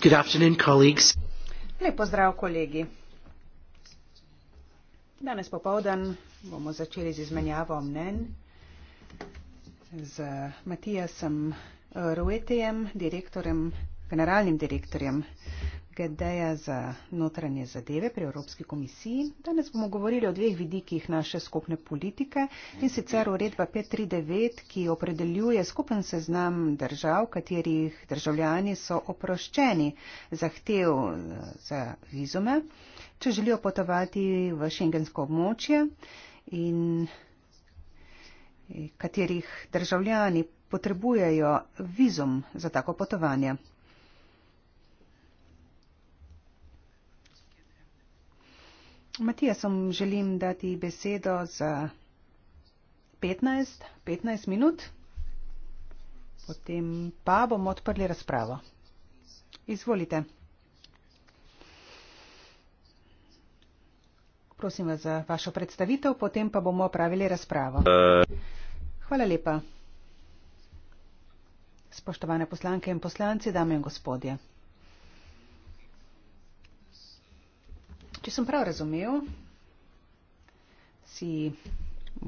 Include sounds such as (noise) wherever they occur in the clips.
Good afternoon, colleagues. Lep pozdrav, kolegi. Danes popovdan bomo začeli z izmenjavo mnen z Matijasom Ruetijem, direktorem, generalnim direktorjem Gedeja za notranje zadeve pri Evropski komisiji. Danes bomo govorili o dveh vidikih naše skupne politike in sicer uredba 539, ki opredeljuje skupen seznam držav, katerih državljani so oproščeni zahtev za vizume, če želijo potovati v šengensko območje in eh, katerih državljani potrebujejo vizum za tako potovanje. Matijasom želim dati besedo za 15, 15 minut, potem pa bomo odprli razpravo. Izvolite. Prosim vas za vašo predstavitev, potem pa bomo opravili razpravo. Hvala lepa. Spoštovane poslanke in poslanci, dame in gospodje. Če sem prav razumel, si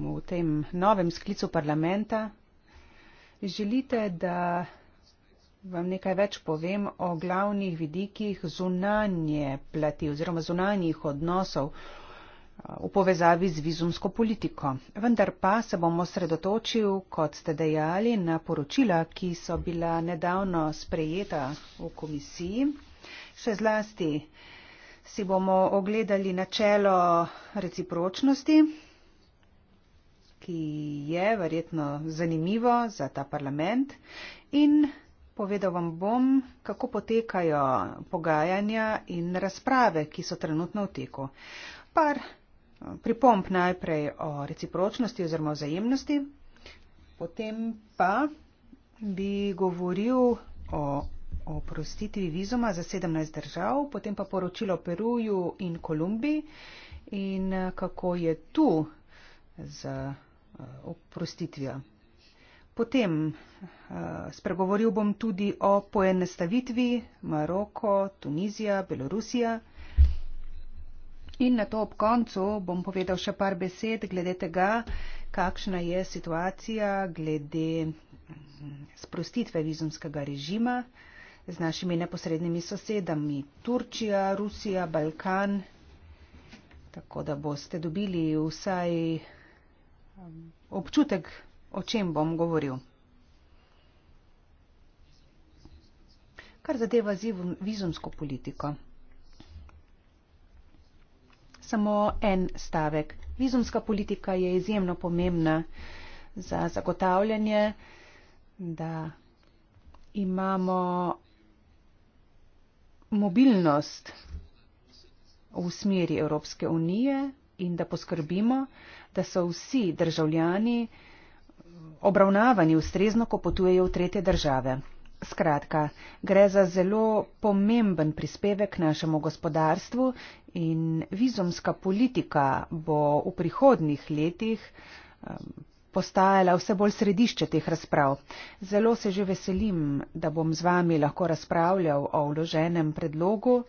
v tem novem sklicu parlamenta želite, da vam nekaj več povem o glavnih vidikih zunanje plati oziroma zunanjih odnosov eh, v povezavi z vizumsko politiko. Vendar pa se bom osredotočil, kot ste dejali, na poročila, ki so bila nedavno sprejeta v komisiji, še zlasti si bomo ogledali načelo recipročnosti, ki je verjetno zanimivo za ta parlament in povedal vam bom, kako potekajo pogajanja in razprave, ki so trenutno v teku. Par eh, pripomp najprej o recipročnosti oziroma vzajemnosti, potem pa bi govoril o o oprostitvi vizuma za 17 držav, potem pa poročilo o Peruju in Kolumbiji in eh, kako je tu z eh, oprostitvijo. Potem eh, spregovoril bom tudi o poenostavitvi Maroko, Tunizija, Belorusija. In na to ob koncu bom povedal še par besed glede tega, kakšna je situacija glede hm, sprostitve vizumskega režima z našimi neposrednimi sosedami. Turčija, Rusija, Balkan. Tako da boste dobili vsaj um, občutek, o čem bom govoril. Kar zadeva vizumsko politiko. Samo en stavek. Vizumska politika je izjemno pomembna za zagotavljanje, da imamo mobilnost v smeri Evropske unije in da poskrbimo, da so vsi državljani obravnavani ustrezno, ko potujejo v tretje države. Skratka, gre za zelo pomemben prispevek našemu gospodarstvu in vizumska politika bo v prihodnih letih um, postajala vse bolj središče teh razprav. Zelo se že veselim, da bom z vami lahko razpravljal o vloženem predlogu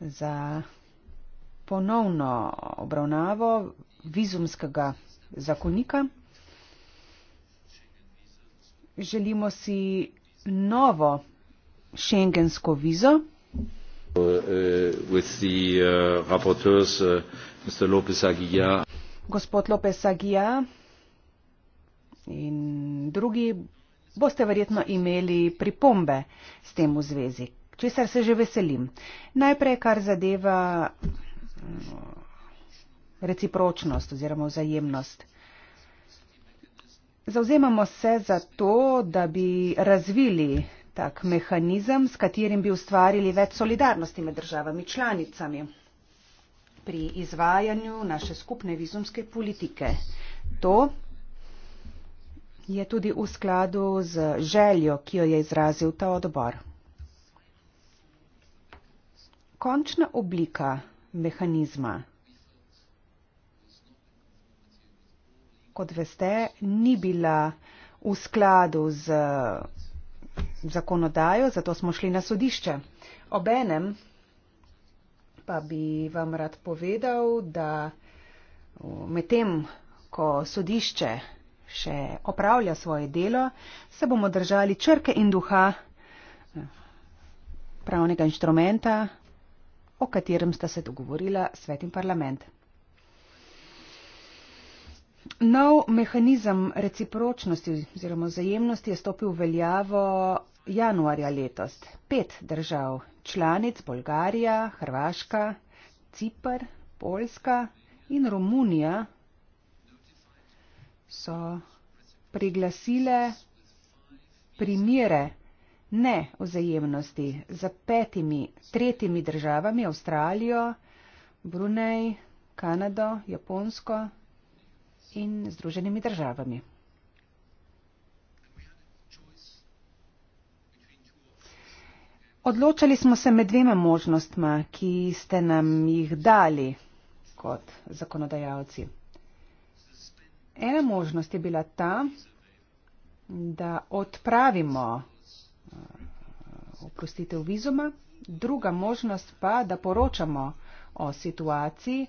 za ponovno obravnavo vizumskega zakonika. Želimo si novo šengensko vizo. Uh, uh, uh, Gospod Lopes Aguija. In drugi boste verjetno imeli pripombe s tem v zvezi, česar se že veselim. Najprej, kar zadeva mm, recipročnost oziroma vzajemnost. Zauzemamo se za to, da bi razvili tak mehanizem, s katerim bi ustvarili več solidarnosti med državami članicami pri izvajanju naše skupne vizumske politike. To je tudi v skladu z željo, ki jo je izrazil ta odbor. Končna oblika mehanizma, kot veste, ni bila v skladu z zakonodajo, zato smo šli na sodišče. Obenem pa bi vam rad povedal, da medtem, ko sodišče še opravlja svoje delo, se bomo držali črke in duha eh, pravnega inštrumenta, o katerem sta se dogovorila svet in parlament. Nov mehanizem recipročnosti oziroma vzajemnosti je stopil v veljavo januarja letos. Pet držav članic - Bolgarija, Hrvaška, Cipr, Poljska in Romunija so priglasile primire ne vzajemnosti za petimi, tretjimi državami, Avstralijo, Brunej, Kanado, Japonsko in Združenimi državami. Odločali smo se med dvema možnostma, ki ste nam jih dali kot zakonodajalci. Ena možnost je bila ta, da odpravimo eh, oprostitev vizuma, druga možnost pa, da poročamo o situaciji,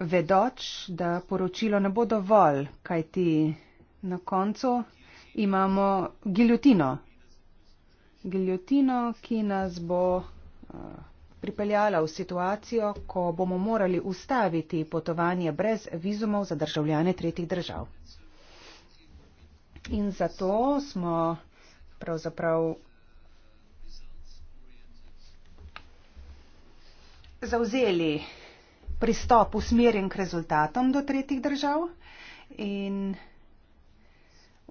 vedoč, da poročilo ne bo dovolj, kaj ti na koncu imamo giljotino. Giljotino, ki nas bo. Uh, pripeljala v situacijo, ko bomo morali ustaviti potovanje brez vizumov za državljane tretjih držav. In zato smo pravzaprav zauzeli pristop usmerjen k rezultatom do tretjih držav in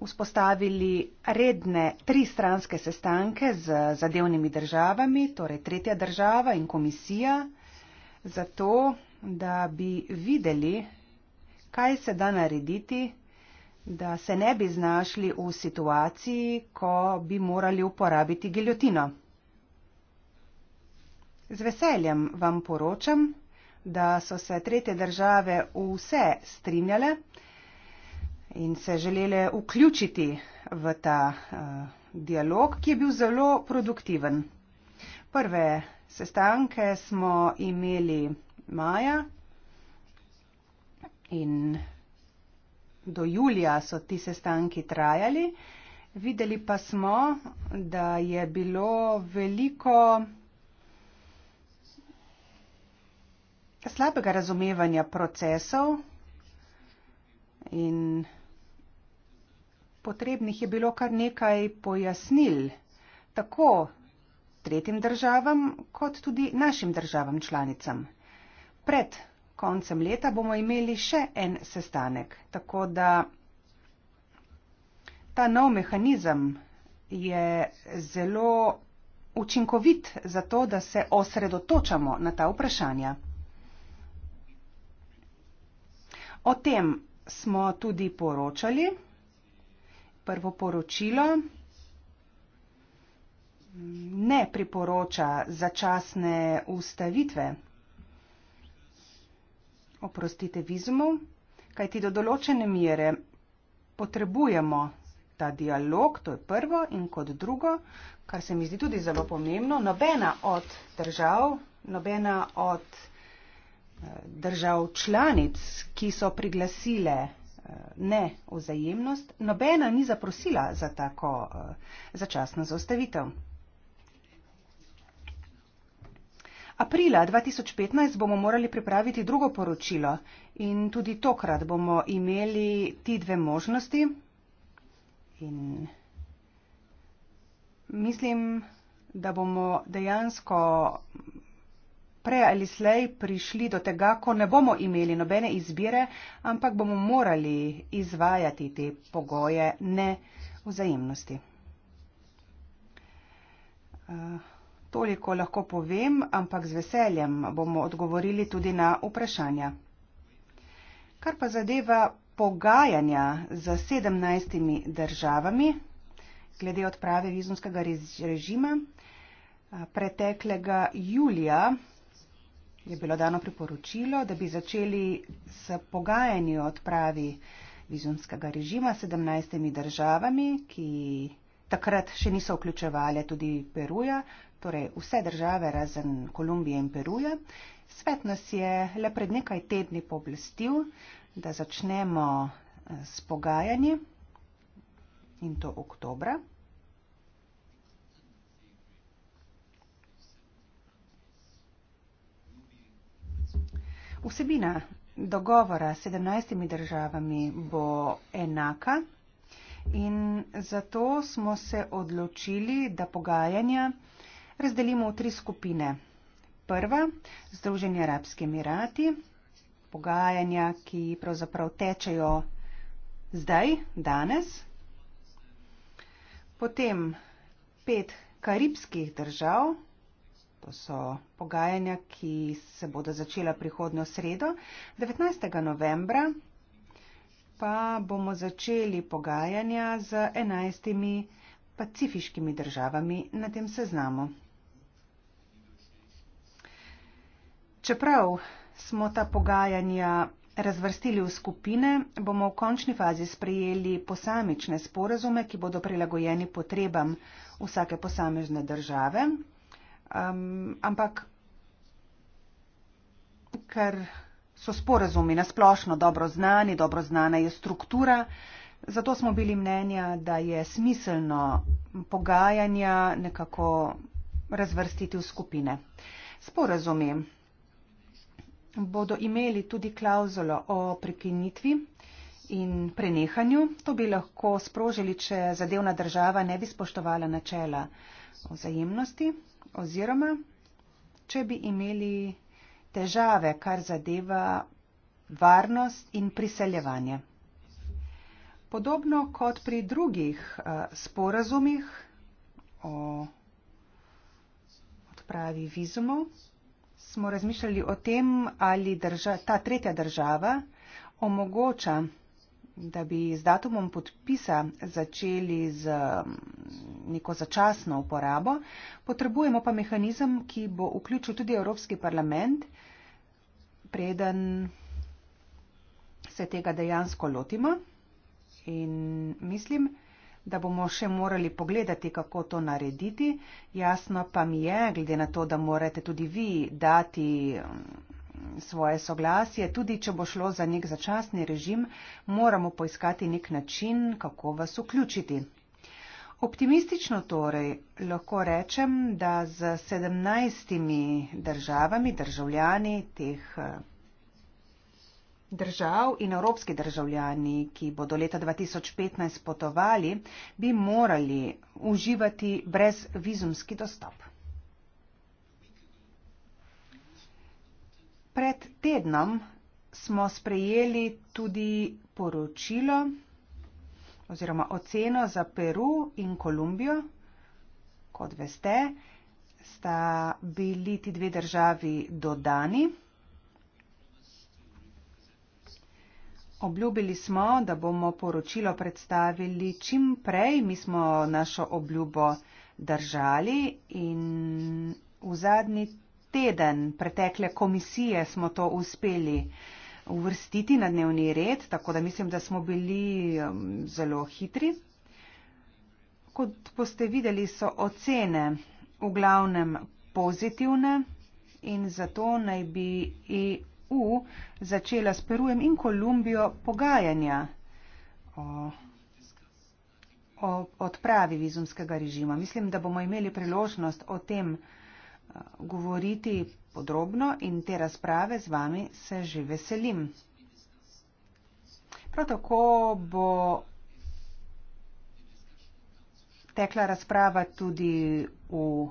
vzpostavili redne tristranske sestanke z zadevnimi državami, torej tretja država in komisija, zato da bi videli, kaj se da narediti, da se ne bi znašli v situaciji, ko bi morali uporabiti giljotino. Z veseljem vam poročam, da so se tretje države vse strinjale, in se želele vključiti v ta uh, dialog, ki je bil zelo produktiven. Prve sestanke smo imeli maja in do julija so ti sestanki trajali. Videli pa smo, da je bilo veliko slabega razumevanja procesov in potrebnih je bilo kar nekaj pojasnil tako tretjim državam kot tudi našim državam članicam. Pred koncem leta bomo imeli še en sestanek, tako da ta nov mehanizem je zelo učinkovit za to, da se osredotočamo na ta vprašanja. O tem smo tudi poročali prvo poročilo ne priporoča začasne ustavitve, oprostite vizumu, kajti do določene mere potrebujemo ta dialog, to je prvo in kot drugo, kar se mi zdi tudi zelo pomembno, nobena od držav, nobena od eh, držav članic, ki so priglasile ne vzajemnost, nobena ni zaprosila za tako eh, začasno zaustavitev. Aprila 2015 bomo morali pripraviti drugo poročilo in tudi tokrat bomo imeli ti dve možnosti. In mislim, da bomo dejansko prej ali slej prišli do tega, ko ne bomo imeli nobene izbire, ampak bomo morali izvajati te pogoje ne vzajemnosti. Uh, eh, toliko lahko povem, ampak z veseljem bomo odgovorili tudi na vprašanja. Kar pa zadeva pogajanja za 17 državami glede odprave vizumskega režima, eh, preteklega julija je bilo dano priporočilo, da bi začeli s pogajanji o odpravi vizumskega režima s 17 državami, ki takrat še niso vključevale tudi Peruja, torej vse države razen Kolumbije in Peruja. Svet nas je le pred nekaj tedni poblestil, da začnemo eh, s pogajanji in to oktobra. Vsebina dogovora s 17 državami bo enaka in zato smo se odločili, da pogajanja razdelimo v tri skupine. Prva, Združenje Arabske Emirati, pogajanja, ki pravzaprav tečejo zdaj, danes. Potem pet karibskih držav, To so pogajanja, ki se bodo začela prihodnjo sredo. 19. novembra pa bomo začeli pogajanja z 11. pacifiškimi državami na tem seznamu. Čeprav smo ta pogajanja razvrstili v skupine, bomo v končni fazi sprejeli posamične sporazume, ki bodo prilagojeni potrebam vsake posamezne države Um, ampak, ker so sporazumi nasplošno dobro znani, dobro znana je struktura, zato smo bili mnenja, da je smiselno pogajanja nekako razvrstiti v skupine. Sporazumi bodo imeli tudi klauzulo o prekinitvi in prenehanju. To bi lahko sprožili, če zadevna država ne bi spoštovala načela vzajemnosti oziroma če bi imeli težave, kar zadeva varnost in priseljevanje. Podobno kot pri drugih eh, sporazumih o odpravi vizumov, smo razmišljali o tem, ali drža, ta tretja država omogoča da bi z datumom podpisa začeli z mm, neko začasno uporabo, potrebujemo pa mehanizem, ki bo vključil tudi Evropski parlament, preden se tega dejansko lotimo. In mislim, da bomo še morali pogledati, kako to narediti. Jasno pa mi je, glede na to, da morate tudi vi dati mm, svoje soglasje, tudi če bo šlo za nek začasni režim, moramo poiskati nek način, kako vas vključiti. Optimistično torej lahko rečem, da z sedemnajstimi državami, državljani teh držav in evropski državljani, ki bodo leta 2015 potovali, bi morali uživati brez vizumski dostop. Pred tednom smo sprejeli tudi poročilo oziroma oceno za Peru in Kolumbijo. Kot veste, sta bili ti dve državi dodani. Obljubili smo, da bomo poročilo predstavili čim prej. Mi smo našo obljubo držali in v zadnji teden pretekle komisije smo to uspeli uvrstiti na dnevni red, tako da mislim, da smo bili um, zelo hitri. Kot boste videli, so ocene v glavnem pozitivne in zato naj bi EU začela s Perujem in Kolumbijo pogajanja o, o odpravi vizumskega režima. Mislim, da bomo imeli priložnost o tem govoriti podrobno in te razprave z vami se že veselim. Prav tako bo tekla razprava tudi v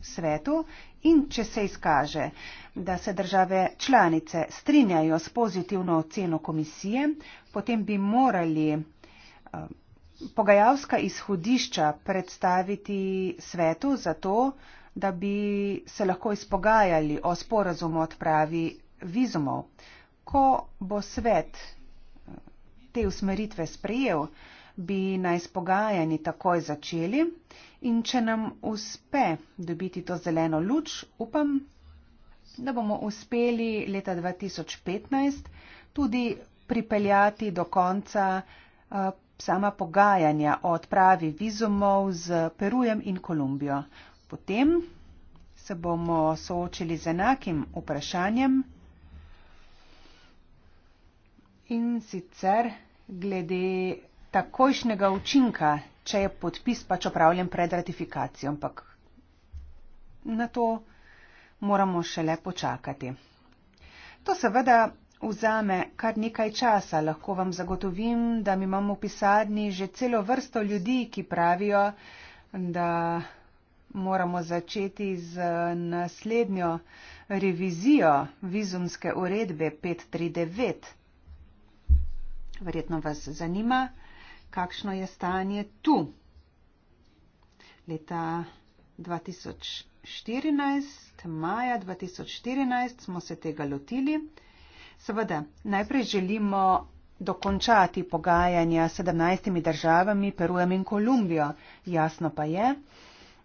svetu in če se izkaže, da se države članice strinjajo s pozitivno oceno komisije, potem bi morali eh, pogajalska izhodišča predstaviti svetu za to, da bi se lahko izpogajali o sporazumu odpravi vizumov. Ko bo svet eh, te usmeritve sprejel, bi naj spogajani takoj začeli in če nam uspe dobiti to zeleno luč, upam, da bomo uspeli leta 2015 tudi pripeljati do konca eh, sama pogajanja o odpravi vizumov z Perujem in Kolumbijo potem se bomo soočili z enakim vprašanjem in sicer glede takojšnjega učinka, če je podpis pač opravljen pred ratifikacijo, ampak na to moramo šele počakati. To seveda vzame kar nekaj časa. Lahko vam zagotovim, da mi imamo v pisarni že celo vrsto ljudi, ki pravijo, da moramo začeti z naslednjo revizijo vizumske uredbe 539. Verjetno vas zanima, kakšno je stanje tu. Leta 2014, maja 2014 smo se tega lotili. Seveda, najprej želimo dokončati pogajanja s 17 državami, Perujem in Kolumbijo. Jasno pa je,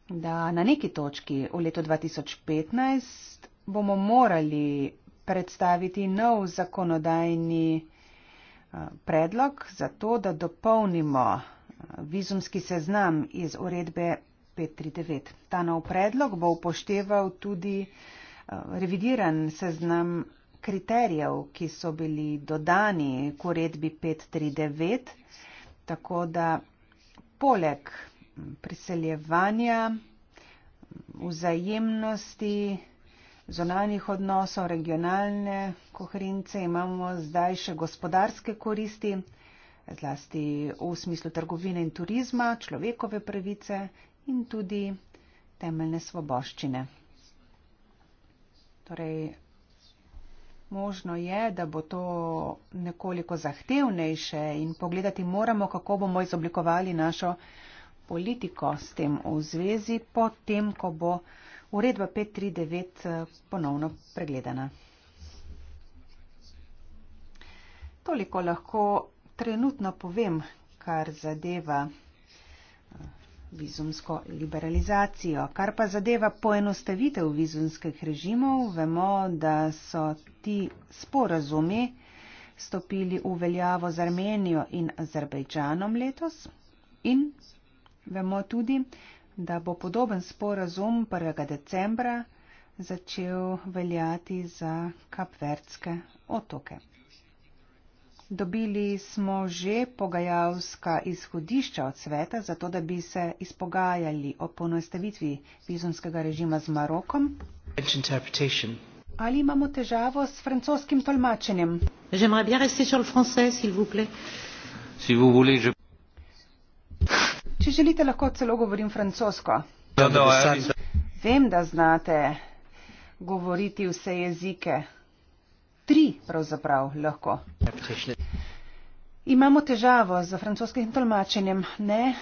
da na neki točki v letu 2015 bomo morali predstaviti nov zakonodajni eh, predlog za to, da dopolnimo eh, vizumski seznam iz uredbe 539. Ta nov predlog bo upošteval tudi eh, revidiran seznam kriterijev, ki so bili dodani k uredbi 539, tako da poleg priseljevanja, vzajemnosti, zonalnih odnosov, regionalne koherence, imamo zdaj še gospodarske koristi, zlasti v smislu trgovine in turizma, človekove pravice in tudi temeljne svoboščine. Torej, možno je, da bo to nekoliko zahtevnejše in pogledati moramo, kako bomo izoblikovali našo politiko s tem v zvezi, potem, ko bo uredba 539 eh, ponovno pregledana. Toliko lahko trenutno povem, kar zadeva eh, vizumsko liberalizacijo. Kar pa zadeva poenostavitev vizumskih režimov, vemo, da so ti sporazumi stopili v veljavo z Armenijo in Azerbejdžanom letos in Vemo tudi, da bo podoben sporazum 1. decembra začel veljati za Kapverdske otoke. Dobili smo že pogajalska izhodišča od sveta, zato da bi se izpogajali o ponostavitvi vizonskega režima z Marokom. Ali imamo težavo s francoskim tolmačenjem? Si vous voulez, je Če želite, lahko celo govorim francosko. Ja, da, da, da, da. Vem, da znate govoriti vse jezike. Tri pravzaprav lahko. Imamo težavo z francoskim tolmačenjem. Ne.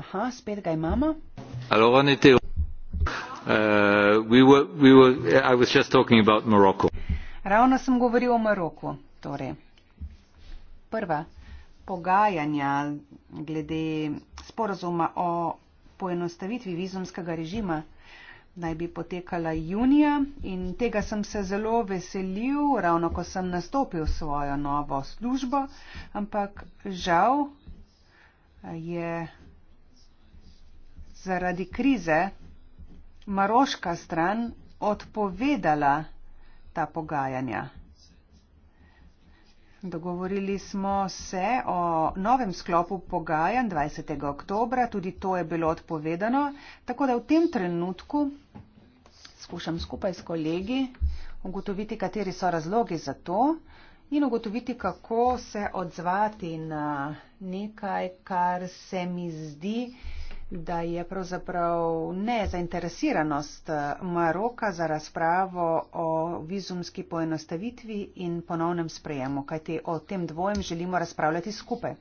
Aha, spet ga imamo. Uh, Ravno sem govoril o Maroku. Torej. Prva pogajanja glede sporazuma o poenostavitvi vizumskega režima naj bi potekala junija in tega sem se zelo veselil, ravno ko sem nastopil svojo novo službo, ampak žal je zaradi krize maroška stran odpovedala ta pogajanja. Dogovorili smo se o novem sklopu pogajanj 20. oktobra, tudi to je bilo odpovedano, tako da v tem trenutku skušam skupaj s kolegi ugotoviti, kateri so razlogi za to in ugotoviti, kako se odzvati na nekaj, kar se mi zdi da je pravzaprav ne zainteresiranost eh, Maroka za razpravo o vizumski poenostavitvi in ponovnem sprejemu, kajti o tem dvojem želimo razpravljati skupaj.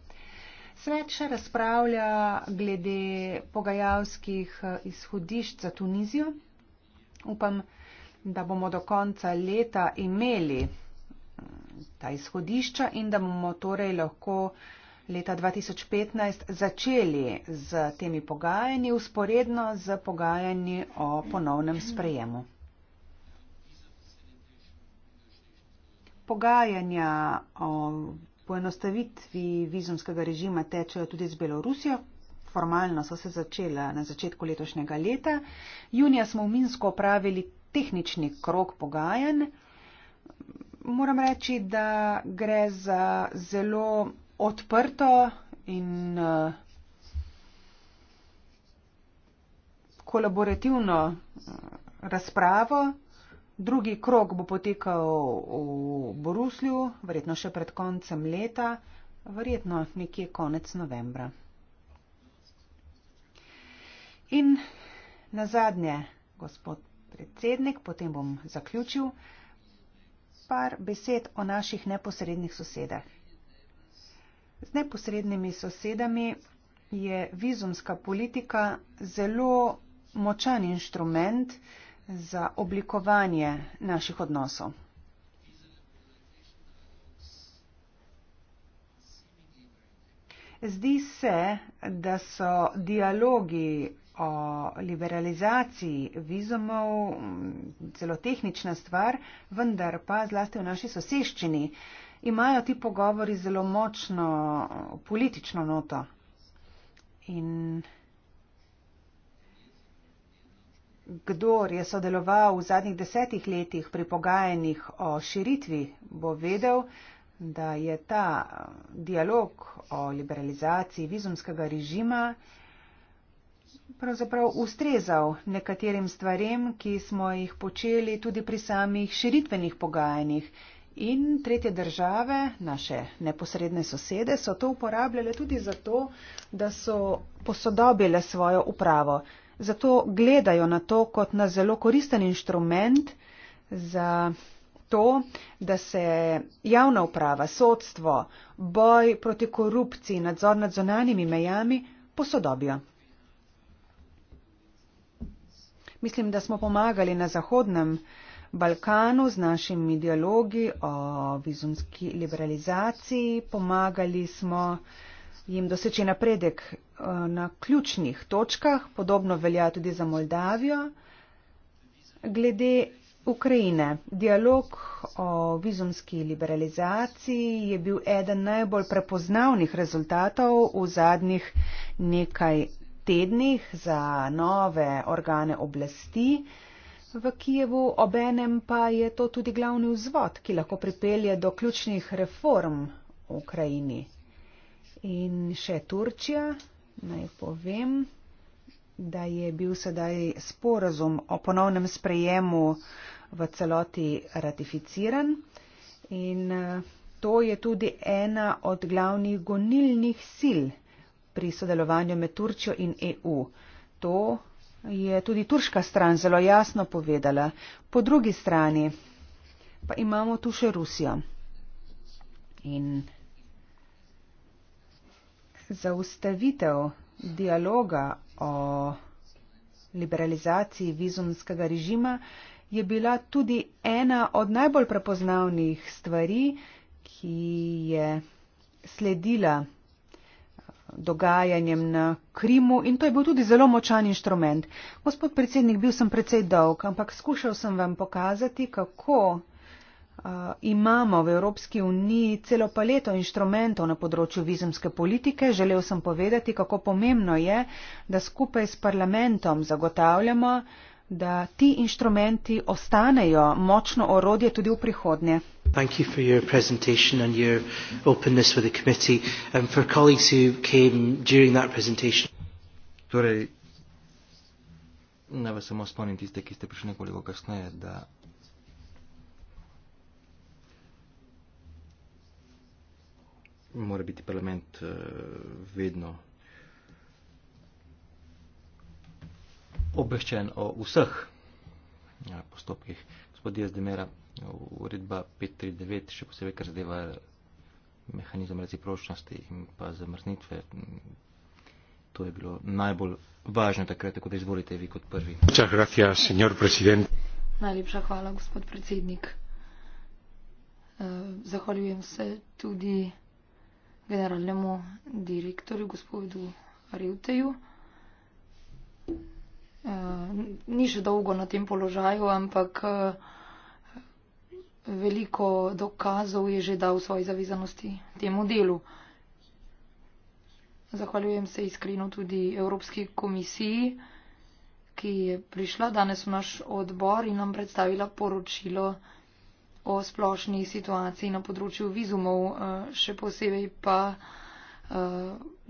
Svet še razpravlja glede pogajalskih eh, izhodišč za Tunizijo. Upam, da bomo do konca leta imeli mm, ta izhodišča in da bomo torej lahko uh, leta 2015 začeli z temi pogajanji, usporedno z pogajanji o ponovnem sprejemu. Pogajanja o poenostavitvi vizumskega režima tečejo tudi z Belorusijo. Formalno so se začela na začetku letošnjega leta. Junija smo v Minsko opravili tehnični krok pogajanj. Moram reči, da gre za zelo odprto in eh, kolaborativno eh, razpravo. Drugi krok bo potekal v Bruslju, verjetno še pred koncem leta, verjetno nekje konec novembra. In na zadnje, gospod predsednik, potem bom zaključil par besed o naših neposrednih sosedah z neposrednimi sosedami je vizumska politika zelo močan inštrument za oblikovanje naših odnosov. Zdi se, da so dialogi o liberalizaciji vizumov mm, zelo tehnična stvar, vendar pa zlasti v naši soseščini eh, imajo ti pogovori zelo močno politično noto. In kdor je sodeloval v zadnjih desetih letih pri pogajanjih o širitvi, bo vedel, da je ta dialog o liberalizaciji vizumskega režima pravzaprav ustrezal nekaterim stvarem, ki smo jih počeli tudi pri samih širitvenih pogajanjih. In tretje države, naše neposredne sosede, so to uporabljale tudi zato, da so posodobile svojo upravo. Zato gledajo na to kot na zelo koristen inštrument za to, da se javna uprava, sodstvo, boj proti korupciji, nadzor nad zonanimi mejami posodobijo. Mislim, da smo pomagali na zahodnem. Balkanu z našimi dialogi o vizumski liberalizaciji. Pomagali smo jim doseči napredek eh, na ključnih točkah, podobno velja tudi za Moldavijo. Glede Ukrajine. Dialog o vizumski liberalizaciji je bil eden najbolj prepoznavnih rezultatov v zadnjih nekaj tednih za nove organe oblasti v Kijevu, obenem pa je to tudi glavni vzvod, ki lahko pripelje do ključnih reform v Ukrajini. In še Turčija, naj povem, da je bil sedaj sporazum o ponovnem sprejemu v celoti ratificiran. In eh, to je tudi ena od glavnih gonilnih sil pri sodelovanju med Turčjo in EU. To je tudi turška stran zelo jasno povedala. Po drugi strani pa imamo tu še Rusijo. In zaustavitev dialoga o liberalizaciji vizumskega režima je bila tudi ena od najbolj prepoznavnih stvari, ki je sledila dogajanjem na Krimu in to je bil tudi zelo močan inštrument. Gospod predsednik, bil sem precej dolg, ampak skušal sem vam pokazati, kako uh, imamo v Evropski uniji celo paleto inštrumentov na področju vizumske politike. Želel sem povedati, kako pomembno je, da skupaj s parlamentom zagotavljamo, da ti inštrumenti ostanejo močno orodje tudi v prihodnje. Thank you for your presentation and your openness with the committee and for colleagues who came during that presentation. Torej, ne vas samo spomnim tiste, ki ste prišli nekoliko kasneje, da mora biti parlament uh, vedno obveščen o vseh ja, postopkih gospod Jazdemera, uredba 539, še posebej, kar zadeva mehanizem recipročnosti in pa zamrznitve. To je bilo najbolj važno takrat, tako da izvolite vi kot prvi. Gracia, Najlepša hvala, gospod predsednik. Eh, zahvaljujem se tudi generalnemu direktorju, gospodu Reuteju. Eh, ni še dolgo na tem položaju, ampak eh, veliko dokazov je že dal v svoji zavezanosti temu delu. Zahvaljujem se iskreno tudi Evropski komisiji, ki je prišla danes v naš odbor in nam predstavila poročilo o splošni situaciji na področju vizumov, eh, še posebej pa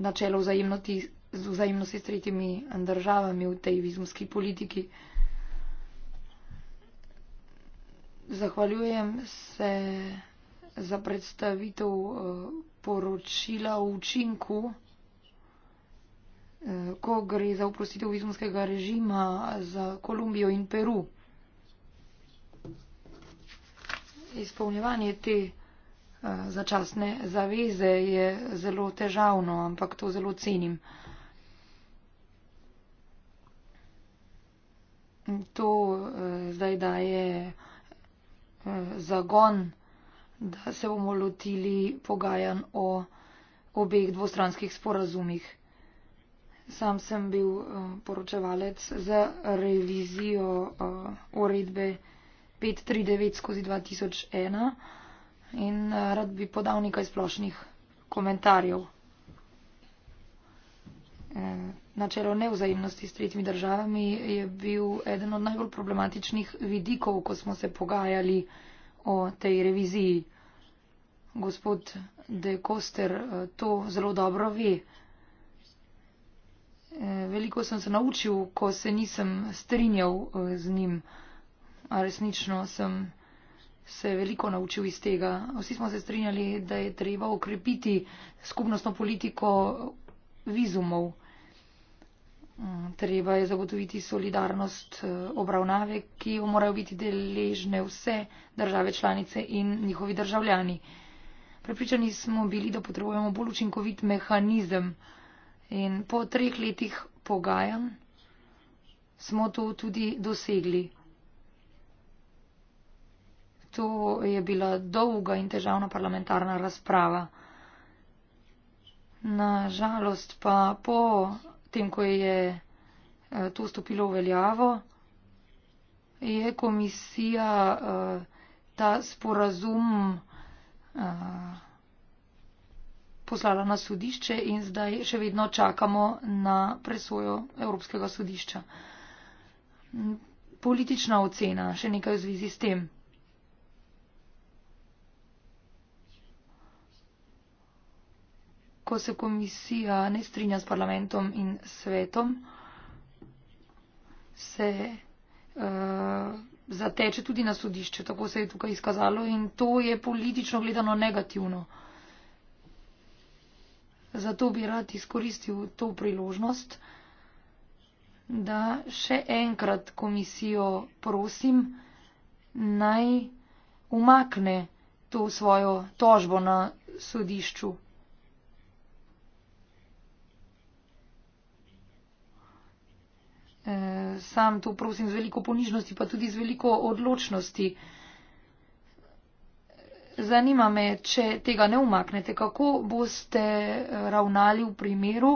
načelo vzajemnosti, z vzajemnosti s tretjimi državami v tej vizumski politiki. Zahvaljujem se za predstavitev eh, poročila o učinku, eh, ko gre za oprostitev vizumskega režima za Kolumbijo in Peru. Izpolnjevanje te eh, začasne zaveze je zelo težavno, ampak to zelo cenim. to eh, zdaj daje eh, zagon, da se bomo lotili pogajanj o obeh dvostranskih sporazumih. Sam sem bil eh, poročevalec za revizijo uredbe 539 skozi 2001 in rad bi podal nekaj splošnih komentarjev. Eh, načelo neuzajemnosti s tretjimi državami je bil eden od najbolj problematičnih vidikov, ko smo se pogajali o tej reviziji. Gospod De Koster eh, to zelo dobro ve. Eh, veliko sem se naučil, ko se nisem strinjal z njim, a resnično sem se veliko naučil iz tega. Vsi smo se strinjali, da je treba okrepiti skupnostno politiko vizumov. Treba je zagotoviti solidarnost eh, obravnave, ki jo morajo biti deležne vse države članice in njihovi državljani. Prepričani smo bili, da potrebujemo bolj učinkovit mehanizem in po treh letih pogajanj smo to tudi dosegli. To je bila dolga in težavna parlamentarna razprava. Na žalost pa po potem, ko je eh, to stopilo v veljavo, je komisija eh, ta sporazum eh, poslala na sodišče in zdaj še vedno čakamo na presojo Evropskega sodišča. Politična ocena, še nekaj v zvezi s tem. ko se komisija ne strinja s parlamentom in svetom, se uh, zateče tudi na sodišče, tako se je tukaj izkazalo in to je politično gledano negativno. Zato bi rad izkoristil to priložnost, da še enkrat komisijo prosim, naj umakne to svojo tožbo na sodišču. sam to prosim z veliko ponižnosti, pa tudi z veliko odločnosti. Zanima me, če tega ne umaknete, kako boste eh, ravnali v primeru,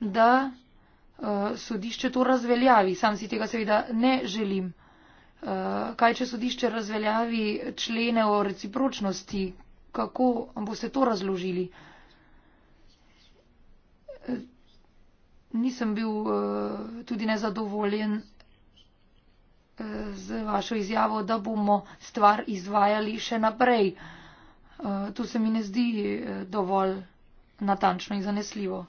da eh, sodišče to razveljavi. Sam si tega seveda ne želim. Eh, kaj, če sodišče razveljavi člene o recipročnosti, kako boste to razložili? nisem bil eh, tudi nezadovoljen eh, z vašo izjavo, da bomo stvar izvajali še naprej. Eh, to se mi ne zdi dovolj natančno in zanesljivo.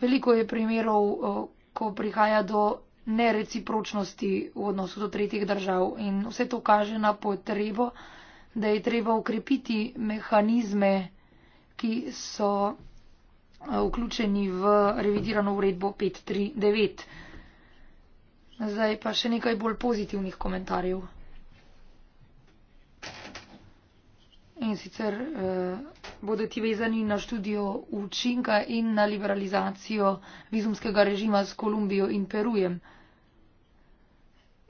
Veliko je primerov, ko prihaja do nerecipročnosti v odnosu do tretjih držav in vse to kaže na potrebo, da je treba ukrepiti mehanizme, ki so vključeni v revidirano uredbo 539. Zdaj pa še nekaj bolj pozitivnih komentarjev. In sicer eh, bodo ti vezani na študijo učinka in na liberalizacijo vizumskega režima s Kolumbijo in Perujem.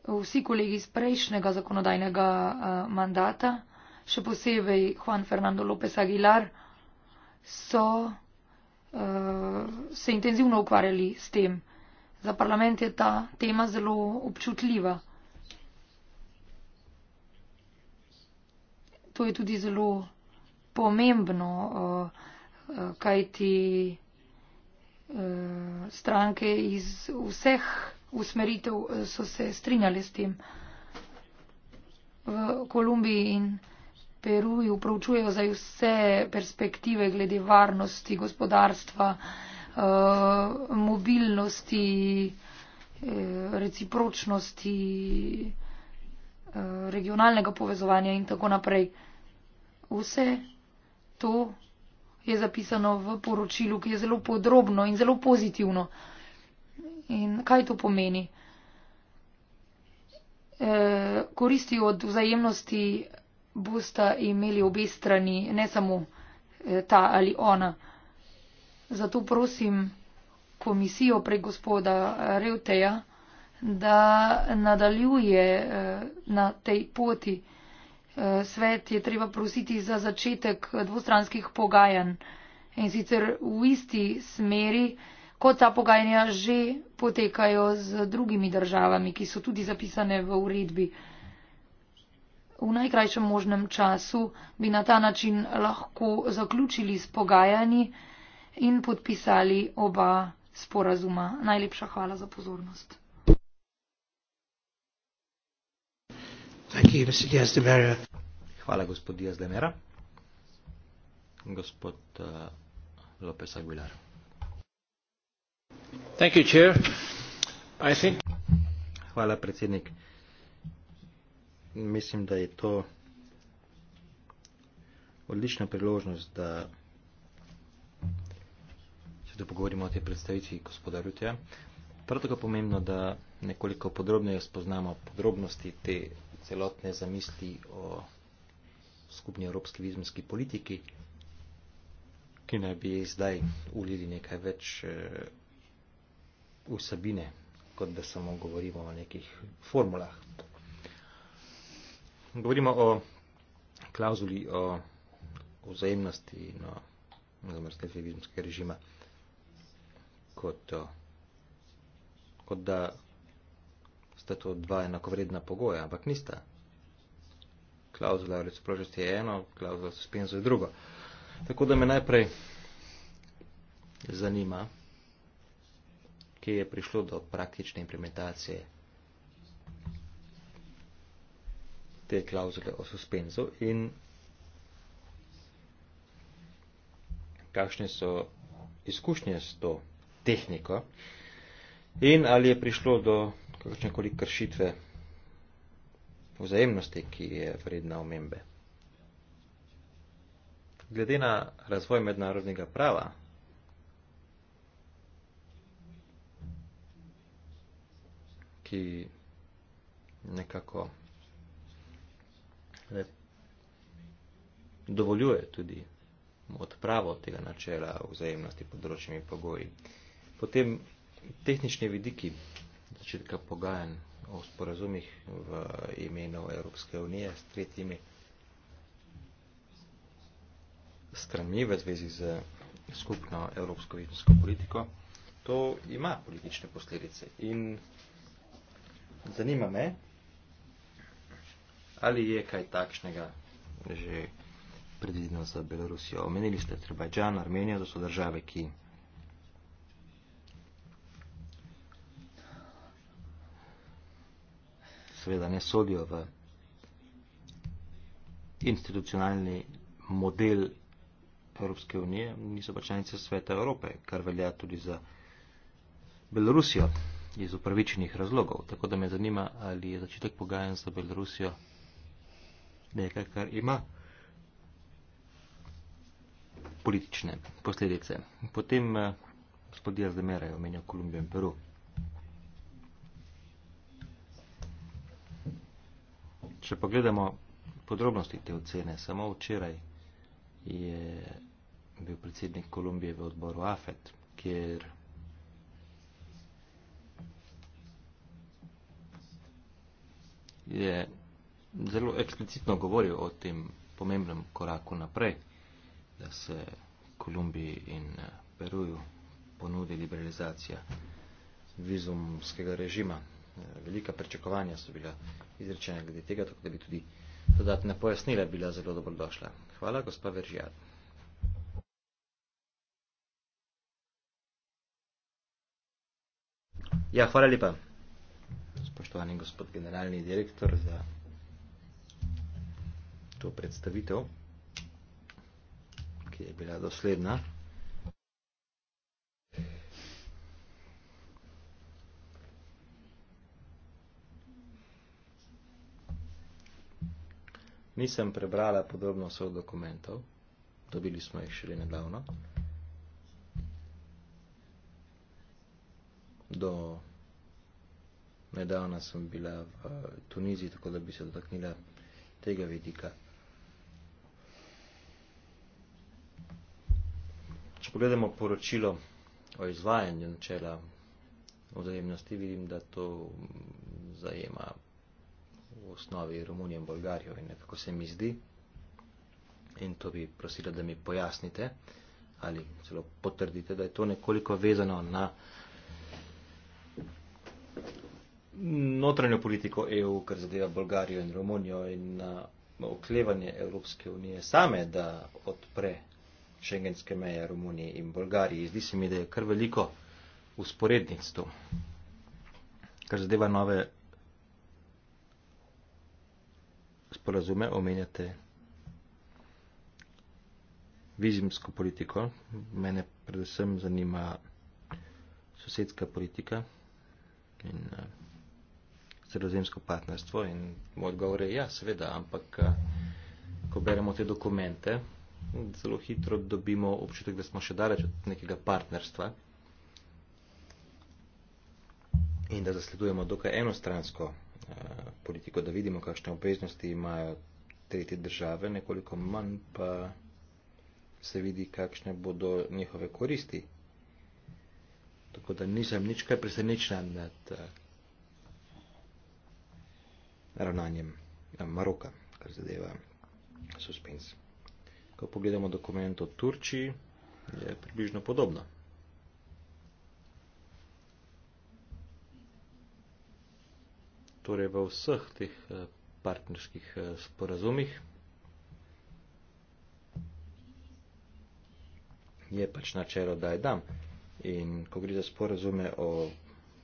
Vsi kolegi iz prejšnjega zakonodajnega eh, mandata, še posebej Juan Fernando López Aguilar, so Eh, se intenzivno ukvarjali s tem. Za parlament je ta tema zelo občutljiva. To je tudi zelo pomembno, eh, eh, kajti stranke iz vseh usmeritev so se strinjali s tem. V Kolumbiji in Peruju proučujejo zdaj vse perspektive glede varnosti, gospodarstva, eh, mobilnosti, eh, recipročnosti, eh, regionalnega povezovanja in tako naprej. Vse to je zapisano v poročilu, ki je zelo podrobno in zelo pozitivno. In kaj to pomeni? E, koristi od vzajemnosti bosta imeli obe strani, ne samo eh, ta ali ona. Zato prosim komisijo pre gospoda Reuteja, da nadaljuje eh, na tej poti. Eh, svet je treba prositi za začetek dvostranskih pogajanj in sicer v isti smeri, kot ta pogajanja že potekajo z drugimi državami, ki so tudi zapisane v uredbi v najkrajšem možnem času bi na ta način lahko zaključili s pogajanji in podpisali oba sporazuma. Najlepša hvala za pozornost. Hvala, gospod Diaz de Mera. Gospod uh, Lopes Aguilar. Hvala, predsednik mislim, da je to odlična priložnost, da se da pogovorimo o tej predstavici gospoda Rutja. Prav tako pomembno, da nekoliko podrobneje spoznamo podrobnosti te celotne zamisli o skupni evropski vizumski politiki, ki naj bi zdaj ulili nekaj več eh, vsebine, kot da samo govorimo o nekih formulah govorimo o klauzuli o vzajemnosti in o zamrznitvi vizumskega režima kot, o, kot da sta to dva enakovredna pogoja, ampak nista. Klauzula reciprožnosti je eno, klauzula suspenzo je drugo. Tako da me najprej zanima, kje je prišlo do praktične implementacije te klauzule o suspenzu in kakšne so izkušnje s to tehniko in ali je prišlo do kakšne koliko kršitve vzajemnosti, ki je vredna omembe. Glede na razvoj mednarodnega prava, ki nekako ne, dovoljuje tudi odpravo tega načela vzajemnosti pod določenimi pogoji. Potem tehnični vidiki začetka pogajanj o sporazumih v imenu Evropske unije s tretjimi strani v zvezi z skupno evropsko vidinsko politiko, to ima politične posledice. In zanima me, ali je kaj takšnega že predvideno za Belorusijo. Omenili ste Trebajdžan, Armenijo, da so države, ki seveda ne sodijo v institucionalni model Evropske unije, niso pa članice sveta Evrope, kar velja tudi za Belorusijo iz upravičenih razlogov. Tako da me zanima, ali je začetek pogajanj za Belorusijo nekaj, kar ima politične posledice. Potem eh, spodija zdemera je omenjal Kolumbijo in Peru. Če pogledamo podrobnosti te ocene, samo včeraj je bil predsednik Kolumbije v odboru AFET, kjer je yeah zelo eksplicitno govoril o tem pomembnem koraku naprej, da se Kolumbiji in eh, Peruju ponudi liberalizacija vizumskega režima. Eh, velika pričakovanja so bila izrečena glede tega, tako da bi tudi dodatne pojasnile bila zelo dobrodošla. Hvala, gospa Veržijad. Ja, hvala lepa, spoštovani gospod generalni direktor, za to predstavitev, ki je bila dosledna. Nisem prebrala podrobno vseh dokumentov, dobili smo jih šele nedavno. Do nedavna sem bila v Tuniziji, tako da bi se dotaknila tega vidika. pogledamo poročilo o izvajanju načela vzajemnosti, vidim, da to zajema v osnovi Romunijo in Bolgarijo in nekako se mi zdi. In to bi prosila, da mi pojasnite ali celo potrdite, da je to nekoliko vezano na notranjo politiko EU, kar zadeva Bolgarijo in Romunijo in na oklevanje Evropske unije same, da odpre šengenske meje Romunije in Bolgarije. Zdi se mi, da je kar veliko usporednic tu, kar zadeva nove sporazume, omenjate vizimsko politiko. Mene predvsem zanima sosedska politika in eh, sredozemsko partnerstvo in moj odgovor je ja, seveda, ampak eh, ko beremo te dokumente, zelo hitro dobimo občutek, da smo še daleč od nekega partnerstva in da zasledujemo dokaj enostransko eh, politiko, da vidimo, kakšne obveznosti imajo tretje države, nekoliko manj pa se vidi, kakšne bodo njihove koristi. Tako da nisem nič kaj presenečna nad eh, ravnanjem eh, Maroka, kar zadeva suspense ko pogledamo dokument o Turčiji, je približno podobno. Torej, v vseh teh eh, partnerskih eh, sporazumih je pač načelo, da je dam. In ko gre za sporazume o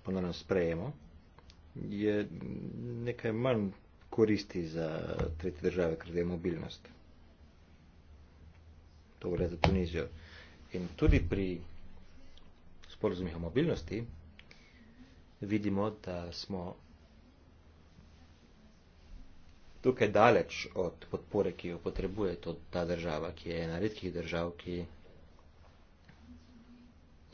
ponovnem sprejemu, je nekaj manj koristi za tretje države, ker je mobilnost to gre za Tunizijo. In tudi pri sporozumih o mobilnosti vidimo, da smo tukaj daleč od podpore, ki jo potrebuje to, ta država, ki je ena redkih držav, ki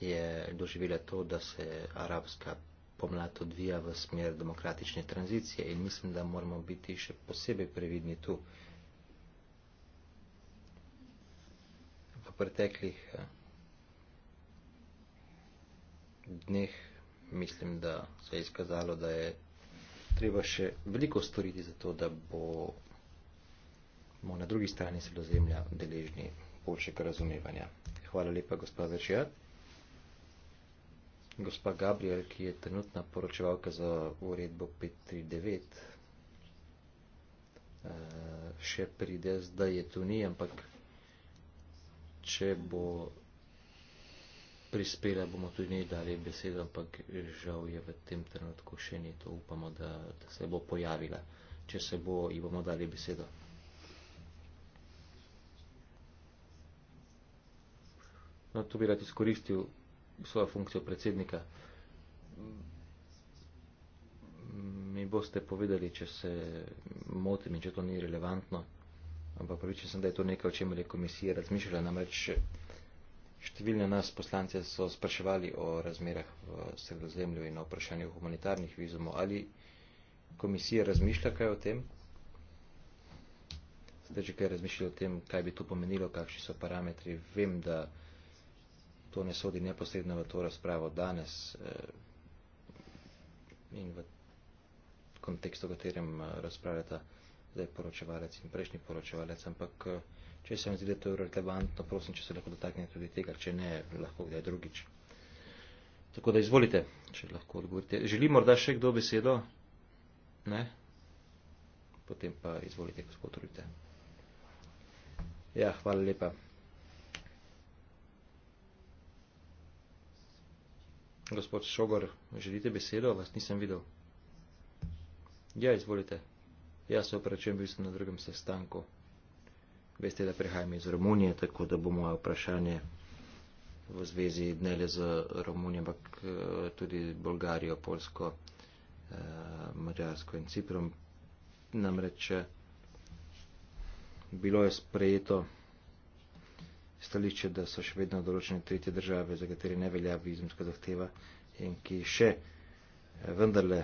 je doživela to, da se arabska pomlad odvija v smer demokratične tranzicije in mislim, da moramo biti še posebej previdni tu. preteklih eh, dneh mislim, da se je izkazalo, da je treba še veliko storiti za to, da bomo na drugi strani sredozemlja deležni boljšega razumevanja. Hvala lepa, gospa Večijat. Gospa Gabriel, ki je trenutna poročevalka za uredbo 539, eh, še pride, zdaj je tu ni, ampak če bo prispela, bomo tudi ne dali besedo, ampak žal je v tem trenutku še ni to, upamo, da, da se bo pojavila. Če se bo, ji bomo dali besedo. No, tu bi rad izkoristil svojo funkcijo predsednika. Mi boste povedali, če se motim in če to ni relevantno ampak pravičen sem, da je to nekaj, o čemer je komisija razmišljala. Namreč številne nas poslance so spraševali o razmerah v sredozemlju in o vprašanju humanitarnih vizumov. Ali komisija razmišlja kaj o tem? Ste že kaj razmišljali o tem, kaj bi to pomenilo, kakšni so parametri? Vem, da to ne sodi neposredno v to razpravo danes eh, in v kontekstu, v katerem eh, razpravljata zdaj poročevalec in prejšnji poročevalec, ampak eh, če se vam zdi, da to je relevantno, prosim, če se lahko dotaknete tudi tega, če ne, lahko kdaj drugič. Tako da izvolite, če lahko odgovorite. Želi morda še kdo besedo? Ne? Potem pa izvolite, gospod Rujte. Ja, hvala lepa. Gospod Šogor, želite besedo? Vas nisem videl. Ja, izvolite. Jaz se oprečem, vi ste na drugem sestanku. Veste, da prihajam iz Romunije, tako da bo moje vprašanje v zvezi ne le z Romunijo, ampak eh, tudi Bolgarijo, Polsko, eh, Mačarsko in Ciprom. Namreč eh, bilo je sprejeto stališče, da so še vedno določene tretje države, za katere ne velja vizumska zahteva in ki še vendarle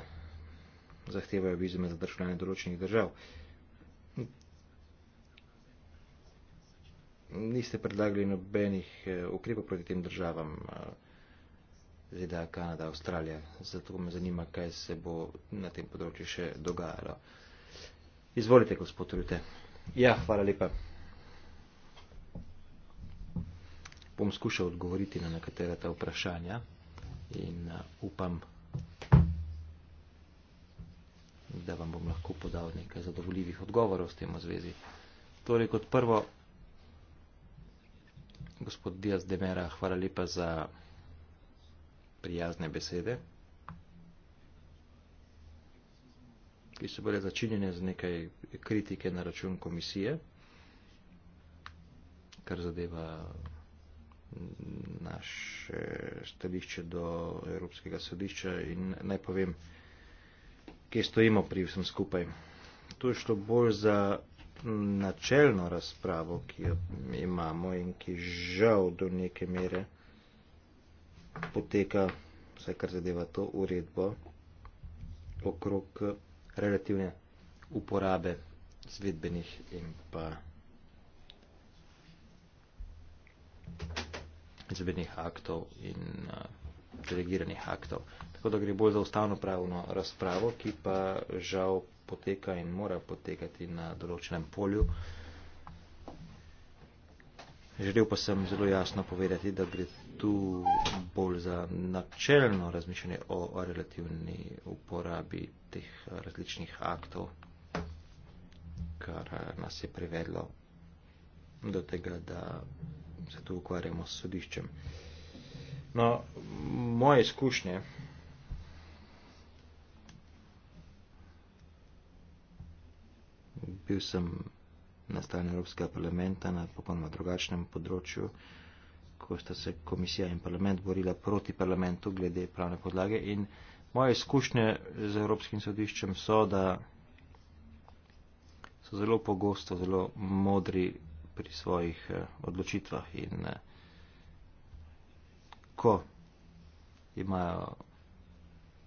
zahtevajo vizume za državljane določenih držav. Niste predlagali nobenih eh, ukrepov proti tem državam, eh, ZDA, Kanada, Avstralija, zato me zanima, kaj se bo na tem področju še dogajalo. Izvolite, gospod Rute. Ja, hvala lepa. Bom skušal odgovoriti na nekatera ta vprašanja in eh, upam, da da vam bom lahko podal nekaj zadovoljivih odgovorov s tem v zvezi. Torej, kot prvo, gospod Diaz Demera, hvala lepa za prijazne besede, ki so bile začinjene z nekaj kritike na račun komisije, kar zadeva naše stališče do Evropskega sodišča in naj povem, da kje stojimo pri vsem skupaj. Tu je šlo bolj za načelno razpravo, ki jo imamo in ki žal do neke mere poteka, vse kar zadeva to uredbo, okrog relativne uporabe zvedbenih in pa izvednih aktov in uh, delegiranih aktov. Tako da gre bolj za ustavno pravno razpravo, ki pa žal poteka in mora potekati na določenem polju. Želel pa sem zelo jasno povedati, da gre tu bolj za načelno razmišljanje o relativni uporabi teh različnih aktov, kar nas je privedlo do tega, da se tu ukvarjamo s sodiščem. No, moje izkušnje. Bil sem na stanju Evropskega parlamenta na popolnoma drugačnem področju, ko sta se komisija in parlament borila proti parlamentu glede pravne podlage. In moje izkušnje z Evropskim sodiščem so, da so zelo pogosto, zelo modri pri svojih eh, odločitvah in odločitvah. Eh, lahko imajo,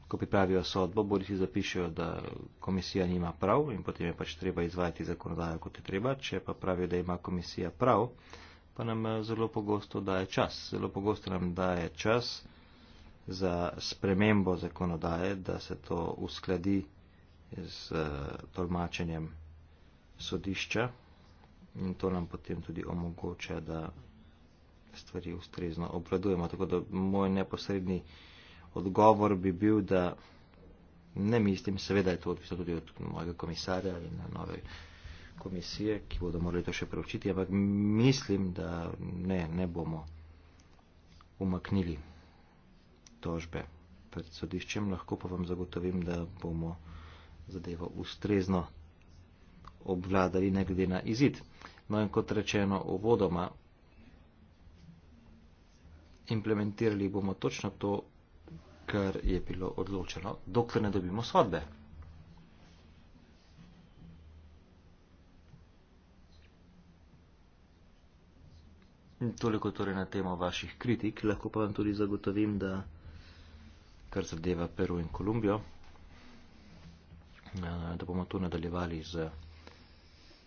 ko pripravijo sodbo, bodi si zapišejo, da komisija nima prav in potem je pač treba izvajati zakonodajo, kot je treba. Če pa pravijo, da ima komisija prav, pa nam eh, zelo pogosto daje čas. Zelo pogosto nam daje čas za spremembo zakonodaje, da se to uskladi z eh, tolmačenjem sodišča in to nam potem tudi omogoča, da stvari ustrezno obvladujemo. Tako da moj neposredni odgovor bi bil, da ne mislim, seveda je to odvisno tudi od mojega komisarja in nove komisije, ki bodo morali to še preučiti, ampak mislim, da ne, ne bomo umaknili tožbe pred sodiščem, lahko pa vam zagotovim, da bomo zadevo ustrezno obvladali, ne glede na izid. No in kot rečeno, uvodoma. vodoma implementirali bomo točno to, kar je bilo odločeno, dokler ne dobimo sodbe. In toliko torej na temo vaših kritik, lahko pa vam tudi zagotovim, da kar zadeva Peru in Kolumbijo, eh, da bomo to nadaljevali z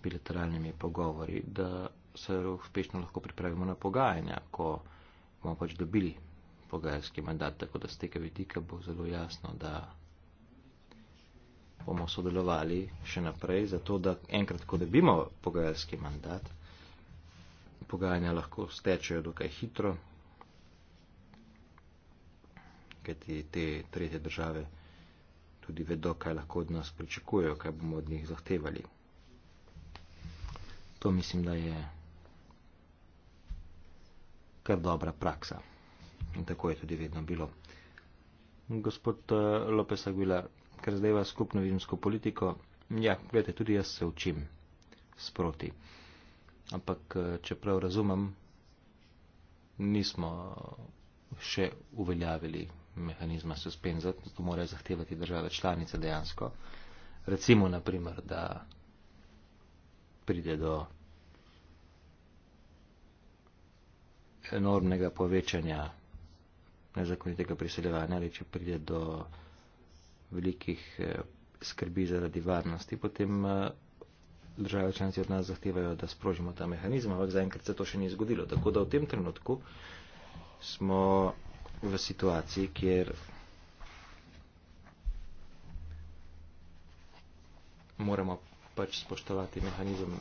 bilateralnimi pogovori, da se uspešno lahko pripravimo na pogajanja, ko bomo pač dobili pogajalski mandat, tako da z tega vidika bo zelo jasno, da bomo sodelovali še naprej, zato da enkrat, ko dobimo pogajalski mandat, pogajanja lahko stečejo dokaj hitro, kajti te tretje države tudi vedo, kaj lahko od nas pričakujejo, kaj bomo od njih zahtevali. To mislim, da je kar dobra praksa. In tako je tudi vedno bilo. Gospod eh, Lopes Aguilar, ker zdaj vas skupno vidim skupno politiko, ja, gledajte, tudi jaz se učim sproti. Ampak, eh, čeprav razumem, nismo še uveljavili mehanizma suspenza, to mora zahtevati države članice dejansko. Recimo, naprimer, da pride do enormnega povečanja nezakonitega priseljevanja ali če pride do velikih eh, skrbi zaradi varnosti, potem eh, države članice od nas zahtevajo, da sprožimo ta mehanizem, ampak zaenkrat se to še ni zgodilo. Tako da v tem trenutku smo v situaciji, kjer moramo pač spoštovati mehanizem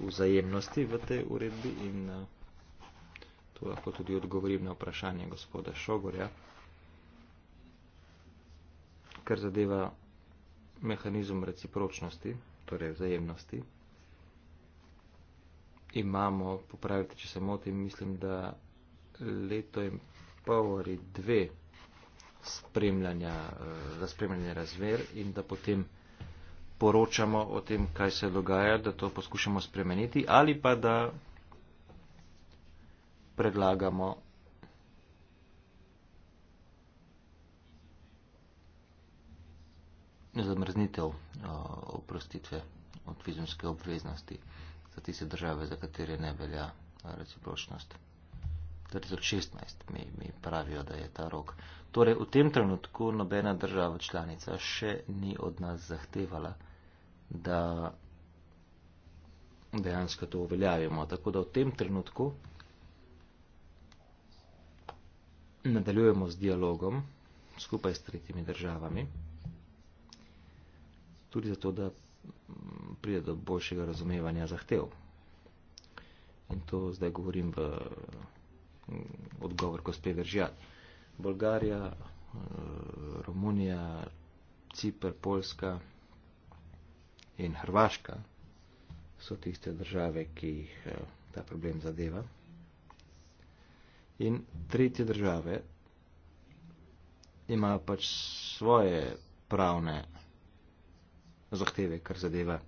vzajemnosti v tej uredbi in uh, Tu lahko tudi odgovorim na vprašanje gospoda Šogorja, kar zadeva mehanizem recipročnosti, torej vzajemnosti. Imamo, popravite, če se motim, mislim, da leto in pol ali dve spremljanja, eh, za spremljanje razver in da potem poročamo o tem, kaj se dogaja, da to poskušamo spremeniti ali pa da predlagamo. Zamrznitev oprostitve od vizumske obveznosti za tiste države, za katere ne velja recipročnost. 2016 mi, mi pravijo, da je ta rok. Torej, v tem trenutku nobena država članica še ni od nas zahtevala, da dejansko to uveljavimo. Tako da v tem trenutku nadaljujemo z dialogom skupaj s tretjimi državami, tudi zato, da pride do boljšega razumevanja zahtev. In to zdaj govorim v odgovor, ko spet držati. Bolgarija, eh, Romunija, Cipr, Poljska in Hrvaška so tiste države, ki jih eh, ta problem zadeva. In tretje države imajo pač svoje pravne zahteve, kar zadeva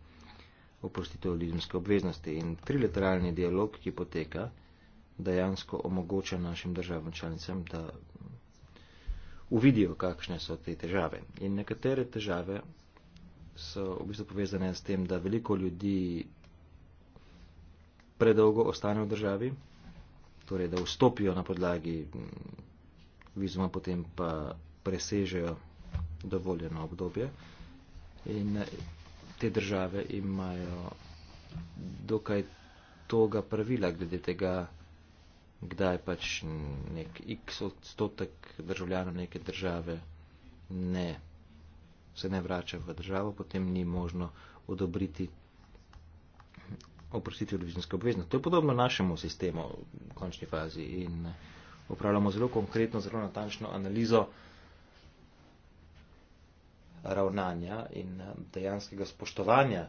oprostitev ljudske obveznosti. In trilateralni dialog, ki poteka, dejansko omogoča našim državam članicam, da uvidijo, kakšne so te težave. In nekatere težave so v bistvu povezane s tem, da veliko ljudi predolgo ostane v državi torej da vstopijo na podlagi mm, vizuma, potem pa presežejo dovoljeno obdobje. In eh, te države imajo dokaj toga pravila glede tega, kdaj pač nek x odstotek državljanov neke države ne, se ne vrača v državo, potem ni možno odobriti oprostitvi odvisinske obveznosti. To je podobno našemu sistemu v končni fazi in upravljamo zelo konkretno, zelo natančno analizo ravnanja in um, dejanskega spoštovanja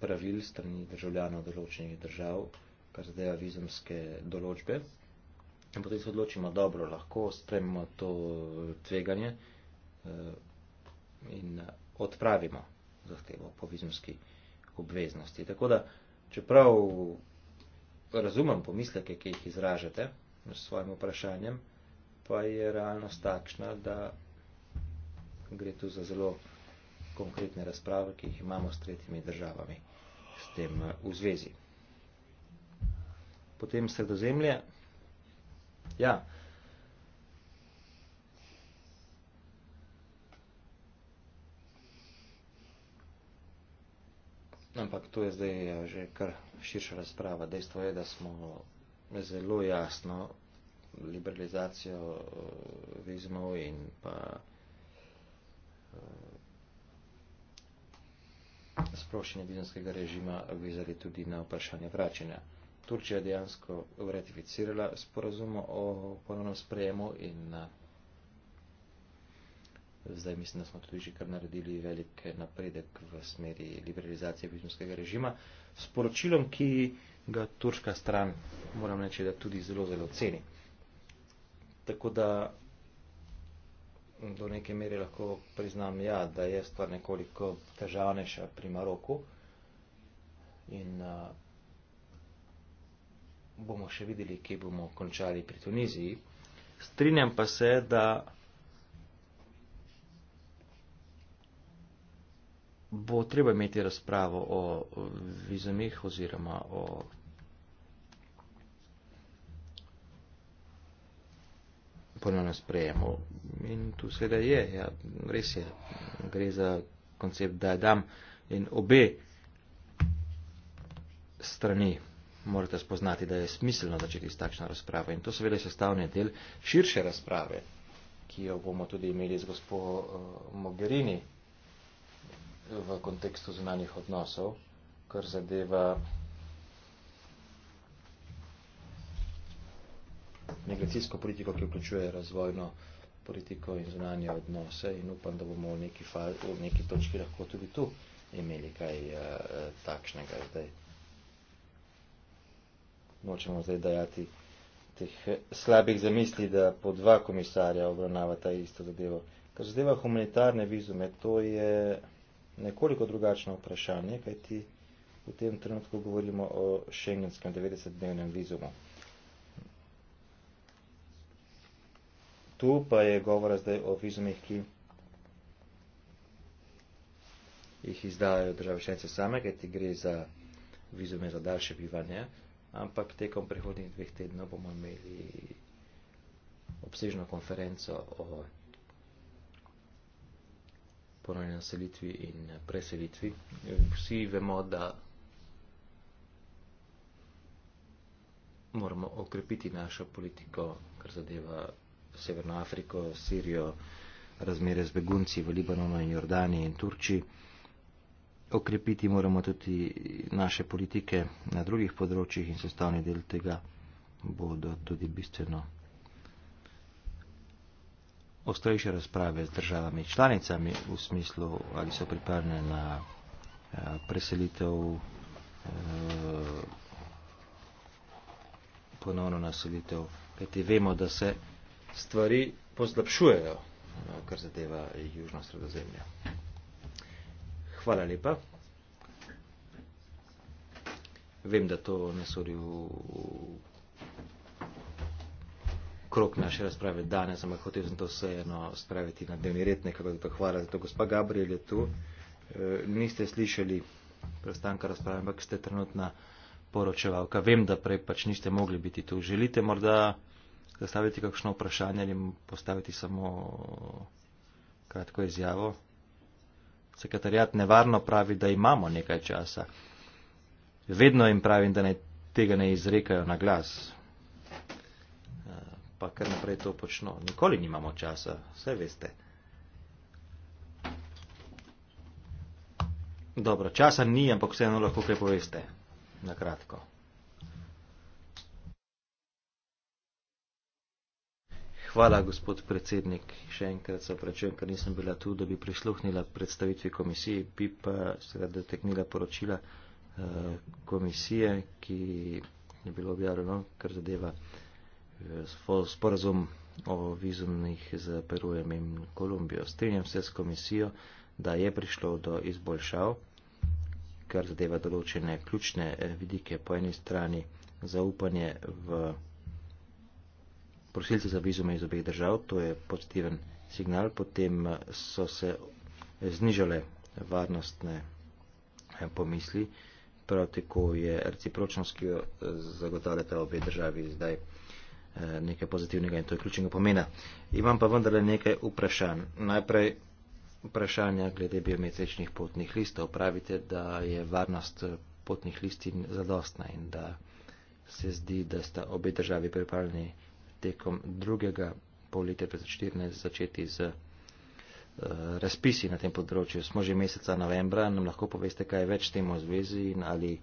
pravil strani državljanov določenih držav, kar zadeva vizumske določbe. In potem se odločimo, dobro, lahko spremimo to uh, tveganje uh, in uh, odpravimo zahtevo po vizumski uh, obveznosti. Tako da, čeprav razumem pomisleke, ki jih izražate s svojim vprašanjem, pa je realnost takšna, da gre tu za zelo konkretne razprave, ki jih imamo s tretjimi državami s tem eh, v zvezi. Potem sredozemlje. Ja, Ampak to je zdaj eh, že kar širša razprava. Dejstvo je, da smo zelo jasno liberalizacijo eh, vizmov in pa eh, sprošenje vizmskega režima vizali tudi na vprašanje vračanja. Turčija je dejansko ratificirala sporazum o ponovnem sprejemu in Zdaj mislim, da smo tudi že kar naredili velik napredek v smeri liberalizacije bizmskega režima. Sporočilom, ki ga turška stran, moram reči, da tudi zelo, zelo ceni. Tako da do neke mere lahko priznam, ja, da je stvar nekoliko težavnejša pri Maroku in uh, bomo še videli, kje bomo končali pri Tuniziji. Strinjam pa se, da bo treba imeti razpravo o vizumih oziroma o ponovnem sprejemu. In tu seveda je, ja, res je, gre za koncept, da je dam in obe strani morate spoznati, da je smiselno začeti s takšno razpravo. In to seveda je sestavni del širše razprave, ki jo bomo tudi imeli z gospodom eh, Mogherini v kontekstu zunanjih odnosov, kar zadeva migracijsko politiko, ki vključuje razvojno politiko in zunanje odnose in upam, da bomo v neki, fal, v neki točki lahko tudi tu imeli kaj uh, takšnega zdaj. Nočemo zdaj dajati teh eh, slabih zamisli, da po dva komisarja obravnava ta isto zadevo. Kar zadeva humanitarne vizume, to je nekoliko drugačno vprašanje, kajti v tem trenutku govorimo o šengenskem 90-dnevnem vizumu. Tu pa je govora zdaj o vizumih, ki jih izdajo države šence same, kajti gre za vizume za daljše bivanje, ampak tekom prihodnjih dveh tednov bomo imeli obsežno konferenco o ponovni naselitvi in preselitvi. Vsi vemo, da moramo okrepiti našo politiko, kar zadeva Severno Afriko, Sirijo, razmere z begunci v Libanonu in Jordaniji in Turčiji. Okrepiti moramo tudi naše politike na drugih področjih in sestavni del tega bodo tudi bistveno postojiše razprave z državami članicami v smislu, ali so pripravljene na eh, preselitev, eh, ponovno naselitev, kajti vemo, da se stvari pozlapšujejo, eh, kar zadeva južno sredozemlje. Hvala lepa. Vem, da to ne sori v, v krok naše razprave danes, ampak hotel sem to vseeno spraviti na dnevni red, nekako to hvala za to. Gospa Gabriel je tu, e, niste slišali prestanka razprave, ampak ste trenutna poročevalka. Vem, da prej pač niste mogli biti tu. Želite morda zastaviti kakšno vprašanje ali postaviti samo kratko izjavo? Sekretarjat nevarno pravi, da imamo nekaj časa. Vedno jim pravim, da ne, tega ne izrekajo na glas pa kar naprej to počno. Nikoli nimamo časa, vse veste. Dobro, časa ni, ampak vseeno lahko kaj poveste. Na kratko. Hvala, gospod predsednik, še enkrat se oprečujem, ker nisem bila tu, da bi prisluhnila predstavitvi komisiji, bi pa seveda deteknila poročila uh, komisije, ki je bilo objavljeno, kar zadeva uh, sporazum o vizumnih z Perujem in Kolumbijo. Strinjam se s komisijo, da je prišlo do izboljšav, kar zadeva določene ključne eh, vidike po eni strani zaupanje v prosilce za vizume iz obeh držav, to je pozitiven signal, potem eh, so se znižale varnostne eh, pomisli, prav tako je recipročnost, ki jo zagotavljata obe državi zdaj Eh, nekaj pozitivnega in to je ključnega pomena. Imam pa vendarle nekaj vprašanj. Najprej vprašanja glede biometričnih potnih listov. Pravite, da je varnost eh, potnih listin zadostna in da se zdi, da sta obe državi pripravljeni tekom drugega polletja 2014 začeti z eh, razpisi na tem področju. Smo že meseca novembra, nam lahko poveste kaj več s tem v zvezi in ali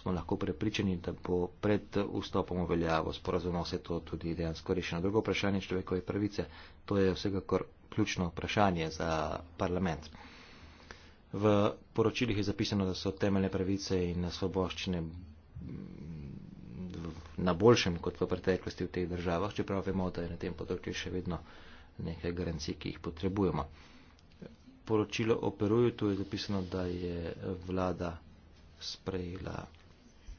smo lahko prepričani, da bo pred vstopom v veljavo sporazumo vse to tudi dejansko rešeno. Drugo vprašanje človekove pravice, to je vsekakor ključno vprašanje za parlament. V poročilih je zapisano, da so temeljne pravice in svoboščine na boljšem kot v preteklosti v teh državah, čeprav vemo, da je na tem področju še vedno nekaj garancij, ki jih potrebujemo. Poročilo operuje, tu je zapisano, da je vlada sprejela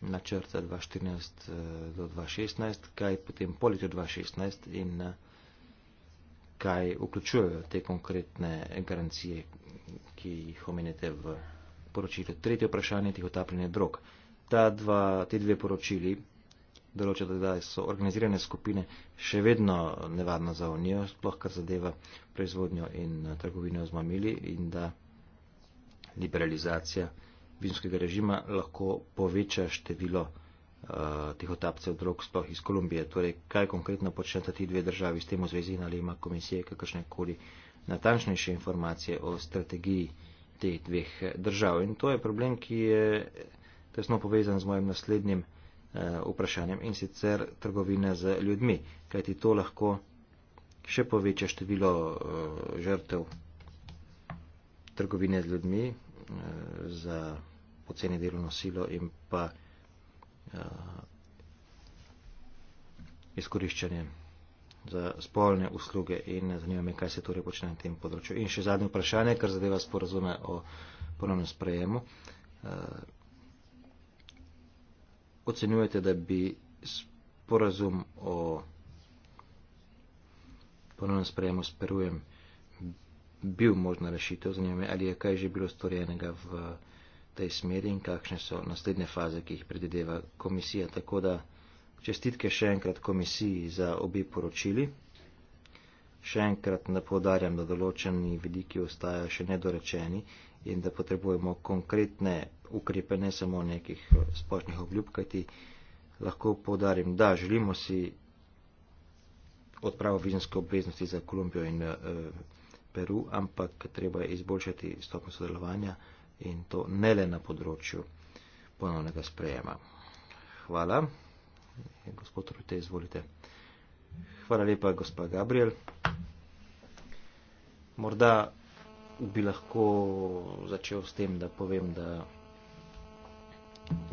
načrta 2014 eh, do 2016, kaj potem po letu 2016 in eh, kaj vključujejo te konkretne garancije, ki jih omenjate v poročilu. Tretje vprašanje je tih otapljenih drog. Ta dva, te dve poročili določajo, da so organizirane skupine še vedno nevarna za unijo, sploh kar zadeva proizvodnjo in eh, trgovino z mamili in da liberalizacija vinskega režima lahko poveča število uh, eh, tih otapcev drog sploh iz Kolumbije. Torej, kaj konkretno počnete ti dve državi s tem v zvezi, ali ima komisija kakršne koli natančnejše informacije o strategiji teh dveh eh, držav. In to je problem, ki je tesno povezan z mojim naslednjim uh, vprašanjem in sicer trgovina z ljudmi, kajti to lahko še poveča število uh, žrtev trgovine z ljudmi, Eh, za poceni delovno silo in pa eh, izkoriščanje za spolne usluge in zanima me, kaj se torej počne na tem področju. In še zadnje vprašanje, kar zadeva sporazume o ponovnem sprejemu. Eh, ocenjujete, da bi sporazum o ponovnem sprejemu s Perujem bil možna rešitev za njimi, ali je kaj že bilo storjenega v tej smeri in kakšne so naslednje faze, ki jih predideva komisija. Tako da čestitke še enkrat komisiji za obi poročili. Še enkrat napovdarjam, da določeni vidiki ostajajo še nedorečeni in da potrebujemo konkretne ukrepe, ne samo nekih splošnih obljub, kajti lahko povdarim, da želimo si odpravo vizijske obveznosti za Kolumbijo in eh, Peru, ampak treba je izboljšati stopno sodelovanja in to ne le na področju ponovnega sprejema. Hvala. Gospod Rute, izvolite. Hvala lepa, gospa Gabriel. Morda bi lahko začel s tem, da povem, da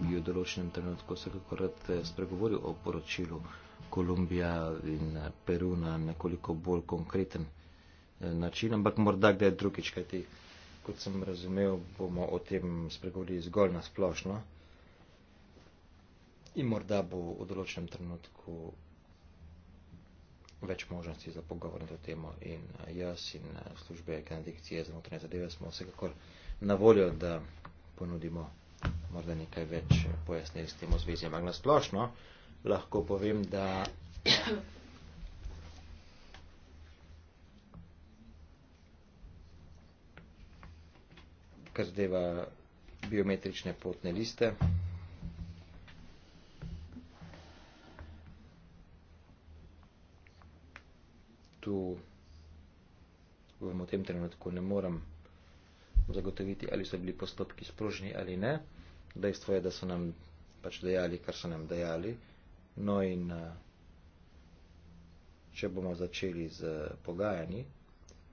bi v določenem trenutku vsekakor rad eh, spregovoril o poročilu Kolumbija in eh, Peru na nekoliko bolj konkreten način način, ampak morda kdaj drugič, kajti, kot sem razumel, bomo o tem spregovorili zgolj na splošno in morda bo v določenem trenutku več možnosti za pogovor na to temo in eh, jaz in eh, službe kandikcije za notranje zadeve smo vsekakor na voljo, da ponudimo morda nekaj več eh, pojasnil s tem v zvezi. Ampak na splošno lahko povem, da kar zadeva biometrične potne liste. Tu vam v tem trenutku ne moram zagotoviti, ali so bili postopki sproženi ali ne. Dejstvo je, da so nam pač dejali, kar so nam dejali. No in eh, če bomo začeli z pogajanji,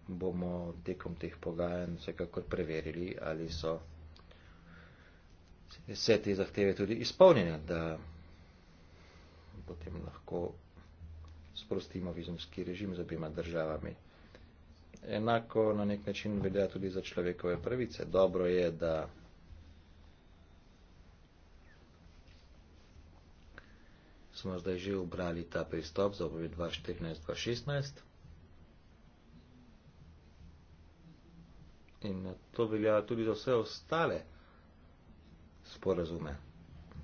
bomo tekom teh pogajanj vsekakor preverili, ali so vse te zahteve tudi izpolnjene, da potem lahko sprostimo vizumski režim z obima državami. Enako na nek način velja tudi za človekove pravice. Dobro je, da smo zdaj že obrali ta pristop za obvid 2.14.2.16. In to velja tudi za vse ostale sporazume,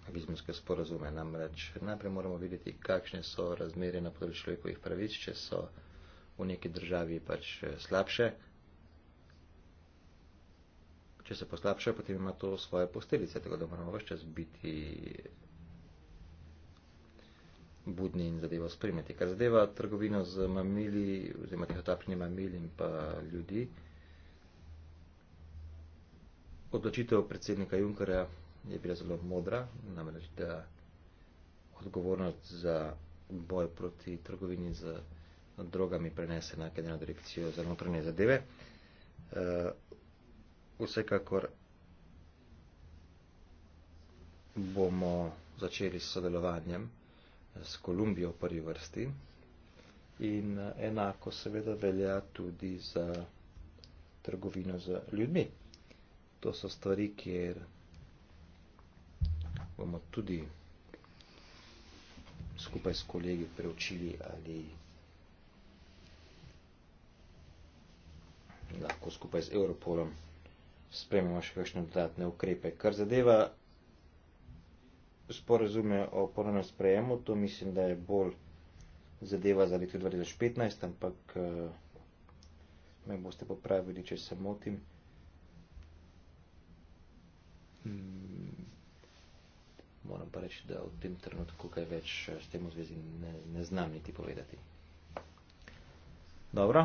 agizmenske sporazume. Namreč najprej moramo videti, kakšne so razmere na področju človekovih pravic, če so v neki državi pač eh, slabše. Če se poslabša, potem ima to svoje posledice, tako da moramo vse čas biti budni in zadevo spremljati. Kar zadeva trgovino z mamili, oziroma tehotapnimi mamili in pa ljudi, Odločitev predsednika Junkerja je bila zelo modra, namreč da odgovornost za boj proti trgovini z drogami prenese na generalno direkcijo za notranje zadeve. Eh, vsekakor bomo začeli s sodelovanjem eh, s Kolumbijo v prvi vrsti in eh, enako seveda velja tudi za trgovino z ljudmi. To so stvari, kjer bomo tudi skupaj s kolegi preučili, ali lahko skupaj z Europolom spremimo še kakšne dodatne ukrepe. Kar zadeva sporazume o ponovnem sprejemu, to mislim, da je bolj zadeva za leto 2015, ampak eh, me boste popravili, če se motim. Mm. moram pa reči, da v tem trenutku kaj več eh, s tem v zvezi ne, ne znam niti povedati. Dobro,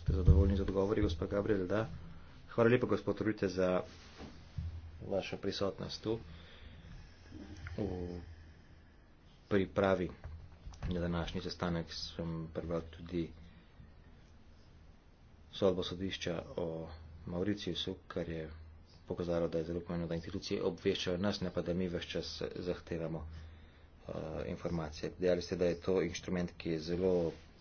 ste zadovoljni z odgovori, gospod Gabriel, da. Hvala lepa, gospod Rujte, za vašo prisotnost tu v pripravi na današnji sestanek sem prebral tudi sodbo sodišča o Mauriciusu, kar je pokazalo, da je zelo pomembno, da institucije obveščajo nas, ne pa da mi vse čas zahtevamo uh, informacije. Dejali ste, da je to inštrument, ki je zelo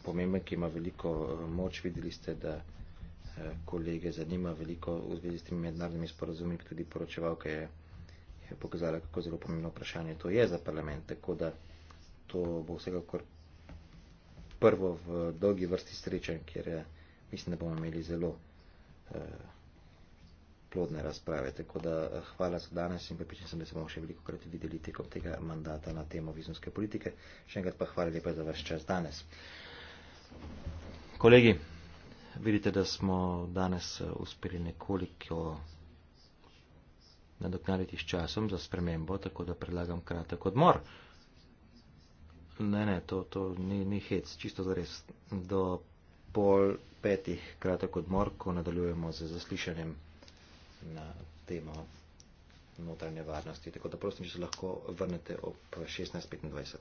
pomemben, ki ima veliko uh, moč. Videli ste, da uh, kolege zanima veliko v zvezi s temi mednarodnimi sporazumi, tudi poročevalka je, je pokazala, kako zelo pomembno vprašanje to je za parlament. Tako da to bo vsekakor prvo v dolgi vrsti srečanj, kjer je, mislim, da bomo imeli zelo. Uh, plodne razprave. Tako da eh, hvala za danes in pripričan sem, da se bomo še veliko krat videli tekom tega mandata na temo vizumske politike. Še enkrat pa hvala lepa za vaš čas danes. Kolegi, vidite, da smo danes eh, uspeli nekoliko nadoknaditi s časom za spremembo, tako da predlagam kratek odmor. Ne, ne, to, to ni, ni hec, čisto zares. Do pol petih kratek odmor, ko nadaljujemo z zaslišanjem na temo notranje varnosti. Tako da prosim, če se lahko vrnete ob 16.25.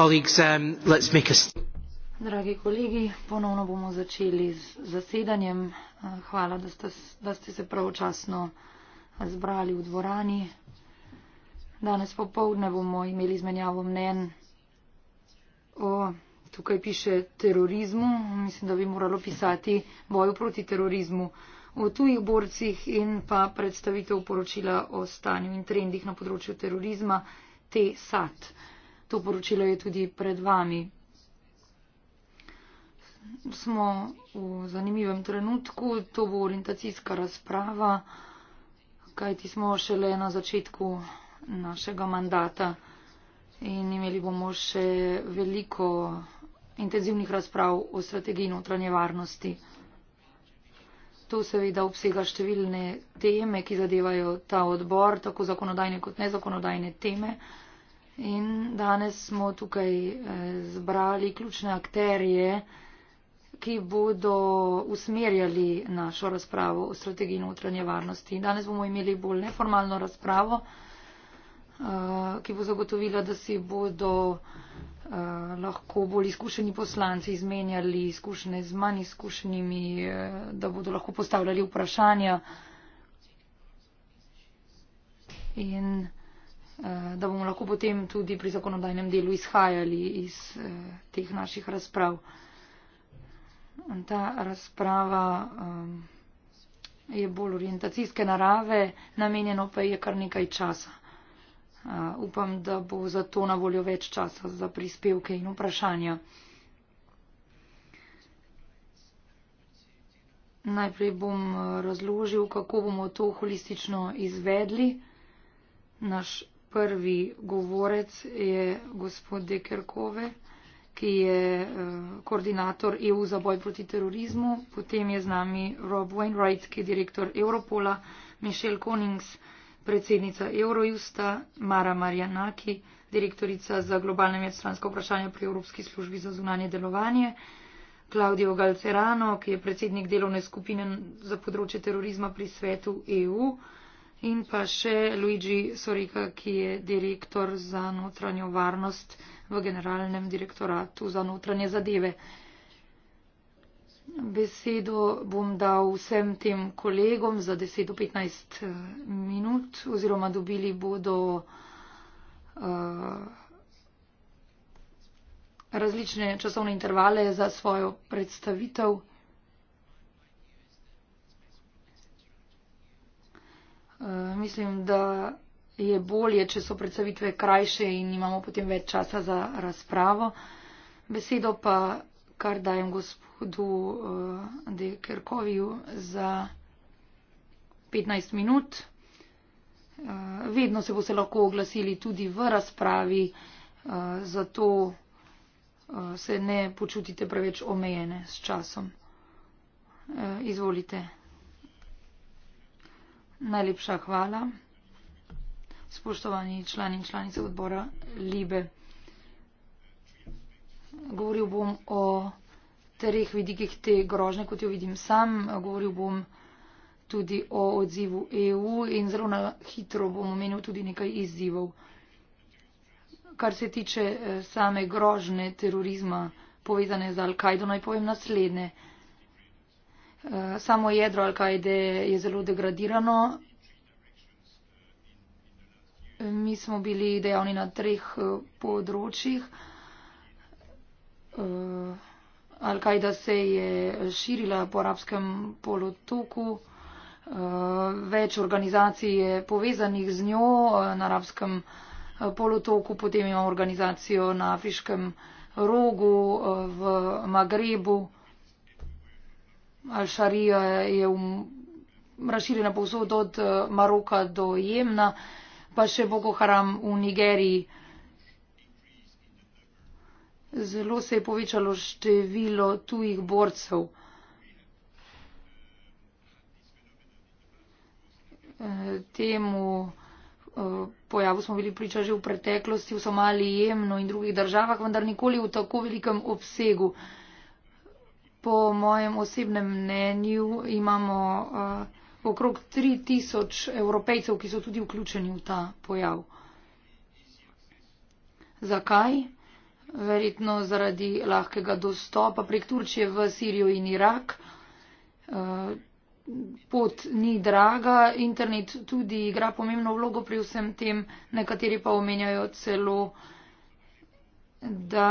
Um, Dragi kolegi, ponovno bomo začeli z zasedanjem. Eh, hvala, da ste, da ste se pravočasno eh, zbrali v dvorani. Danes popovdne bomo imeli izmenjavo mnen o, tukaj piše, terorizmu. Mislim, da bi moralo pisati boju proti terorizmu o tujih borcih in pa predstavitev poročila o stanju in trendih na področju terorizma te sat. Uh, To poročilo je tudi pred vami. Smo v zanimivem trenutku, to bo orientacijska razprava, kajti smo šele na začetku našega mandata in imeli bomo še veliko intenzivnih razprav o strategiji notranje varnosti. To seveda obsega številne teme, ki zadevajo ta odbor, tako zakonodajne kot nezakonodajne teme. In danes smo tukaj eh, zbrali ključne akterje, ki bodo usmerjali našo razpravo o strategiji notranje varnosti. Danes bomo imeli bolj neformalno razpravo, eh, ki bo zagotovila, da si bodo eh, lahko bolj izkušeni poslanci izmenjali izkušnje z manj izkušenimi, da bodo lahko postavljali vprašanja. In Eh, da bomo lahko potem tudi pri zakonodajnem delu izhajali iz eh, teh naših razprav. Ta razprava eh, je bolj orientacijske narave, namenjeno pa je kar nekaj časa. Upam, da bo zato na voljo več časa za prispevke in vprašanja. Najprej bom razložil, kako bomo to holistično izvedli. Naš prvi govorec je gospod Dekerkove, ki je eh, koordinator EU za boj proti terorizmu, potem je z nami Rob Wainwright, ki je direktor Europola, Michelle Konings, predsednica Eurojusta, Mara Marjanaki, direktorica za globalne medstranske vprašanja pri Evropski službi za zunanje delovanje, Claudio Galcerano, ki je predsednik delovne skupine za področje terorizma pri svetu EU. In pa še Luigi Sorika, ki je direktor za notranjo varnost v generalnem direktoratu za notranje zadeve. Besedo bom dal vsem tem kolegom za 10 do 15 eh, minut oziroma dobili bodo uh, različne časovne intervale za svojo predstavitev. Eh, mislim, da je bolje, če so predstavitve krajše in imamo potem več časa za razpravo. Besedo pa kar dajem gospodu uh, eh, Dekerkoviju za 15 minut. Uh, vedno se boste lahko oglasili tudi v razpravi, uh, zato uh, se ne počutite preveč omejene s časom. Uh, izvolite. Najlepša hvala. Spoštovani člani in članice odbora Libe. Govoril bom o treh vidikih te grožne, kot jo vidim sam. Govoril bom tudi o odzivu EU in zelo na hitro bom omenil tudi nekaj izzivov. Kar se tiče eh, same grožne terorizma povezane z Al-Kaido, naj povem naslednje samo jedro Al-Kaide je zelo degradirano. Mi smo bili dejavni na treh eh, področjih. Eh, Al-Kaida se je širila po arabskem polotoku. Eh, več organizacij je povezanih z njo na arabskem polotoku, potem imamo organizacijo na afriškem rogu v Magrebu šarija je um, razširjena povsod od eh, Maroka do Jemna, pa še Boko Haram v Nigeriji. Zelo se je povečalo število tujih borcev. Eh, temu eh, pojavu smo bili priča že v preteklosti v Somaliji, Jemnu in drugih državah, vendar nikoli v tako velikem obsegu. Po mojem osebnem mnenju imamo uh, okrog 3000 evropejcev, ki so tudi vključeni v ta pojav. Zakaj? Verjetno zaradi lahkega dostopa prek Turčije v Sirijo in Irak. Eh, pot ni draga, internet tudi igra pomembno vlogo pri vsem tem, nekateri pa omenjajo celo, da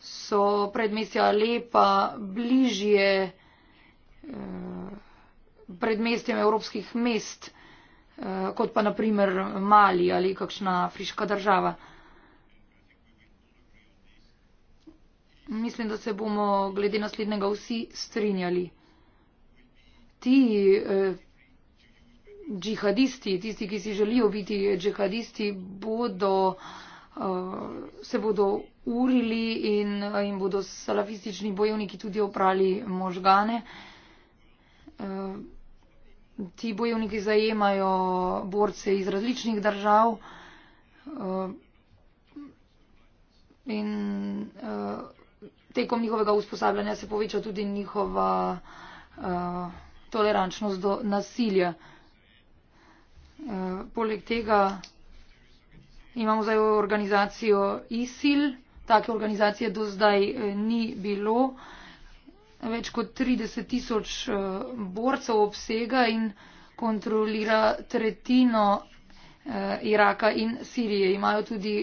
so predmestja lepa bližje eh, predmestjem evropskih mest, eh, kot pa naprimer Mali ali kakšna friška država. Mislim, da se bomo glede naslednjega vsi strinjali. Ti eh, džihadisti, tisti, ki si želijo biti džihadisti, bodo eh, uh, se bodo urili in uh, jim bodo salafistični bojovniki tudi oprali možgane. Uh, ti bojovniki zajemajo borce iz različnih držav uh, in uh, tekom njihovega usposabljanja se poveča tudi njihova uh, tolerančnost do nasilja. Uh, poleg tega. Imamo zdaj organizacijo ISIL, take organizacije do zdaj eh, ni bilo. Več kot 30 tisoč eh, borcev obsega in kontrolira tretjino eh, Iraka in Sirije. Imajo tudi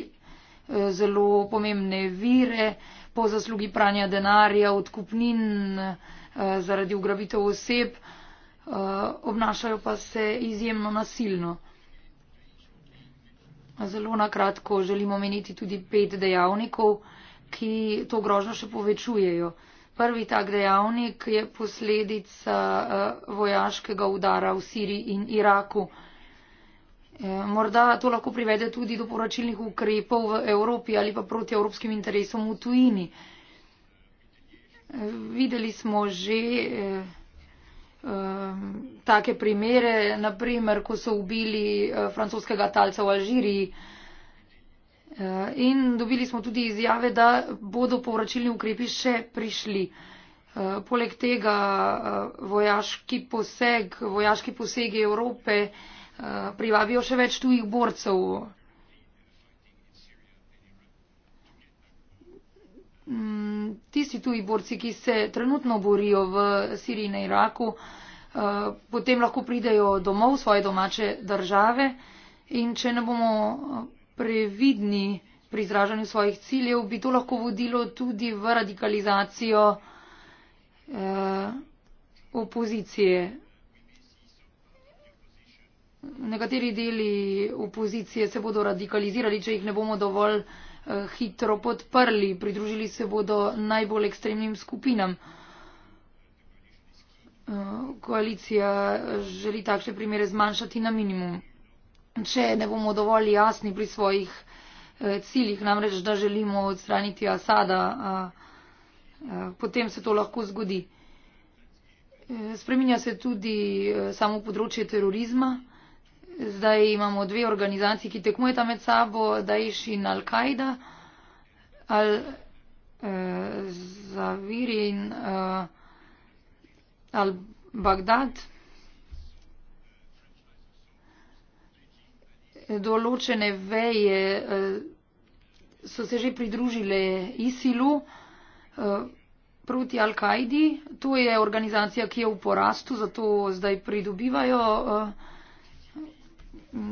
zelo pomembne vire po zaslugi pranja denarja, odkupnin zaradi ugrabitev oseb, obnašajo pa se izjemno nasilno. Zelo na kratko želim omeniti tudi pet dejavnikov, ki to grožnjo še povečujejo. Prvi tak dejavnik je posledica eh, vojaškega udara v Siriji in Iraku. Eh, morda to lahko privede tudi do poročilnih ukrepov v Evropi ali pa proti evropskim interesom v tujini. Eh, videli smo že um, take primere, naprimer, ko so ubili uh, francoskega talca v Alžiriji. Uh, in dobili smo tudi izjave, da bodo povračilni ukrepi še prišli. Uh, poleg tega uh, vojaški poseg, vojaški posegi Evrope privabijo še več tujih borcev. Mm, tisti tuji borci, ki se trenutno borijo v Siriji in Iraku, eh, potem lahko pridejo domov v svoje domače države in če ne bomo eh, previdni pri izražanju svojih ciljev, bi to lahko vodilo tudi v radikalizacijo eh, opozicije. Nekateri deli opozicije se bodo radikalizirali, če jih ne bomo dovolj Eh, hitro podprli, pridružili se bodo najbolj ekstremnim skupinam. Eh, koalicija želi takšne primere zmanjšati na minimum. Če ne bomo dovolj jasni pri svojih eh, ciljih, namreč da želimo odstraniti Asada, potem se to lahko zgodi. Spreminja se tudi samo področje terorizma zdaj imamo dve organizaciji, ki tekmujeta med sabo, Daiš in Al-Kaida, Al eh, Zaviri in eh, Al Bagdad. Določene veje eh, so se že pridružile ISIL-u proti Al-Kaidi. To je organizacija, ki je v porastu, zato zdaj pridobivajo. Uh,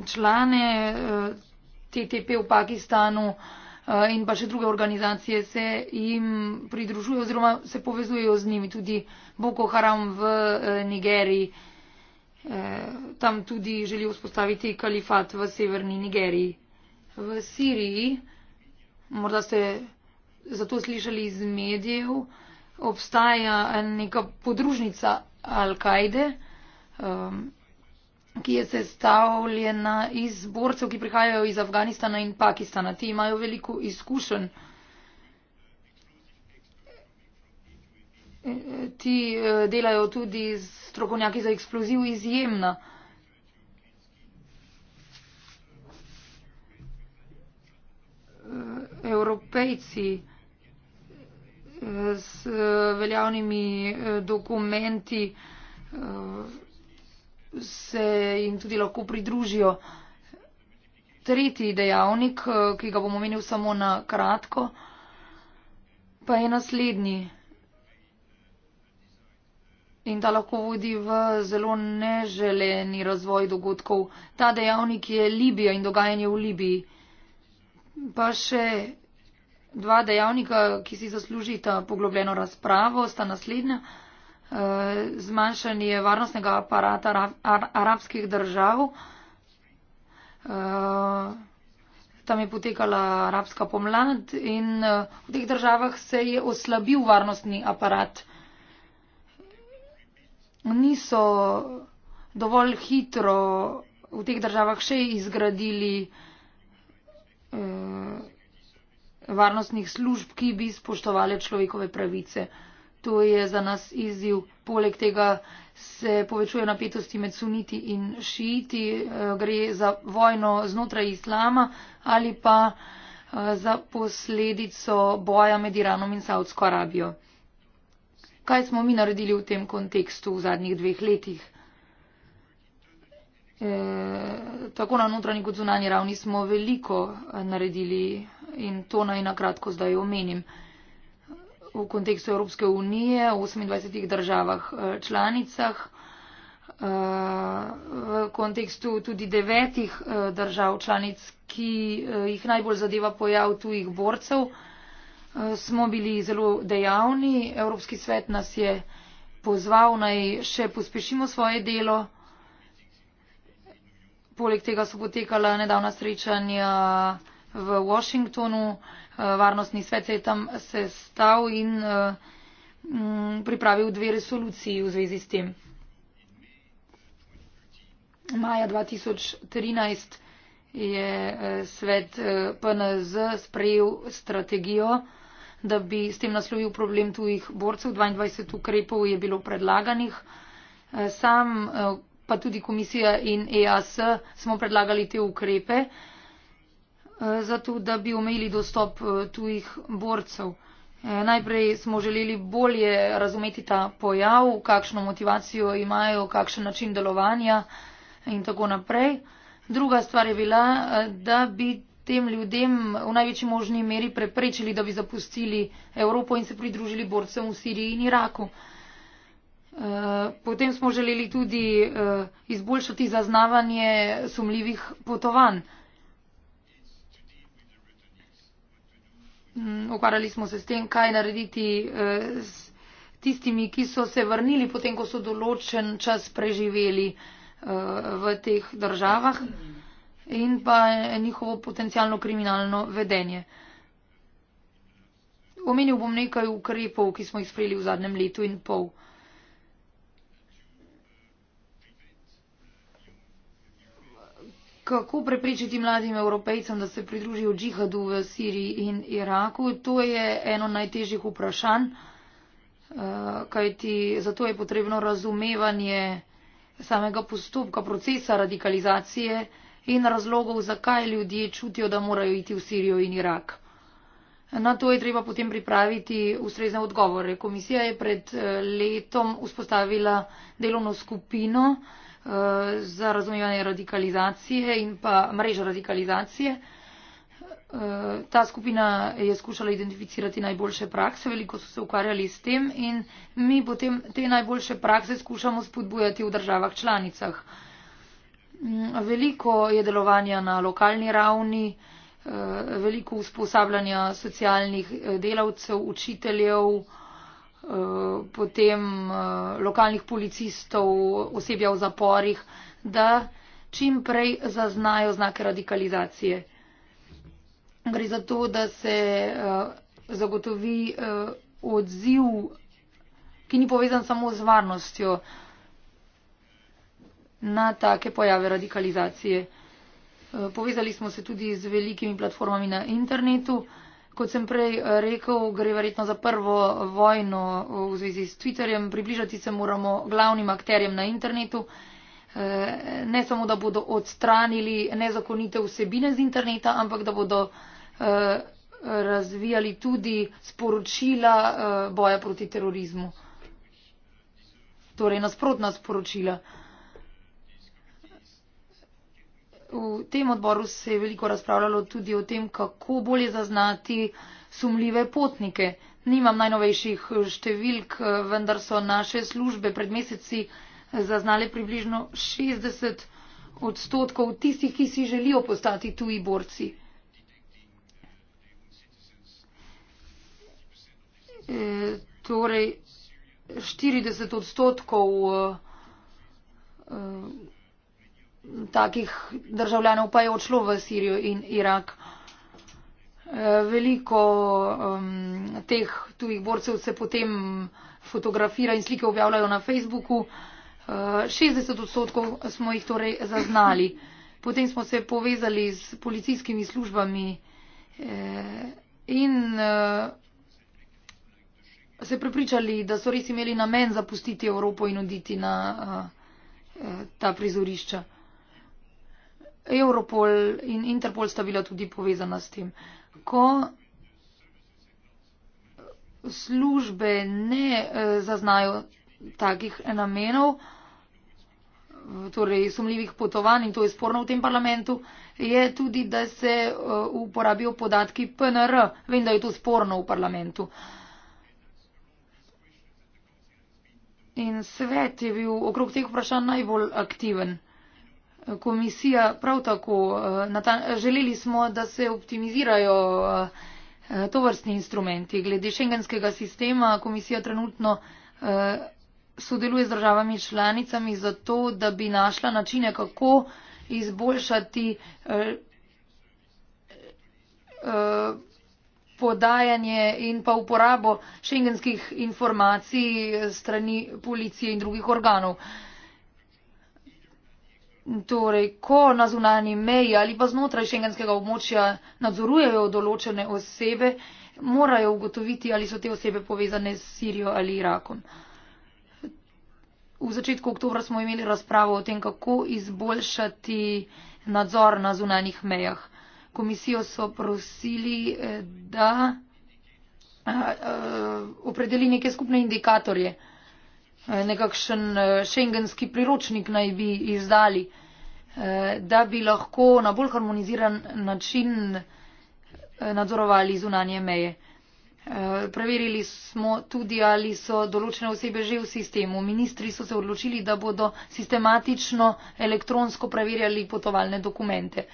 člane eh, TTP v Pakistanu eh, in pa še druge organizacije se jim pridružuje oziroma se povezujejo z njimi, tudi Boko Haram v eh, Nigeriji. Tam tudi želijo vzpostaviti kalifat v severni Nigeriji. V Siriji, morda ste zato slišali iz medijev, obstaja neka podružnica Al-Kaide ki je sestavljena iz borcev, ki prihajajo iz Afganistana in Pakistana. Ti imajo veliko izkušenj. Ti eh, delajo tudi strokovnjaki za eksploziv izjemna. Eh, evropejci eh, s veljavnimi dokumenti se jim tudi lahko pridružijo. Tretji dejavnik, eh, ki ga bom omenil samo na kratko, pa je naslednji. In ta lahko vodi v zelo neželeni razvoj dogodkov. Ta dejavnik je Libija in dogajanje v Libiji. Pa še dva dejavnika, ki si zaslužita poglobljeno razpravo, sta naslednja. Eh, zmanjšanje varnostnega aparata arabskih držav. Eh, tam je potekala arabska pomlad in eh, v teh državah se je oslabil varnostni aparat. Niso dovolj hitro v teh državah še izgradili varnostnih služb, ki bi spoštovali človekove pravice. To je za nas izziv. Poleg tega se povečuje napetosti med suniti in šiiti, eh, gre za vojno znotraj islama ali pa eh, za posledico boja med Iranom in Saudsko Arabijo. Kaj smo mi naredili v tem kontekstu v zadnjih dveh letih? E, tako na notranji kot zunanji ravni smo veliko naredili in to naj na kratko zdaj omenim. E, v kontekstu Evropske unije v 28 državah eh, članicah, eh, v kontekstu tudi devetih eh, držav članic, ki jih najbolj zadeva pojav tujih borcev, smo bili zelo dejavni. Evropski svet nas je pozval naj še pospešimo svoje delo. Poleg tega so potekala nedavna srečanja v Washingtonu, eh, varnostni svet se je tam sestal in eh, mm, pripravil dve resoluciji v zvezi s tem. Maja 2013 je eh, svet PNZ sprejel strategijo, da bi s tem naslovil problem tujih borcev. 22 ukrepov je bilo predlaganih. Sam pa tudi komisija in EAS smo predlagali te ukrepe zato da bi omejili dostop eh, tujih borcev. Eh, najprej smo želeli bolje razumeti ta pojav, kakšno motivacijo imajo, kakšen način delovanja in tako naprej. Druga stvar je bila, eh, da bi tem ljudem v največji možni meri preprečili, da bi zapustili Evropo in se pridružili borcem v Siriji in Iraku. Potem smo želeli tudi izboljšati zaznavanje sumljivih potovanj. Mhm, ukvarjali smo se s tem, kaj narediti eh, s tistimi, ki so se vrnili potem, ko so določen čas preživeli eh, v teh državah in pa njihovo potencijalno kriminalno vedenje. Omenil bom nekaj ukrepov, ki smo jih sprejeli v zadnjem letu in pol. kako prepričati mladim evropejcem, da se pridružijo džihadu v Siriji in Iraku, to je eno najtežjih vprašanj, eh, kajti zato je potrebno razumevanje samega postopka procesa radikalizacije in razlogov, zakaj ljudje čutijo, da morajo iti v Sirijo in Irak. Na to je treba potem pripraviti ustrezne odgovore. Komisija je pred eh, letom vzpostavila delovno skupino, za razumevanje radikalizacije in pa mreža radikalizacije. Ta skupina je skušala identificirati najboljše prakse, veliko so se ukvarjali s tem in mi potem te najboljše prakse skušamo spodbujati v državah članicah. Veliko je delovanja na lokalni ravni, veliko usposabljanja socialnih eh, delavcev, učiteljev, Eh, potem eh, lokalnih policistov, osebja v zaporih, da čim prej zaznajo znake radikalizacije. Gre za to, da se eh, zagotovi odziv, ki ni povezan samo z varnostjo na take pojave radikalizacije. Povezali smo se tudi z velikimi platformami na internetu kot sem prej eh, rekel, gre verjetno za prvo vojno eh, v zvezi s Twitterjem. Približati se moramo glavnim akterjem na internetu. Eh, ne samo, da bodo odstranili nezakonite vsebine z interneta, ampak da bodo razvijali tudi sporočila boja proti terorizmu. Torej nasprotna sporočila. v tem odboru se je veliko razpravljalo tudi o tem, kako bolje zaznati sumljive potnike. Nimam najnovejših številk, vendar so naše službe pred meseci zaznale približno 60 odstotkov tistih, ki si želijo postati tuji borci. E, torej, 40 odstotkov e, takih državljanov pa je odšlo v Sirijo in Irak. Eh, veliko um, teh tujih borcev se potem fotografira in slike objavljajo na Facebooku. Uh, eh, 60 odstotkov smo jih torej zaznali. Potem smo se povezali s policijskimi službami eh, in eh, se prepričali, da so res imeli namen zapustiti Evropo in oditi na eh, eh ta prizorišča europol in interpol sta bila tudi povezana s tem. Ko službe ne eh, zaznajo takih namenov, torej sumljivih potovanj in to je sporno v tem parlamentu, je tudi, da se eh, uporabijo podatki PNR. Vem, da je to sporno v parlamentu. In svet je bil okrog teh vprašanj najbolj aktiven komisija prav tako. Eh, Ta, želeli smo, da se optimizirajo eh, tovrstni instrumenti. Glede šengenskega sistema komisija trenutno eh, sodeluje z državami članicami zato, da bi našla načine, kako izboljšati podajanje in pa uporabo šengenskih informacij strani policije in drugih organov. Uh, Torej, ko na zunanji meji ali pa znotraj šengenskega območja nadzorujejo določene osebe, morajo ugotoviti, ali so te osebe povezane s Sirijo ali Irakom. V začetku oktobra smo imeli razpravo o tem, kako izboljšati nadzor na zunanjih mejah. Komisijo so prosili, eh, da eh, eh, opredeli neke skupne indikatorje. Eh, nekakšen eh, šengenski priročnik naj bi izdali, eh, da bi lahko na bolj harmoniziran način nadzorovali zunanje meje. Preverili smo tudi, ali so določene osebe že v sistemu. Ministri so se odločili, da bodo sistematično elektronsko preverjali potovalne dokumente.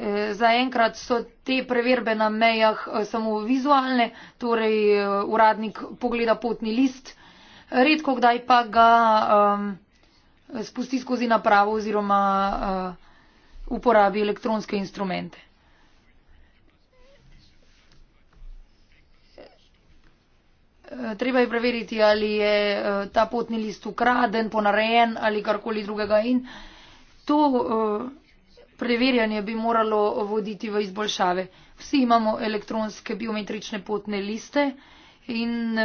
Eh, zaenkrat so te preverbe na mejah eh, samo vizualne, torej eh, uradnik pogleda potni list, redko kdaj pa ga um, spusti skozi napravo oziroma uh, uporabi elektronske instrumente. Treba je preveriti, ali je ta potni list ukraden, ponarejen ali karkoli drugega. In to uh, preverjanje bi moralo voditi v izboljšave. Vsi imamo elektronske biometrične potne liste in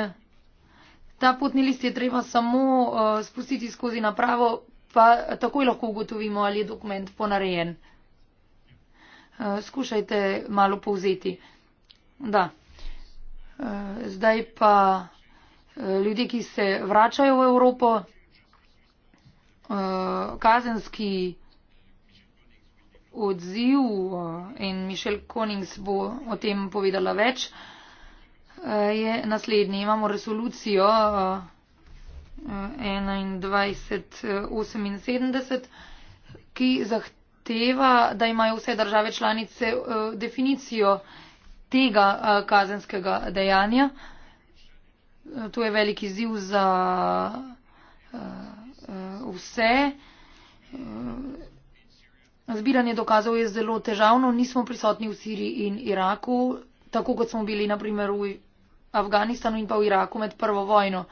ta potni list je treba samo eh, spustiti skozi napravo, pa takoj lahko ugotovimo, ali je dokument ponarejen. Eh, skušajte malo povzeti. Da. Eh, zdaj pa ljudje, ki se vračajo v Evropo, kazenski odziv eh, in Michelle Konings bo o tem povedala več, eh, je naslednji. Imamo resolucijo 2178, eh, ki zahteva, da imajo vse države članice definicijo tega kazenskega dejanja. To je velik izziv za vse. Zbiranje dokazov je zelo težavno, nismo prisotni v Siriji in Iraku, tako kot smo bili naprimer v Afganistanu in pa v Iraku med prvo vojno.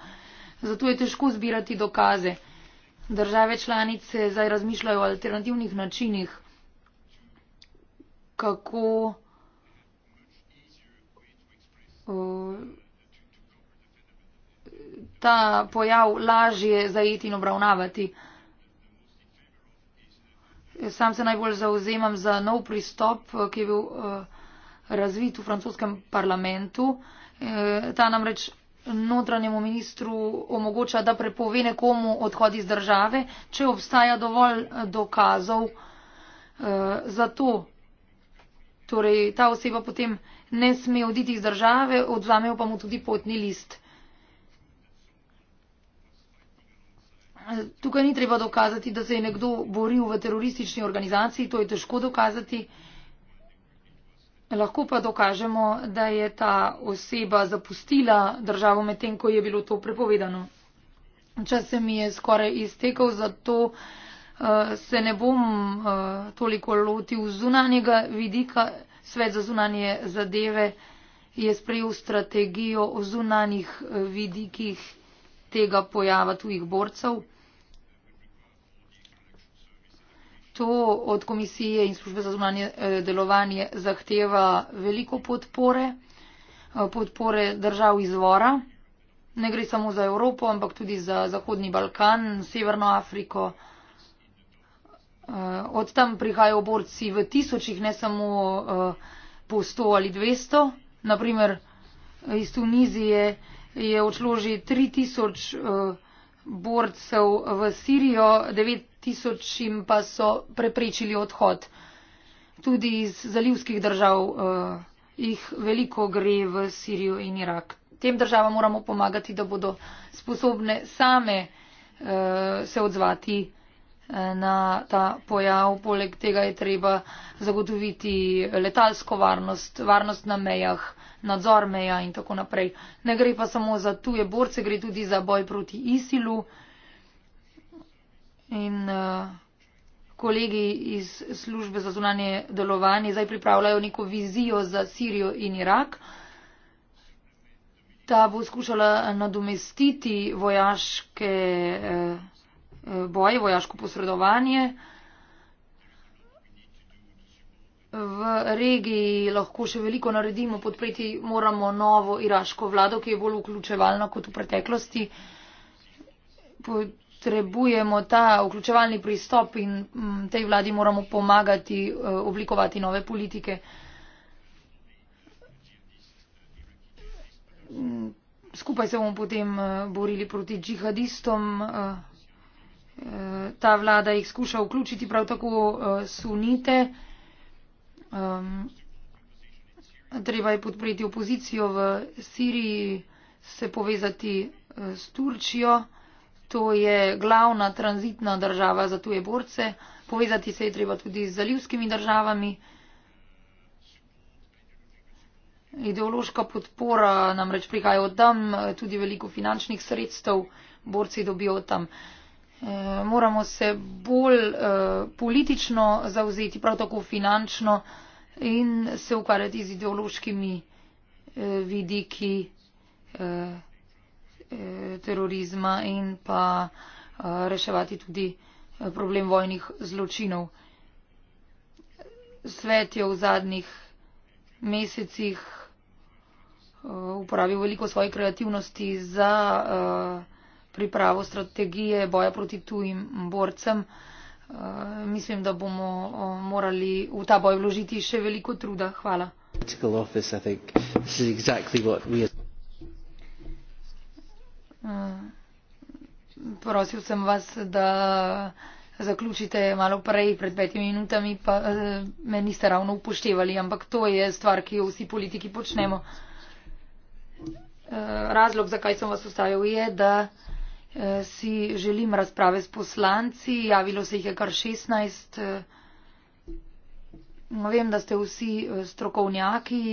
Zato je težko zbirati dokaze. Države članice zdaj razmišljajo o alternativnih načinih, kako uh, ta pojav lažje zajeti in obravnavati. Uh, sam se najbolj zauzemam za nov pristop, eh, ki je bil eh, razvit v francoskem parlamentu. Eh, ta namreč notranjemu ministru omogoča, da prepove nekomu odhod iz države, če obstaja dovolj dokazov za to. Torej, ta oseba potem ne sme oditi iz države, odzamejo pa mu tudi potni list. Tukaj ni treba dokazati, da se je nekdo boril v teroristični organizaciji, to je težko dokazati. Lahko pa dokažemo, da je ta oseba zapustila državo medtem, ko je bilo to prepovedano. Čas se mi je skoraj iztekel, zato uh, se ne bom uh, toliko lotil zunanjega vidika. Svet za zunanje zadeve je sprejel strategijo o zunanjih eh, vidikih tega pojava tujih borcev. to od komisije in službe za zunanje eh, delovanje zahteva veliko podpore, eh, podpore držav izvora. Ne gre samo za Evropo, ampak tudi za Zahodni Balkan, Severno Afriko. Eh, od tam prihajajo borci v tisočih, ne samo po 100 ali 200. Naprimer, iz Tunizije je odšlo že 3000 borcev v Sirijo, 9 tisočim pa so preprečili odhod. Tudi iz zalivskih držav uh, jih veliko gre v Sirijo in Irak. Tem državam moramo pomagati, da bodo sposobne same uh, se odzvati eh, na ta pojav. Poleg tega je treba zagotoviti letalsko varnost, varnost na mejah, nadzor meja in tako naprej. Ne gre pa samo za tuje borce, gre tudi za boj proti ISIL-u. Uh, in uh, kolegi iz službe za zunanje delovanje zdaj pripravljajo neko vizijo za Sirijo in Irak. Ta bo skušala nadomestiti vojaške uh, boje, vojaško posredovanje. V regiji lahko še veliko naredimo, podpreti moramo novo iraško vlado, ki je bolj vključevalna kot v preteklosti potrebujemo ta vključevalni pristop in mm, tej vladi moramo pomagati eh, oblikovati nove politike. Mm, skupaj se bomo potem eh, borili proti džihadistom. Eh, ta vlada jih skuša vključiti prav tako sunite. Ehm, treba je podpreti opozicijo v Siriji, se povezati s Turčijo to je glavna tranzitna država za tuje borce. Povezati se je treba tudi z zalivskimi državami. Ideološka podpora namreč prihaja od tam, tudi veliko finančnih sredstev borci dobijo od tam. E, moramo se bolj e, politično zauzeti, prav tako finančno in se ukvarjati z ideološkimi e, vidiki. E, Eh, terorizma in pa eh, reševati tudi eh, problem vojnih zločinov. Svet je v zadnjih mesecih uporabil veliko svoje kreativnosti za pripravo strategije boja proti tujim borcem. Mislim, da bomo morali v ta boj vložiti še veliko truda. Hvala. Political office, I think this is exactly what we are. Prosil sem vas, da zaključite malo prej, pred petimi minutami, pa eh, me niste ravno upoštevali, ampak to je stvar, ki jo vsi politiki počnemo. Eh, razlog, zakaj sem vas ustavil, je, da eh, si želim razprave s poslanci. Javilo se jih je kar 16. Vem, da ste vsi strokovnjaki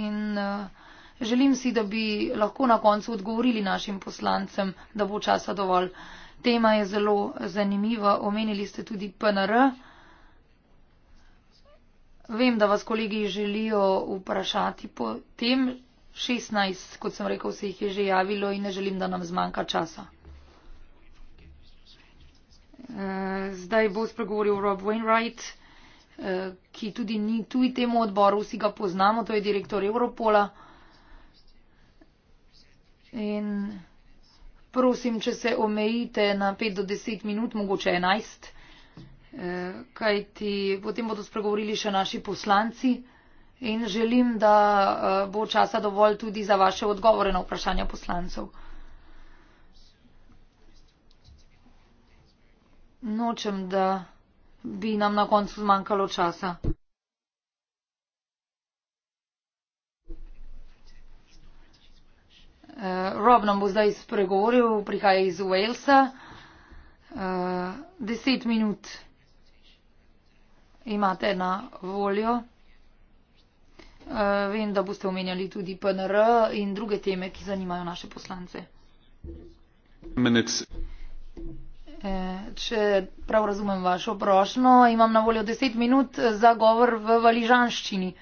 in uh, Želim si, da bi lahko na koncu odgovorili našim poslancem, da bo časa dovolj. Tema je zelo zanimiva. Omenili ste tudi PNR. Vem, da vas kolegi želijo vprašati po tem. 16, kot sem rekel, se jih je že javilo in ne želim, da nam zmanjka časa. Eh, zdaj bo spregovoril Rob Wainwright, eh, ki tudi ni tuj temu odboru, vsi ga poznamo, to je direktor Europola in prosim, če se omejite na pet do deset minut, mogoče enajst, eh, kajti potem bodo spregovorili še naši poslanci in želim, da eh, bo časa dovolj tudi za vaše odgovore na vprašanja poslancev. Nočem, da bi nam na koncu zmanjkalo časa. Eh, Rob nam bo zdaj spregovoril, prihaja iz Walesa. Eh, deset minut imate na voljo. Eh, vem, da boste omenjali tudi PNR in druge teme, ki zanimajo naše poslance. Minutes. Če prav razumem vašo prošno, imam na voljo deset minut za govor v valižanščini.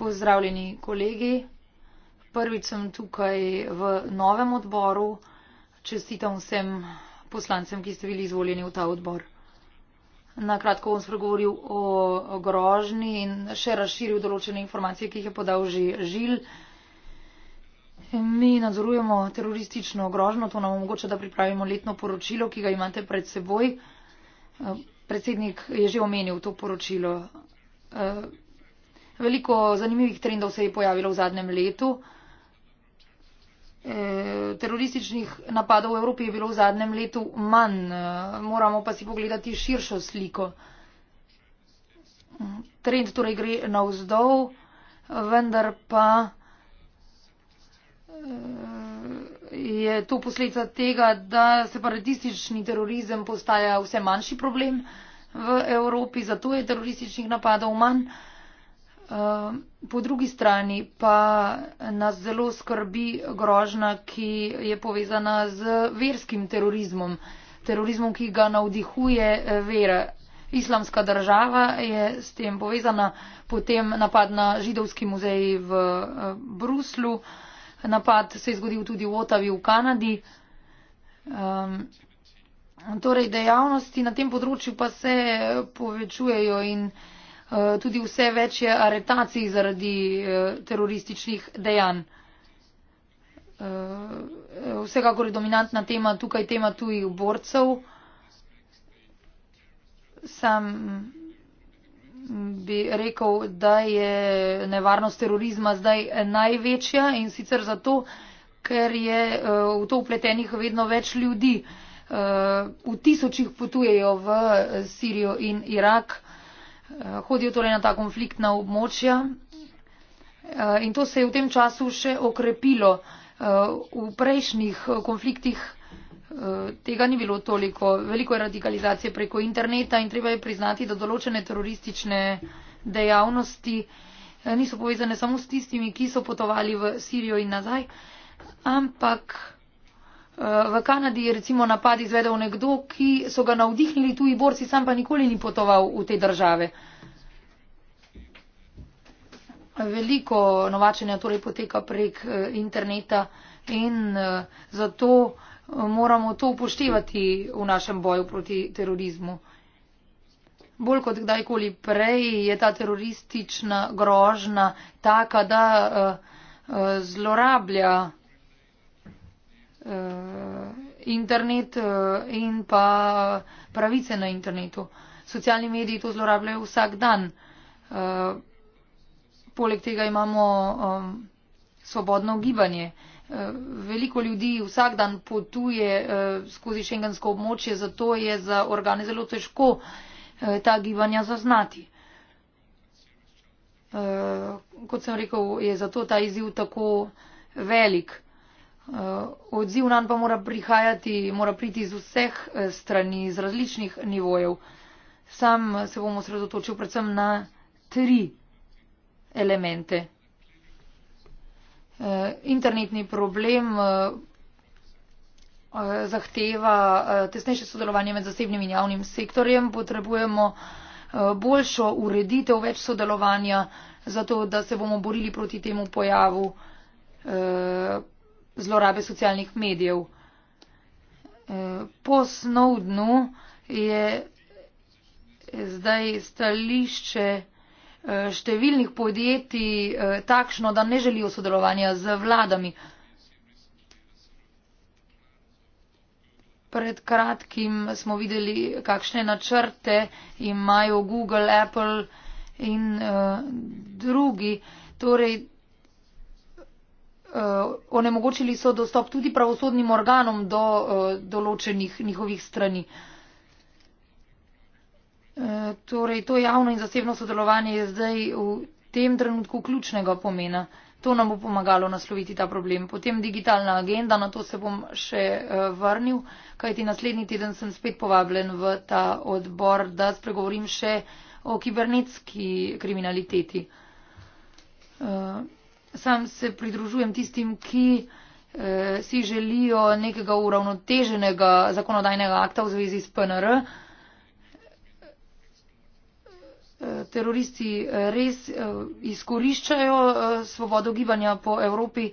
Pozdravljeni kolegi. Prvič sem tukaj v novem odboru. Čestitam vsem poslancem, ki ste bili izvoljeni v ta odbor. Na kratko bom spregovoril o grožni in še razširil določene informacije, ki jih je podal že Žil. Mi nadzorujemo teroristično grožno, to nam omogoča, da pripravimo letno poročilo, ki ga imate pred seboj. Predsednik je že omenil to poročilo. Veliko zanimivih trendov se je pojavilo v zadnjem letu. Eh, terorističnih napadov v Evropi je bilo v zadnjem letu manj, eh, moramo pa si pogledati širšo sliko. Trend torej gre navzdol, vendar pa eh, je to posledica tega, da separatistični terorizem postaja vse manjši problem v Evropi, zato je terorističnih napadov manj. Ehm, po drugi strani pa nas zelo skrbi grožna, ki je povezana z verskim terorizmom, terorizmom, ki ga navdihuje eh, vera. Islamska država je s tem povezana, potem napad na židovski muzej v eh, Bruslu, napad se je zgodil tudi v Otavi v Kanadi. Um, torej, dejavnosti na tem področju pa se povečujejo in uh, Eh, tudi vse večje aretacij zaradi eh, terorističnih dejanj. Eh, vsekakor je dominantna tema tukaj tema tujih borcev. Sam bi rekel, da je nevarnost terorizma zdaj največja in sicer zato, ker je v to upletenih vedno več ljudi. V tisočih potujejo v Sirijo in Irak. Eh, hodijo torej na ta konfliktna območja eh, in to se je v tem času še okrepilo. Eh, v prejšnjih konfliktih tega ni bilo toliko. Veliko je radikalizacije preko interneta in treba je priznati, da določene teroristične dejavnosti niso povezane samo s tistimi, ki so potovali v Sirijo in nazaj, ampak v Kanadi je recimo napad izvedel nekdo, ki so ga navdihnili tuji borci, sam pa nikoli ni potoval v te države. Veliko novačenja torej poteka prek eh, interneta in eh, zato eh, moramo to upoštevati v našem boju proti terorizmu. Bolj kot kdajkoli prej je ta teroristična grožna taka, da uh, uh, zlorablja uh, internet uh, in pa pravice na internetu. Socialni mediji to zlorabljajo vsak dan. Uh, poleg tega imamo um, svobodno gibanje. Veliko ljudi vsak dan potuje skozi šengensko območje, zato je za organe zelo težko ta gibanja zaznati. Kot sem rekel, je zato ta izziv tako velik. Eh, odziv nanj pa mora prihajati, mora priti iz vseh eh, strani, iz različnih nivojev. Sam eh, se bom osredotočil predvsem na tri elemente. Internetni problem zahteva tesnejše sodelovanje med zasebnim in javnim sektorjem. Potrebujemo boljšo ureditev, več sodelovanja, zato da se bomo borili proti temu pojavu zlorabe socialnih medijev. Eh, po Snowdnu je zdaj stališče eh, številnih podjetij eh, takšno, da ne želijo sodelovanja z vladami. Pred kratkim smo videli, kakšne načrte imajo Google, Apple in uh, drugi. Torej, uh, onemogočili so dostop tudi pravosodnim organom do uh, določenih njihovih strani. Eh, torej, to javno in zasebno sodelovanje je zdaj v tem trenutku ključnega pomena. To nam bo pomagalo nasloviti ta problem. Potem digitalna agenda, na to se bom še vrnil, kajti naslednji teden sem spet povabljen v ta odbor, da spregovorim še o kibernetski kriminaliteti. Sam se pridružujem tistim, ki eh, si želijo nekega uravnoteženega zakonodajnega akta v zvezi s PNR. Eh, teroristi eh, res eh, izkoriščajo svobodo gibanja po Evropi,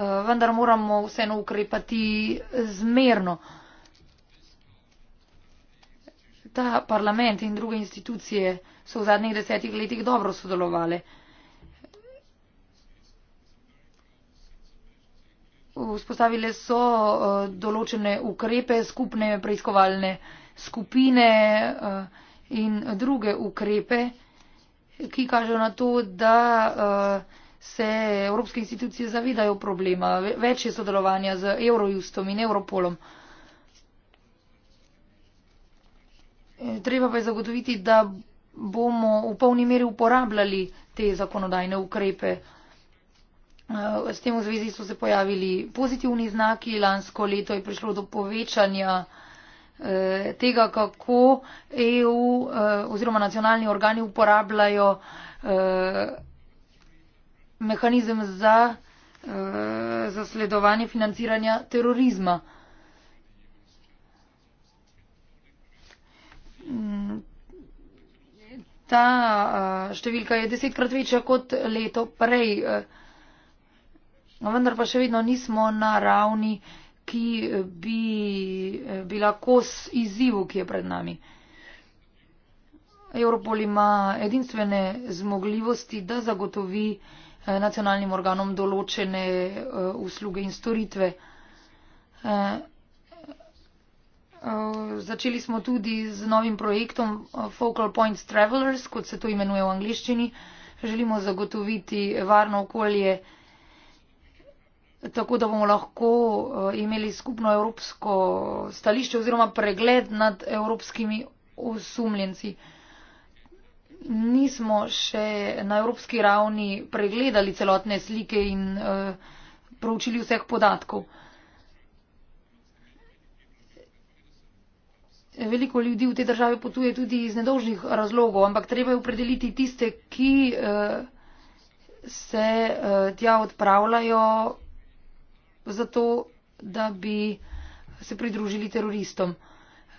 vendar moramo vseeno ukrepati zmerno. Ta parlament in druge institucije so v zadnjih desetih letih dobro sodelovali. vzpostavile so eh, določene ukrepe, skupne preiskovalne skupine eh, in druge ukrepe, ki kažejo na to, da eh, se evropske institucije zavedajo problema, večje sodelovanja z Eurojustom in Europolom. Treba pa je zagotoviti, da bomo v polni meri uporabljali te zakonodajne ukrepe. Eh, s tem v zvezi so se pojavili pozitivni znaki. Lansko leto je prišlo do povečanja eh, tega, kako EU eh, oziroma nacionalni organi uporabljajo mehanizem za zasledovanje financiranja terorizma. Mm, ta številka je desetkrat večja kot leto prej. No, vendar pa še vedno nismo na ravni, ki bi eh, bila kos izzivu, ki je pred nami. Evropol ima edinstvene zmogljivosti, da zagotovi eh, nacionalnim organom določene eh, usluge in storitve. Začeli smo tudi z novim projektom Focal Points Travelers, kot se to imenuje v angliščini. Želimo zagotoviti varno okolje tako da bomo lahko eh, imeli skupno evropsko stališče oziroma pregled nad evropskimi osumljenci. Nismo še na evropski ravni pregledali celotne slike in eh, proučili vseh podatkov. Veliko ljudi v te države potuje tudi iz nedolžnih razlogov, ampak treba je opredeliti tiste, ki eh, se tja odpravljajo zato, da bi se pridružili teroristom.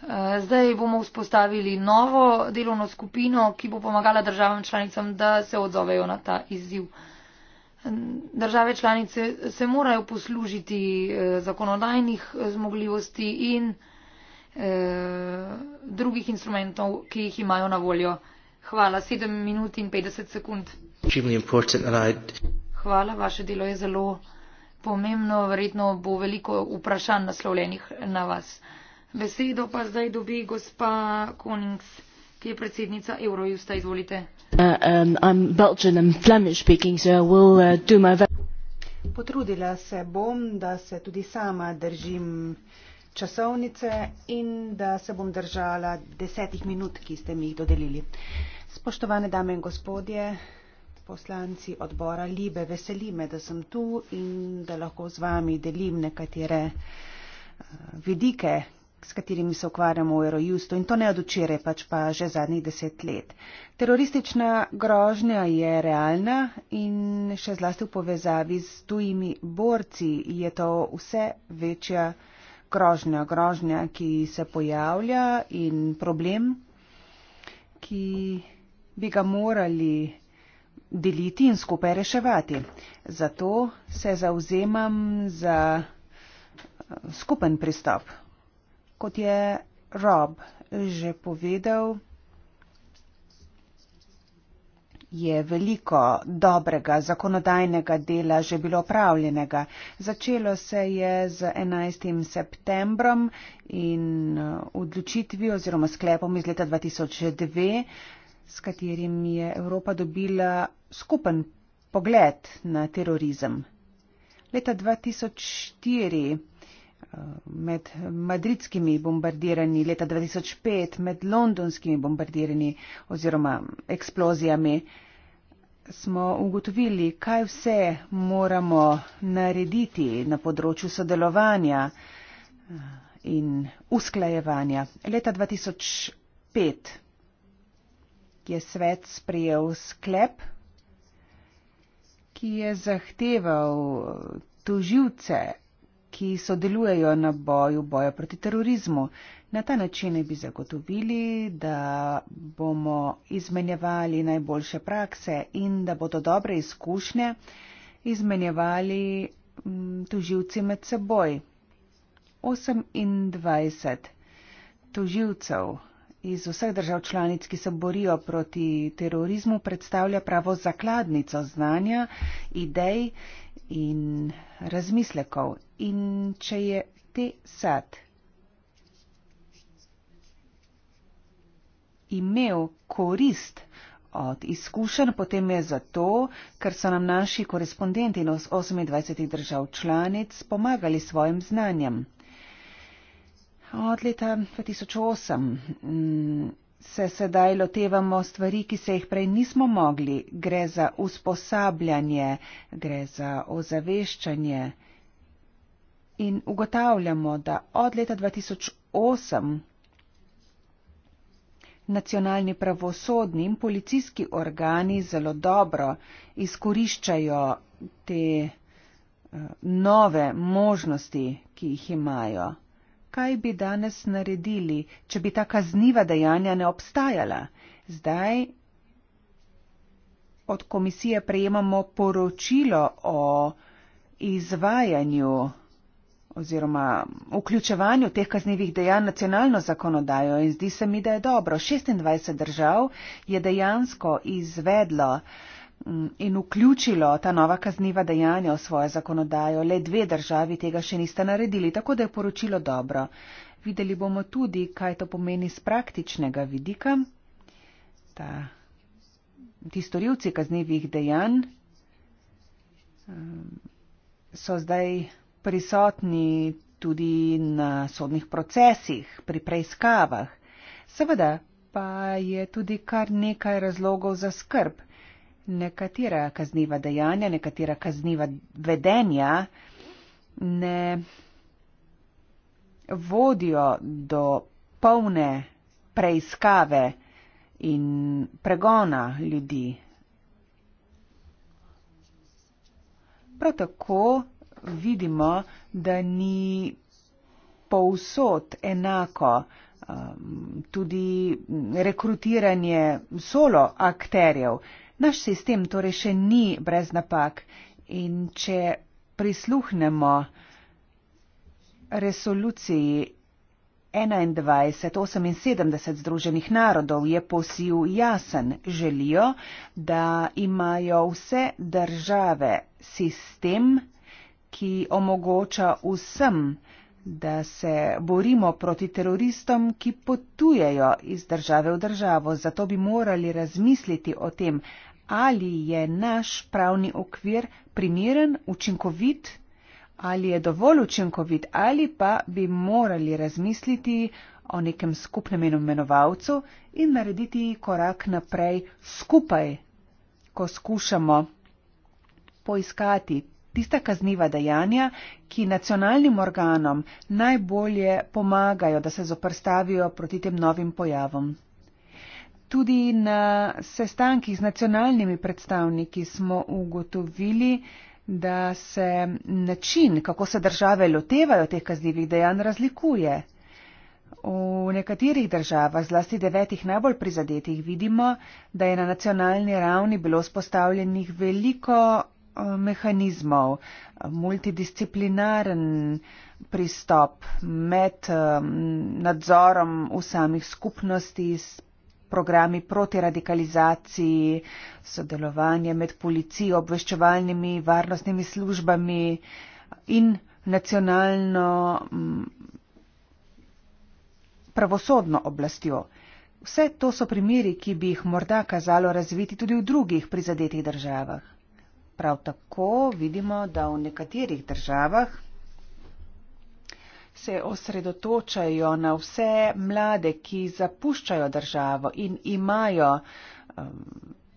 Eh, zdaj bomo vzpostavili novo delovno skupino, ki bo pomagala državam članicam, da se odzovejo na ta izziv. Države članice se morajo poslužiti eh, zakonodajnih eh, zmogljivosti in drugih instrumentov, ki jih imajo na voljo. Hvala, 7 minut in 50 sekund. Hvala, vaše delo je zelo pomembno, verjetno bo veliko vprašanj naslovljenih na vas. Besedo pa zdaj dobi gospa Konings. Uh, um, uh, Potrudila se bom, da se tudi sama držim časovnice in da se bom držala desetih minut, ki ste mi jih dodelili. Spoštovane dame in gospodje, poslanci odbora Libe. Veseli me, da sem tu in da lahko z vami delim nekatere eh, vidike, s katerimi se ukvarjamo v Eurojustu in to ne od včeraj, pač pa že zadnjih deset let. Teroristična grožnja je realna in še zlasti v povezavi z tujimi borci je to vse večja grožnja, grožnja, ki se pojavlja in problem, ki bi ga morali deliti in skupaj reševati. Zato se zauzemam za eh, skupen pristop. Kot je Rob že povedal, je veliko dobrega zakonodajnega dela že bilo opravljenega. Začelo se je z 11. septembrom in eh, odločitvijo oziroma sklepom iz leta 2002 s katerim je Evropa dobila skupen pogled na terorizem. Leta 2004 eh, med madridskimi bombardiranji, leta 2005 med londonskimi bombardiranji oziroma eksplozijami smo ugotovili, kaj vse moramo narediti na področju sodelovanja eh, in usklajevanja. Leta 2005 je svet sprejel sklep, ki je zahteval toživce, ki sodelujejo na boju boja proti terorizmu. Na ta način bi zagotovili, da bomo izmenjevali najboljše prakse in da bodo dobre izkušnje izmenjevali mm, toživci med seboj. 28 toživcev iz vseh držav članic, ki se borijo proti terorizmu, predstavlja pravo zakladnico znanja, idej in razmislekov. In če je te sad imel korist od izkušenj, potem je zato, ker so nam naši korespondenti iz 28 držav članic pomagali svojim znanjem. Od leta 2008 mm, se sedaj lotevamo stvari, ki se jih prej nismo mogli. Gre za usposabljanje, gre za ozaveščanje. In ugotavljamo, da od leta 2008 nacionalni pravosodni in policijski organi zelo dobro izkoriščajo te eh, nove možnosti, ki jih imajo kaj bi danes naredili, če bi ta kazniva dejanja ne obstajala. Zdaj od komisije prejemamo poročilo o izvajanju oziroma vključevanju teh kaznivih dejanj nacionalno zakonodajo in zdi se mi, da je dobro. 26 držav je dejansko izvedlo uh, Mm, in vključilo ta nova kazniva dejanja v svojo zakonodajo. Le dve državi tega še niste naredili, tako da je poročilo dobro. Videli bomo tudi, kaj to pomeni z praktičnega vidika. Ta, ti storilci kaznivih dejanj mm, so zdaj prisotni tudi na sodnih procesih, pri preiskavah. Seveda pa je tudi kar nekaj razlogov za skrb nekatera kazniva dejanja, nekatera kazniva vedenja ne vodijo do polne preiskave in pregona ljudi. Prav tako vidimo, da ni povsod enako um, tudi rekrutiranje solo akterjev. Naš sistem torej še ni brez napak in če prisluhnemo resoluciji 2178 Združenih narodov, je posil jasen. Želijo, da imajo vse države sistem, ki omogoča vsem, da se borimo proti teroristom, ki potujejo iz države v državo. Zato bi morali razmisliti o tem, ali je naš pravni okvir primeren, učinkovit, ali je dovolj učinkovit, ali pa bi morali razmisliti o nekem skupnem imenovalcu in narediti korak naprej skupaj, ko skušamo poiskati tista kazniva dejanja, ki nacionalnim organom najbolje pomagajo, da se zoprstavijo proti tem novim pojavom. Tudi na sestankih z nacionalnimi predstavniki smo ugotovili, da se način, kako se države lotevajo teh kazdivih dejanj, razlikuje. V nekaterih državah, zlasti devetih najbolj prizadetih, vidimo, da je na nacionalni ravni bilo spostavljenih veliko eh, mehanizmov, multidisciplinaren pristop med eh, nadzorom v samih skupnosti, programi proti radikalizaciji, sodelovanje med policijo, obveščevalnimi varnostnimi službami in nacionalno mm, pravosodno oblastjo. Vse to so primeri, ki bi jih morda kazalo razviti tudi v drugih prizadetih državah. Prav tako vidimo, da v nekaterih državah se osredotočajo na vse mlade, ki zapuščajo državo in imajo um,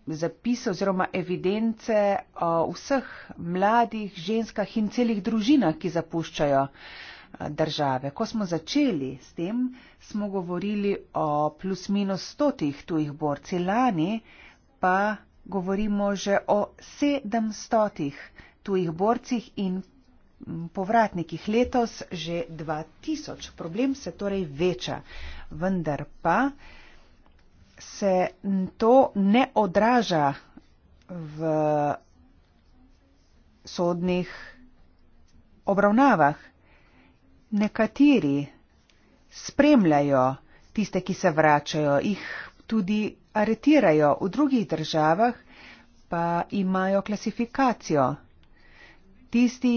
zapise oziroma evidence o vseh mladih ženskah in celih družinah, ki zapuščajo uh, države. Ko smo začeli s tem, smo govorili o plus minus stotih tujih borci lani, pa govorimo že o sedemstotih tujih borcih in povratnikih letos že 2000. Problem se torej veča, vendar pa se to ne odraža v sodnih obravnavah. Nekateri spremljajo tiste, ki se vračajo, jih tudi aretirajo v drugih državah, pa imajo klasifikacijo. Tisti,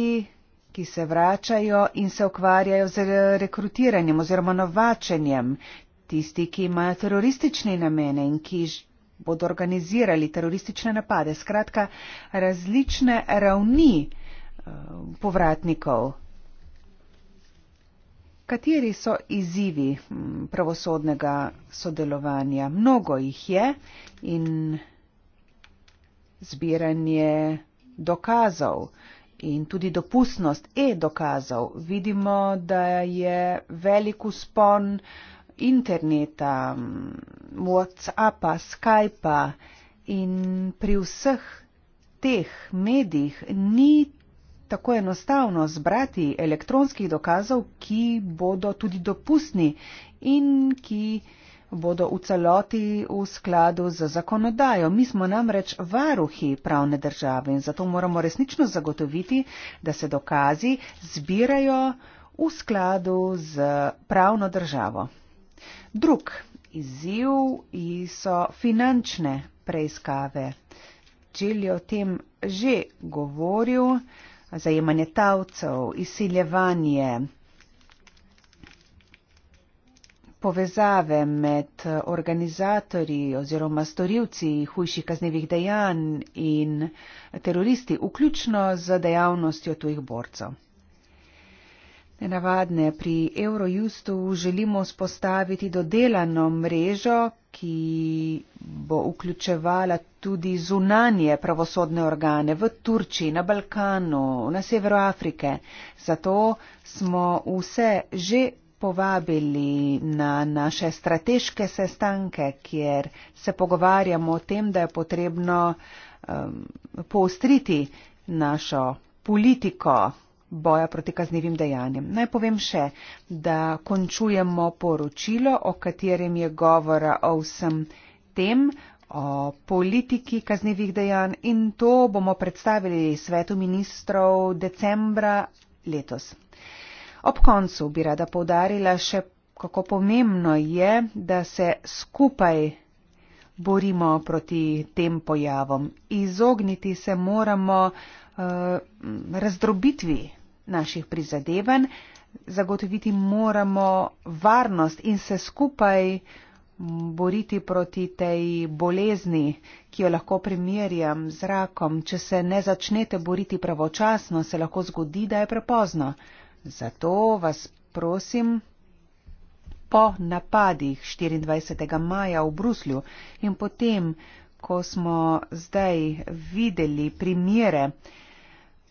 ki se vračajo in se ukvarjajo z rekrutiranjem oziroma novačenjem, tisti, ki imajo teroristične namene in ki bodo organizirali teroristične napade, skratka različne ravni eh, povratnikov. Kateri so izzivi hm, pravosodnega sodelovanja? Mnogo jih je in zbiranje dokazov in tudi dopustnost e-dokazov vidimo, da je velik uspon interneta, WhatsAppa, Skypa in pri vseh teh medijih ni tako enostavno zbrati elektronskih dokazov, ki bodo tudi dopustni in ki bodo v celoti v skladu z zakonodajo. Mi smo namreč varuhi pravne države in zato moramo resnično zagotoviti, da se dokazi zbirajo v skladu z pravno državo. Drug izziv so finančne preiskave. Čel je o tem že govoril, zajemanje tavcev, izsiljevanje, povezave med eh, organizatorji oziroma storilci hujših kaznevih dejanj in teroristi, vključno z dejavnostjo tujih borcev. Nenavadne pri Eurojustu želimo spostaviti dodelano mrežo, ki bo vključevala tudi zunanje pravosodne organe v Turčiji, na Balkanu, na severu Afrike. Zato smo vse že povabili na naše strateške sestanke, kjer se pogovarjamo o tem, da je potrebno um, poostriti našo politiko boja proti kaznivim dejanjem. Naj povem še, da končujemo poročilo, o katerem je govora o vsem tem, o politiki kaznivih dejanj in to bomo predstavili svetu ministrov decembra letos. Ob koncu bi rada povdarila še, kako pomembno je, da se skupaj borimo proti tem pojavom. Izogniti se moramo uh, razdrobitvi naših prizadevanj, zagotoviti moramo varnost in se skupaj boriti proti tej bolezni, ki jo lahko primerjam z rakom. Če se ne začnete boriti pravočasno, se lahko zgodi, da je prepozno. Zato vas prosim, po napadih 24. maja v Bruslju in potem, ko smo zdaj videli primere,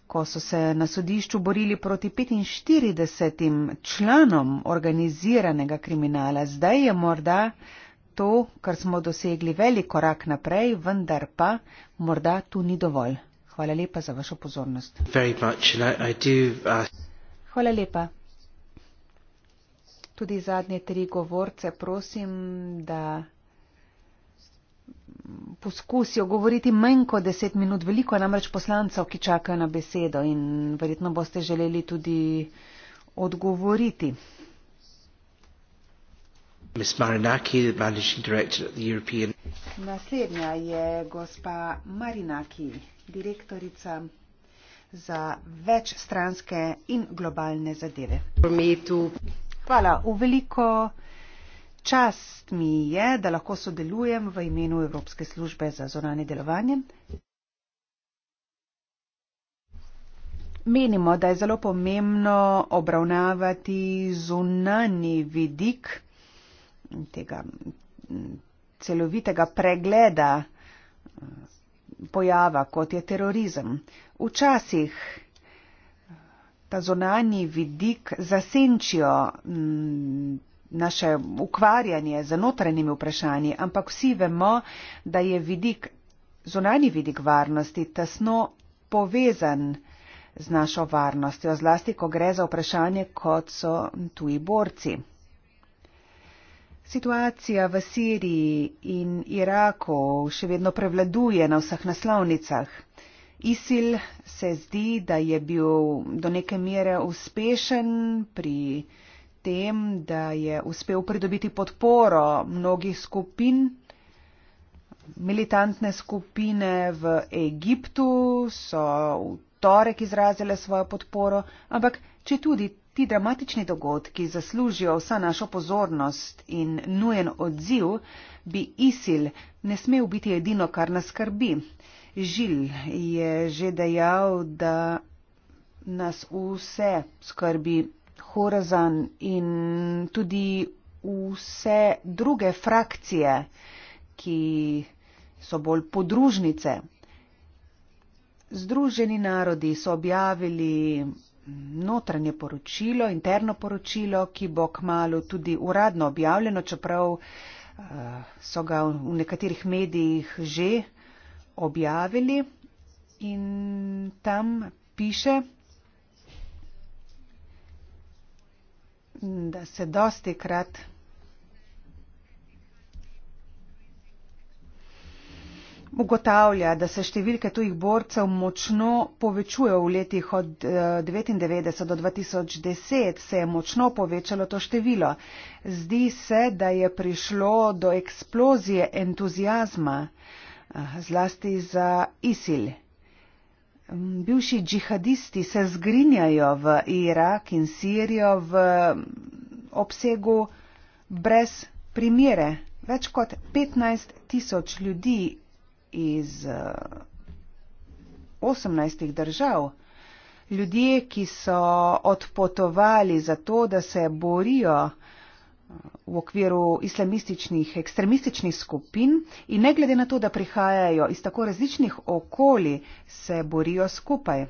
ko so se na sodišču borili proti 45 članom organiziranega kriminala, zdaj je morda to, kar smo dosegli, velik korak naprej, vendar pa morda tu ni dovolj. Hvala lepa za vašo pozornost. Much, you know, do, uh... Hvala lepa. Tudi zadnje tri govorce prosim, da poskusijo govoriti manj kot deset minut. Veliko je namreč poslancev, ki čakajo na besedo in verjetno boste želeli tudi odgovoriti. Naslednja je gospa Marinaki, direktorica za večstranske in globalne zadeve. Hvala. V veliko čast mi je, da lahko sodelujem v imenu Evropske službe za zonanje delovanje. Menimo, da je zelo pomembno obravnavati zunani vidik tega mm, celovitega pregleda mm, pojava, kot je terorizem včasih ta zonani vidik zasenčijo naše ukvarjanje z notranjimi vprašanji, ampak vsi vemo, da je vidik, zonani vidik varnosti tesno povezan z našo varnostjo, zlasti ko gre za vprašanje, kot so tuji borci. Situacija v Siriji in Iraku še vedno prevladuje na vseh naslovnicah. Isil se zdi, da je bil do neke mere uspešen pri tem, da je uspel pridobiti podporo mnogih skupin. Militantne skupine v Egiptu so v torek izrazile svojo podporo, ampak če tudi ti dramatični dogodki zaslužijo vsa našo pozornost in nujen odziv, bi Isil ne smel biti edino, kar nas skrbi. Žil je že dejal, da nas vse skrbi Horazan in tudi vse druge frakcije, ki so bolj podružnice. Združeni narodi so objavili notranje poročilo, interno poročilo, ki bo kmalo tudi uradno objavljeno, čeprav eh, so ga v nekaterih medijih že objavili in tam piše, da se dosti krat ugotavlja, da se številke tujih borcev močno povečujejo v letih od 1999 eh, do 2010, se je močno povečalo to število. Zdi se, da je prišlo do eksplozije entuzijazma. Eh, zlasti za ISIL. Mm, Bivši džihadisti se zgrinjajo v Irak in Sirijo v mm, obsegu brez primere. Več kot 15 tisoč ljudi iz 18 eh, držav, ljudje, ki so odpotovali za to, da se borijo v okviru islamističnih, ekstremističnih skupin in ne glede na to, da prihajajo iz tako različnih okoli, se borijo skupaj.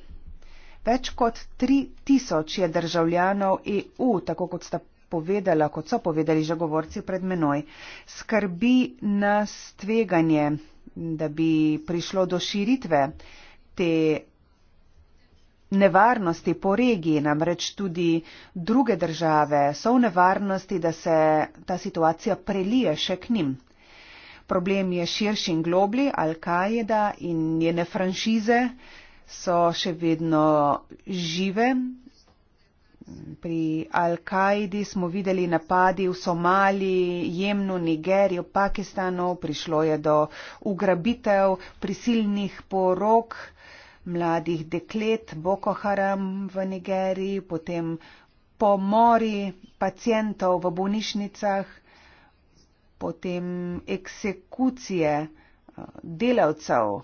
Več kot 3000 je državljanov EU, tako kot sta povedala, kot so povedali že govorci pred menoj, skrbi nas tveganje, da bi prišlo do širitve te nevarnosti po regiji, namreč tudi druge države so v nevarnosti, da se ta situacija prelije še k njim. Problem je širši in globli, Al-Kaida in njene franšize so še vedno žive. Pri Al-Kaidi smo videli napadi v Somaliji, Jemnu, Nigeriju, Pakistanu, prišlo je do ugrabitev, prisilnih porok mladih deklet, Boko Haram v Nigeriji, potem pomori pacijentov v bolnišnicah, potem eksekucije eh, delavcev,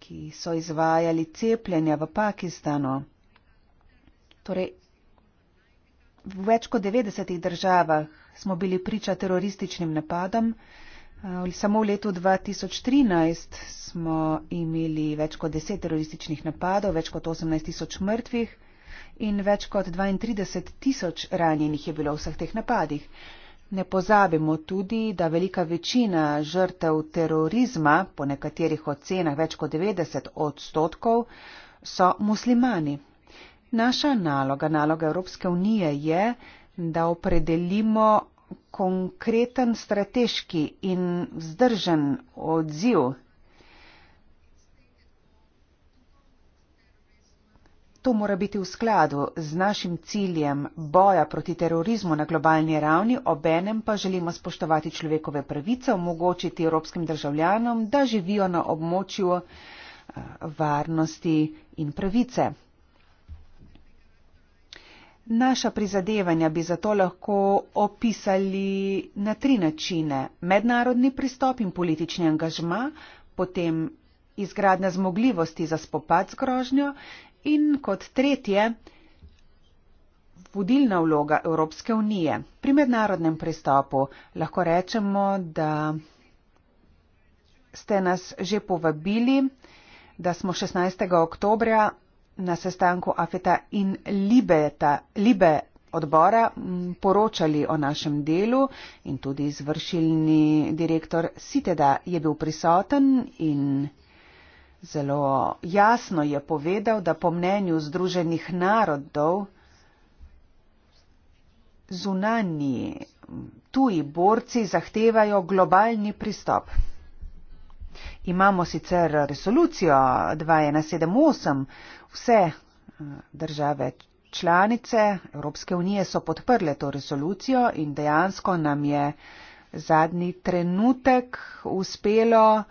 ki so izvajali cepljenja v Pakistanu. Torej, v več kot 90 državah smo bili priča terorističnim napadom. Eh, samo v letu 2013 smo imeli več kot 10 terorističnih napadov, več kot 18 tisoč mrtvih in več kot 32 tisoč ranjenih je bilo v vseh teh napadih. Ne pozabimo tudi, da velika večina žrtev terorizma, po nekaterih ocenah več kot 90 odstotkov, so muslimani. Naša naloga, naloga Evropske unije je, da opredelimo konkreten strateški in vzdržen odziv. To mora biti v skladu z našim ciljem boja proti terorizmu na globalni ravni, obenem pa želimo spoštovati človekove pravice, omogočiti evropskim državljanom, da živijo na območju eh, varnosti in pravice. Naša prizadevanja bi zato lahko opisali na tri načine. Mednarodni pristop in politični angažma, potem izgradna zmogljivosti za spopad z grožnjo in kot tretje, vodilna vloga Evropske unije. Pri mednarodnem pristopu lahko rečemo, da ste nas že povabili, da smo 16. oktobra na sestanku Afeta in Libeta, Libe odbora poročali o našem delu in tudi izvršilni direktor Siteda je bil prisoten in zelo jasno je povedal, da po mnenju Združenih narodov zunanji tuji borci zahtevajo globalni pristop. Imamo sicer resolucijo 2178, vse eh, države članice Evropske unije so podprle to resolucijo in dejansko nam je zadnji trenutek uspelo,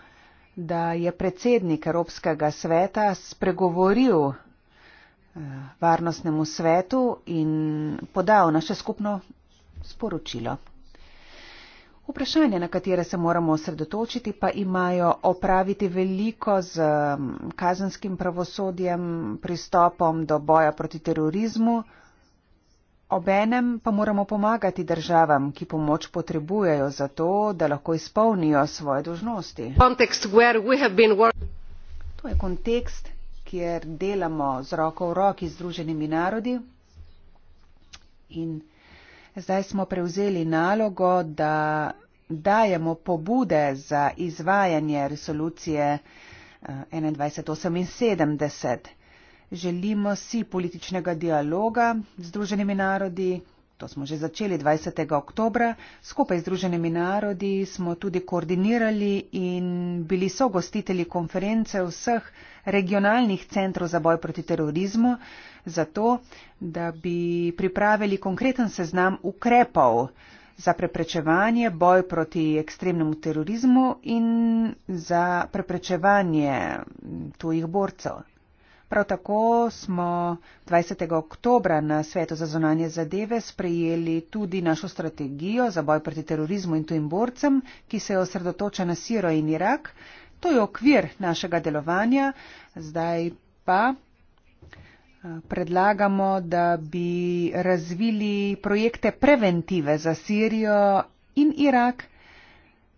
da je predsednik Evropskega sveta spregovoril eh, varnostnemu svetu in podal naše skupno sporočilo. Vprašanja, na katere se moramo osredotočiti, pa imajo opraviti veliko z kazenskim pravosodjem, pristopom do boja proti terorizmu. Obenem pa moramo pomagati državam, ki pomoč potrebujejo za to, da lahko izpolnijo svoje dožnosti. To je kontekst, kjer delamo z roko v roki z druženimi narodi. In Zdaj smo prevzeli nalogo, da dajemo pobude za izvajanje resolucije 2178. Eh, Želimo si političnega dialoga z Združenimi narodi. To smo že začeli 20. oktobra. Skupaj z Združenimi narodi smo tudi koordinirali in bili so gostitelji konference vseh regionalnih centrov za boj proti terorizmu, za to, da bi pripravili konkreten seznam ukrepov za preprečevanje boj proti ekstremnemu terorizmu in za preprečevanje tujih borcev. Prav tako smo 20. oktobra na Svetu za zonanje zadeve sprejeli tudi našo strategijo za boj proti terorizmu in tujim borcem, ki se osredotoča na Siro in Irak. To je okvir našega delovanja. Zdaj pa predlagamo, da bi razvili projekte preventive za Sirijo in Irak,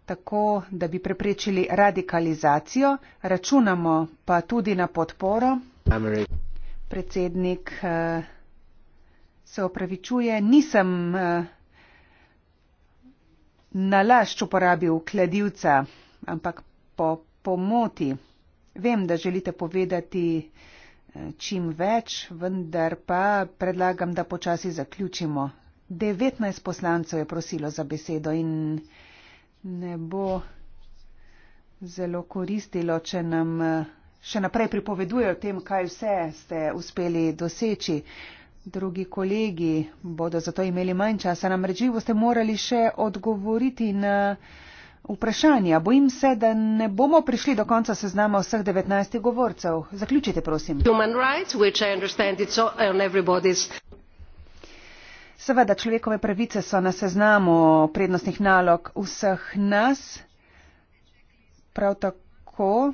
tako da bi preprečili radikalizacijo. Računamo pa tudi na podporo. Predsednik eh, se opravičuje, nisem eh, nalašč uporabil kladivca, ampak po pomoti. Vem, da želite povedati, čim več, vendar pa predlagam, da počasi zaključimo. 19 poslancev je prosilo za besedo in ne bo zelo koristilo, če nam še naprej pripovedujejo o tem, kaj vse ste uspeli doseči. Drugi kolegi bodo zato imeli manj časa, namreč vi boste morali še odgovoriti na vprašanja. Bojim se, da ne bomo prišli do konca seznama vseh 19 govorcev. Zaključite, prosim. Seveda, človekove pravice so na seznamu prednostnih nalog vseh nas. Prav tako.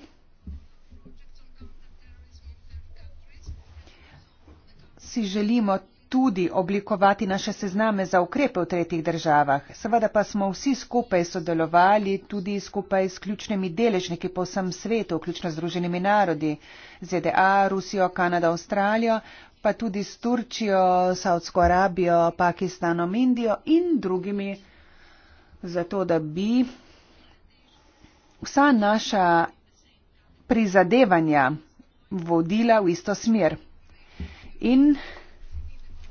Si želimo tudi oblikovati naše sezname za ukrepe v tretjih državah. Seveda pa smo vsi skupaj sodelovali, tudi skupaj s ključnimi deležniki po vsem svetu, vključno z Združenimi narodi, ZDA, Rusijo, Kanado, Avstralijo, pa tudi s Turčijo, Saudsko Arabijo, Pakistanom, Indijo in drugimi, zato da bi vsa naša prizadevanja vodila v isto smer. In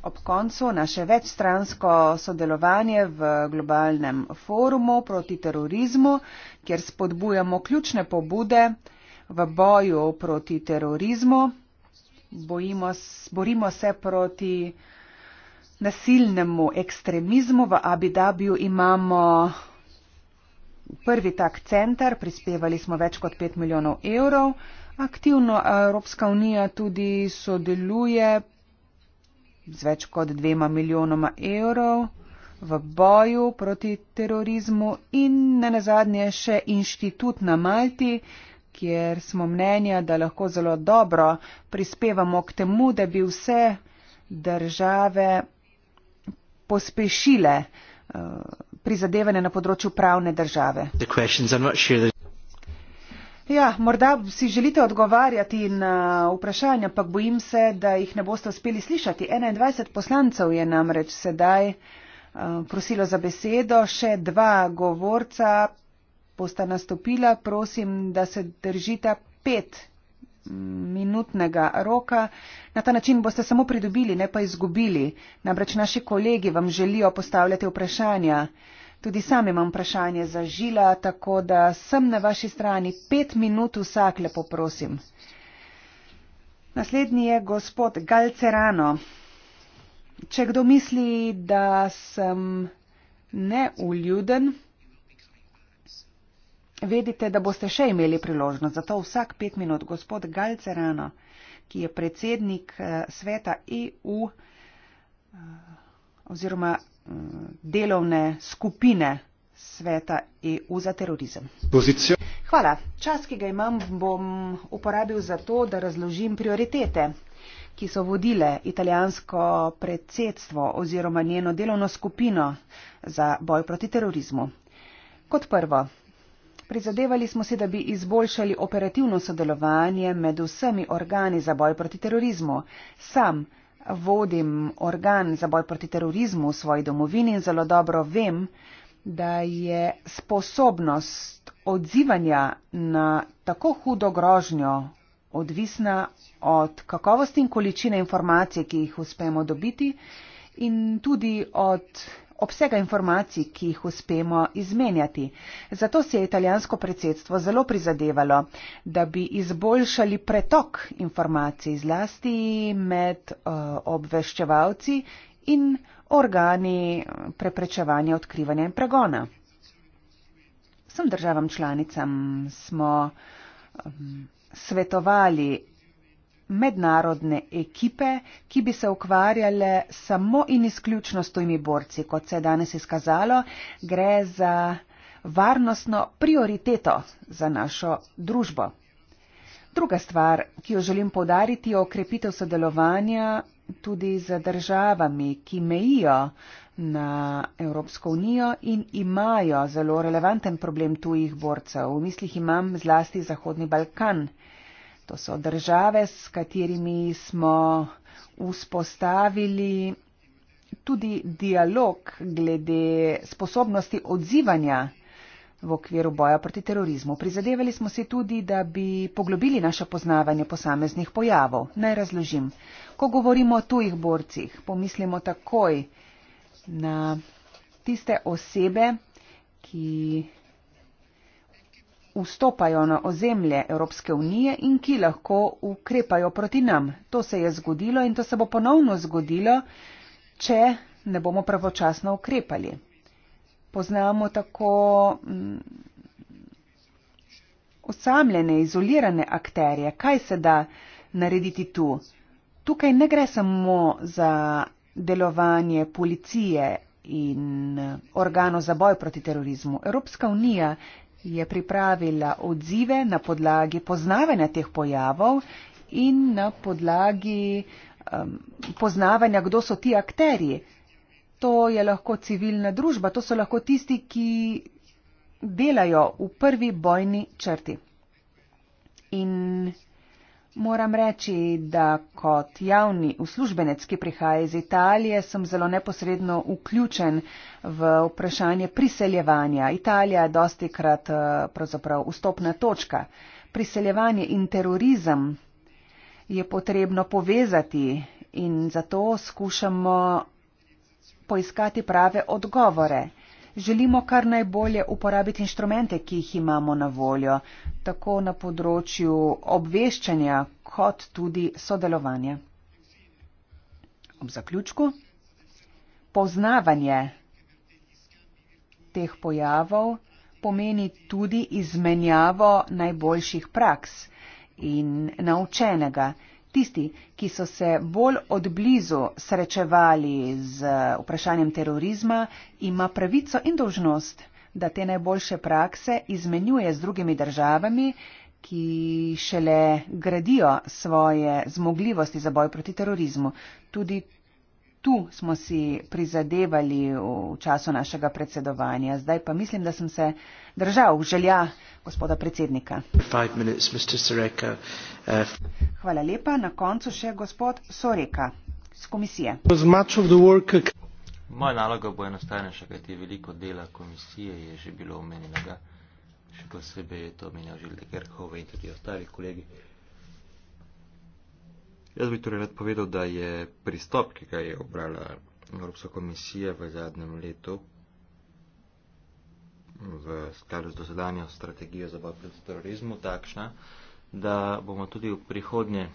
Ob koncu naše večstransko sodelovanje v globalnem forumu proti terorizmu, kjer spodbujamo ključne pobude v boju proti terorizmu, Bojimo, borimo se proti nasilnemu ekstremizmu. V Abidabju imamo prvi tak center, prispevali smo več kot 5 milijonov evrov. Aktivno Evropska unija tudi sodeluje z več kot dvema milijonoma evrov v boju proti terorizmu in ne nazadnje še inštitut na Malti, kjer smo mnenja, da lahko zelo dobro prispevamo k temu, da bi vse države pospešile eh, prizadevanje na področju pravne države. Ja, morda si želite odgovarjati na vprašanja, ampak bojim se, da jih ne boste uspeli slišati. 21 poslancev je namreč sedaj eh, prosilo za besedo, še dva govorca posta nastopila. Prosim, da se držite pet mm, minutnega roka. Na ta način boste samo pridobili, ne pa izgubili. Namreč naši kolegi vam želijo postavljati vprašanja. Tudi sam imam vprašanje za žila, tako da sem na vaši strani pet minut vsak, lepo prosim. Naslednji je gospod Galcerano. Če kdo misli, da sem neuljuden, vedite, da boste še imeli priložnost. Zato vsak pet minut. Gospod Galcerano, ki je predsednik eh, sveta EU eh, oziroma delovne skupine sveta EU za terorizem. Pozicijo. Hvala. Čas, ki ga imam, bom uporabil za to, da razložim prioritete, ki so vodile italijansko predsedstvo oziroma njeno delovno skupino za boj proti terorizmu. Kot prvo, prizadevali smo se, da bi izboljšali operativno sodelovanje med vsemi organi za boj proti terorizmu. Sam vodim organ za boj proti terorizmu v svoji domovini in zelo dobro vem, da je sposobnost odzivanja na tako hudo grožnjo odvisna od kakovosti in količine informacij, ki jih uspemo dobiti in tudi od obsega informacij, ki jih uspemo izmenjati. Zato si je italijansko predsedstvo zelo prizadevalo, da bi izboljšali pretok informacij zlasti med uh, obveščevalci in organi preprečevanja odkrivanja in pregona. Vsem državam članicam smo um, svetovali mednarodne ekipe, ki bi se ukvarjale samo in izključno s tujimi borci, kot se je danes izkazalo, gre za varnostno prioriteto za našo družbo. Druga stvar, ki jo želim podariti, je okrepitev sodelovanja tudi z državami, ki mejijo na Evropsko unijo in imajo zelo relevanten problem tujih borcev. V mislih imam zlasti Zahodni Balkan. To so države, s katerimi smo vzpostavili tudi dialog glede sposobnosti odzivanja v okviru boja proti terorizmu. Prizadevali smo se tudi, da bi poglobili naše poznavanje posameznih pojavov. Naj razložim. Ko govorimo o tujih borcih, pomislimo takoj na tiste osebe, ki vstopajo na ozemlje Evropske unije in ki lahko ukrepajo proti nam. To se je zgodilo in to se bo ponovno zgodilo, če ne bomo pravočasno ukrepali. Poznamo tako mm, osamljene, izolirane akterje. Kaj se da narediti tu? Tukaj ne gre samo za delovanje policije in organov za boj proti terorizmu. Evropska unija je pripravila odzive na podlagi poznavanja teh pojavov in na podlagi um, poznavanja, kdo so ti akteri. To je lahko civilna družba, to so lahko tisti, ki delajo v prvi bojni črti. In Moram reči, da kot javni uslužbenec, ki prihaja iz Italije, sem zelo neposredno vključen v vprašanje priseljevanja. Italija je dosti krat eh, pravzaprav vstopna točka. Priseljevanje in terorizem je potrebno povezati in zato skušamo poiskati prave odgovore želimo kar najbolje uporabiti inštrumente, ki jih imamo na voljo, tako na področju obveščanja kot tudi sodelovanja. Ob zaključku. Poznavanje teh pojavov pomeni tudi izmenjavo najboljših praks in naučenega. Tisti, ki so se bolj odblizu srečevali z vprašanjem terorizma, ima pravico in dožnost, da te najboljše prakse izmenjuje z drugimi državami, ki šele gradijo svoje zmogljivosti za boj proti terorizmu. Tudi tu smo si prizadevali v času našega predsedovanja. Zdaj pa mislim, da sem se držal želja gospoda predsednika. Uh, Hvala lepa. Na koncu še gospod Soreka z komisije. Moja naloga bo enostavnejša, kajti veliko dela komisije je že bilo omenjenega. Še posebej je to omenjal Žilde Gerhove in tudi ostali kolegi. Jaz bi torej rad povedal, da je pristop, ki ga je obrala Evropska komisija v zadnjem letu v skladu z dosedanjo strategijo za boj proti terorizmu takšna, da bomo tudi v prihodnje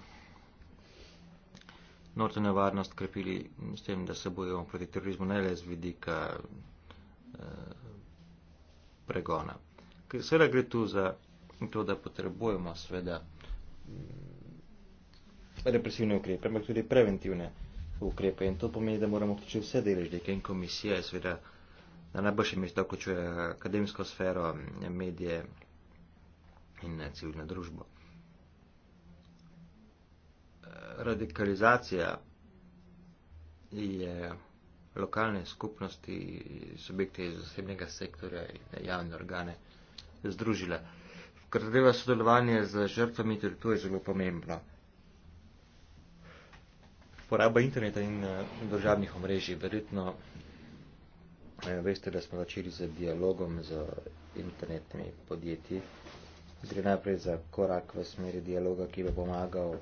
notranjo varnost krepili s tem, da se bojimo proti terorizmu ne le z vidika eh, pregona. Seveda gre tu za to, da potrebujemo seveda represivne ukrepe, ampak tudi preventivne ukrepe. In to pomeni, da moramo vključiti vse deležnike in komisije, seveda na najboljše mesto vključuje akademsko sfero, medije in eh, civilno družbo. Radikalizacija je lokalne skupnosti, subjekte iz osebnega sektorja in eh, javne organe združila. Kar zadeva sodelovanje z žrtvami, tudi to je zelo pomembno poraba interneta in uh, eh, državnih omrežij. Verjetno uh, veste, da smo začeli z dialogom z internetnimi podjetji. Gre najprej za korak v smeri dialoga, ki bo pomagal eh,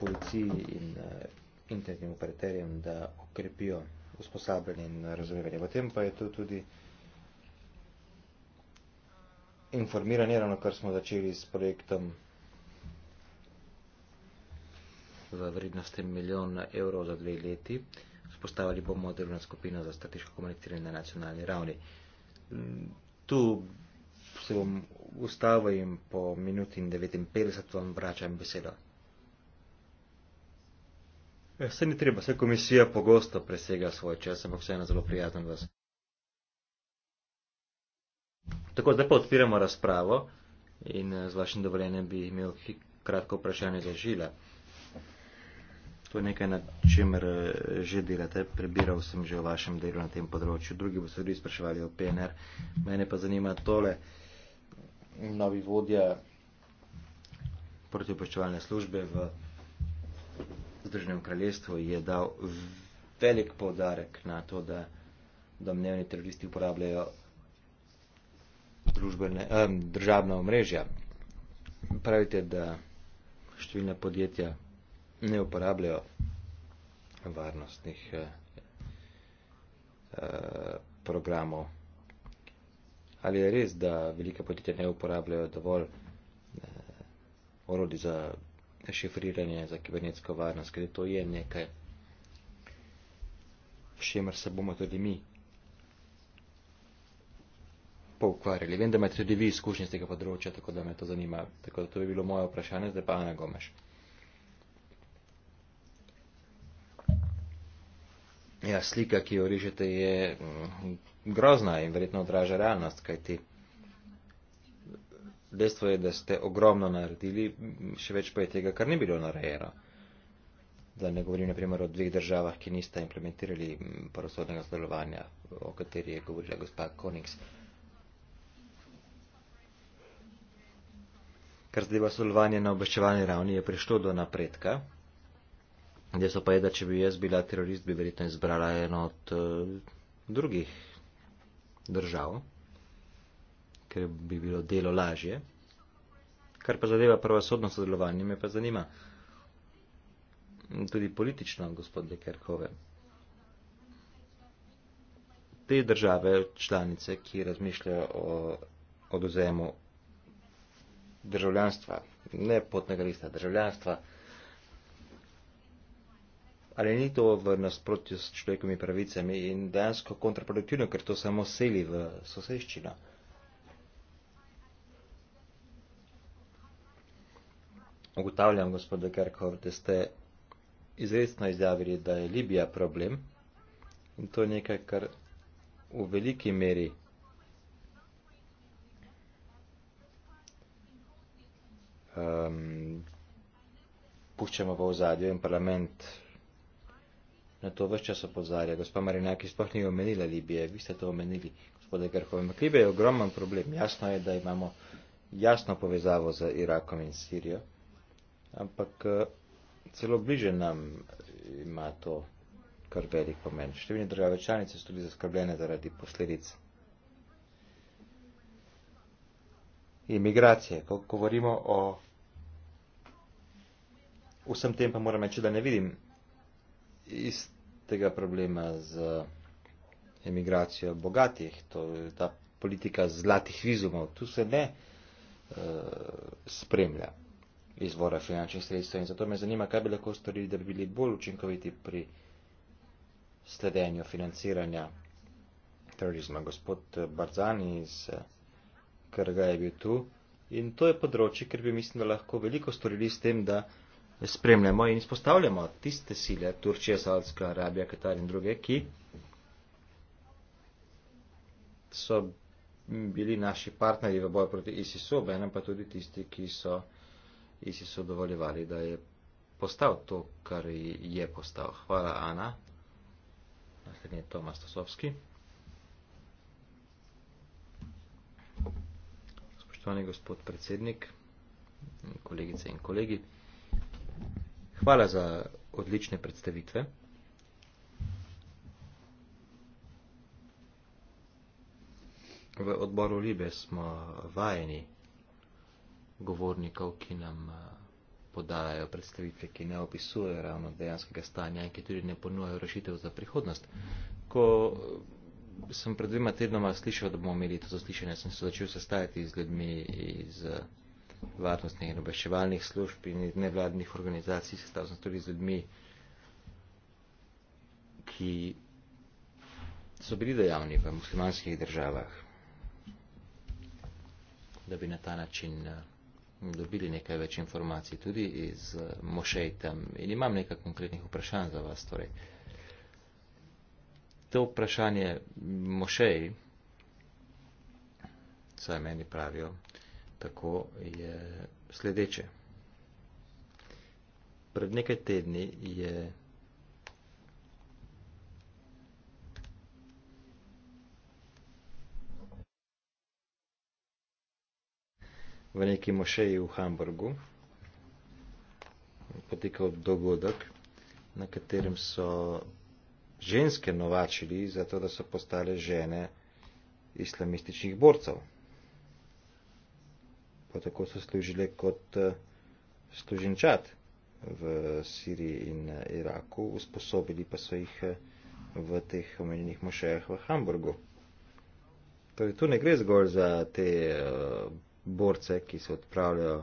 policiji in uh, internetnim operaterjem, da okrepijo usposabljanje in razumevanje. Potem pa je to tudi informiranje, ravno kar smo začeli s projektom v vrednosti milijon evrov za dve leti. Spostavili bomo delovno skupino za strateško komuniciranje na nacionalni ravni. Tu se bom ustavil in po minuti in 59 vam vračam besedo. Vse eh, ni treba, vse komisija pogosto presega svoj čas, ampak vseeno zelo prijazen vas. Tako, zdaj pa odpiramo razpravo in eh, z vašim dovoljenjem bi imel kratko vprašanje za žila. To je nekaj, na čemer eh, že delate. Prebiral sem že o vašem delu na tem področju. Drugi bo se tudi spraševali o PNR. Mene pa zanima tole. Novi vodja protiopoščevalne službe v Združenem kraljestvu je dal velik podarek na to, da domnevni teroristi uporabljajo družbene, eh, državna omrežja. Pravite, da številne podjetja ne uporabljajo varnostnih eh, eh, programov. Ali je res, da velike podjetja ne uporabljajo dovolj eh, orodi za šifriranje, za kibernetsko varnost, ker to je nekaj, všemer se bomo tudi mi poukvarjali. Vem, da imate tudi vi izkušnje z tega področja, tako da me to zanima. Tako da to bi bilo moje vprašanje, zdaj pa Ana Gomeš. Ja, slika, ki jo režete, je mm, grozna in verjetno odraža realnost, kajti dejstvo je, da ste ogromno naredili, še več pa je tega, kar ni bilo narejeno. Da ne govorim naprimer o dveh državah, ki nista implementirali mm, prosodnega sodelovanja, o kateri je govorila gospa Koniks. Kar zdaj pa sodelovanje na obveščevalni ravni je prišlo do napredka. Dejstvo pa je, da če bi jaz bila terorist, bi verjetno izbrala eno od uh, drugih držav, ker bi bilo delo lažje. Kar pa zadeva pravosodno sodelovanje, me pa zanima tudi politično, gospod Dekerhove. Te države, članice, ki razmišljajo o oduzemu državljanstva, ne potnega lista državljanstva, ali ni to v nasprotju s človekovimi pravicami in dejansko kontraproduktivno, ker to samo seli v soseščino. Ugotavljam, gospod Gerkov, da ste izredno izjavili, da je Libija problem in to je nekaj, kar v veliki meri um, puščamo v ozadju in parlament na to vse čas opozarja. Gospa Marinaki sploh ni omenila Libije, vi ste to omenili, gospode Grhove. Libija je ogromen problem. Jasno je, da imamo jasno povezavo z Irakom in Sirijo, ampak eh, celo bliže nam ima to kar velik pomen. Številne države članice so tudi zaskrbljene zaradi posledic. Imigracije, ko govorimo o vsem tem, pa moram reči, da ne vidim iz tega problema z emigracijo bogatih, to je ta politika zlatih vizumov, tu se ne uh, spremlja izvora finančnih sredstev in zato me zanima, kaj bi lahko storili, da bi bili bolj učinkoviti pri sledenju financiranja terorizma. Gospod Barzani iz eh, Krga je bil tu in to je področje, ker bi mislim, da lahko veliko storili s tem, da uh, spremljamo in izpostavljamo tiste sile, Turčija, Saudska Arabija, Katar in druge, ki so bili naši partnerji v boju proti ISIS-u, obenem pa tudi tisti, ki so ISIS-u dovoljevali, da je postal to, kar je postal. Hvala, Ana. Naslednji je Tomas Tosovski. Spoštovani gospod predsednik, kolegice in kolegi. Hvala za odlične predstavitve. V odboru Libe smo vajeni govornikov, ki nam eh, podajajo predstavitve, ki ne opisujejo ravno dejanskega stanja in ki tudi ne ponujajo rešitev za prihodnost. Ko eh, sem pred dvema tednoma slišal, da bomo imeli to zaslišanje, sem se začel sestajati z ljudmi iz eh, varnostnih in obveščevalnih služb in nevladnih organizacij, sestavil sem tudi z ljudmi, ki so bili dejavni v muslimanskih državah, da bi na ta način eh, dobili nekaj več informacij tudi iz eh, mošej tam. In imam nekaj konkretnih vprašanj za vas. Torej. To vprašanje mošej, saj meni pravijo, tako je sledeče. Pred nekaj tedni je v neki mošeji v Hamburgu potekal dogodek, na katerem so ženske novačili, zato da so postale žene islamističnih borcev pa tako so služile kot eh, služinčat v Siriji in eh, Iraku, usposobili pa so jih eh, v teh omenjenih mošejah v Hamburgu. Torej, tu ne gre zgolj za te uh, borce, ki se odpravljajo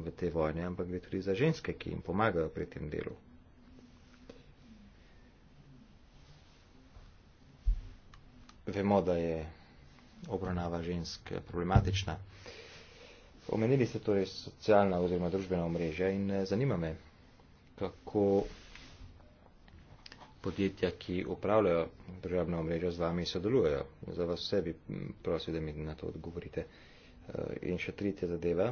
v te vojne, ampak gre tudi za ženske, ki jim pomagajo pri tem delu. Vemo, da je obravnava žensk problematična. Uh, Omenili ste torej socialna oziroma družbena omrežja in eh, zanima me, kako podjetja, ki upravljajo družbena omrežja z vami, sodelujejo. Za vas vse bi prosil, da mi na to odgovorite. Eh, in še tretja zadeva.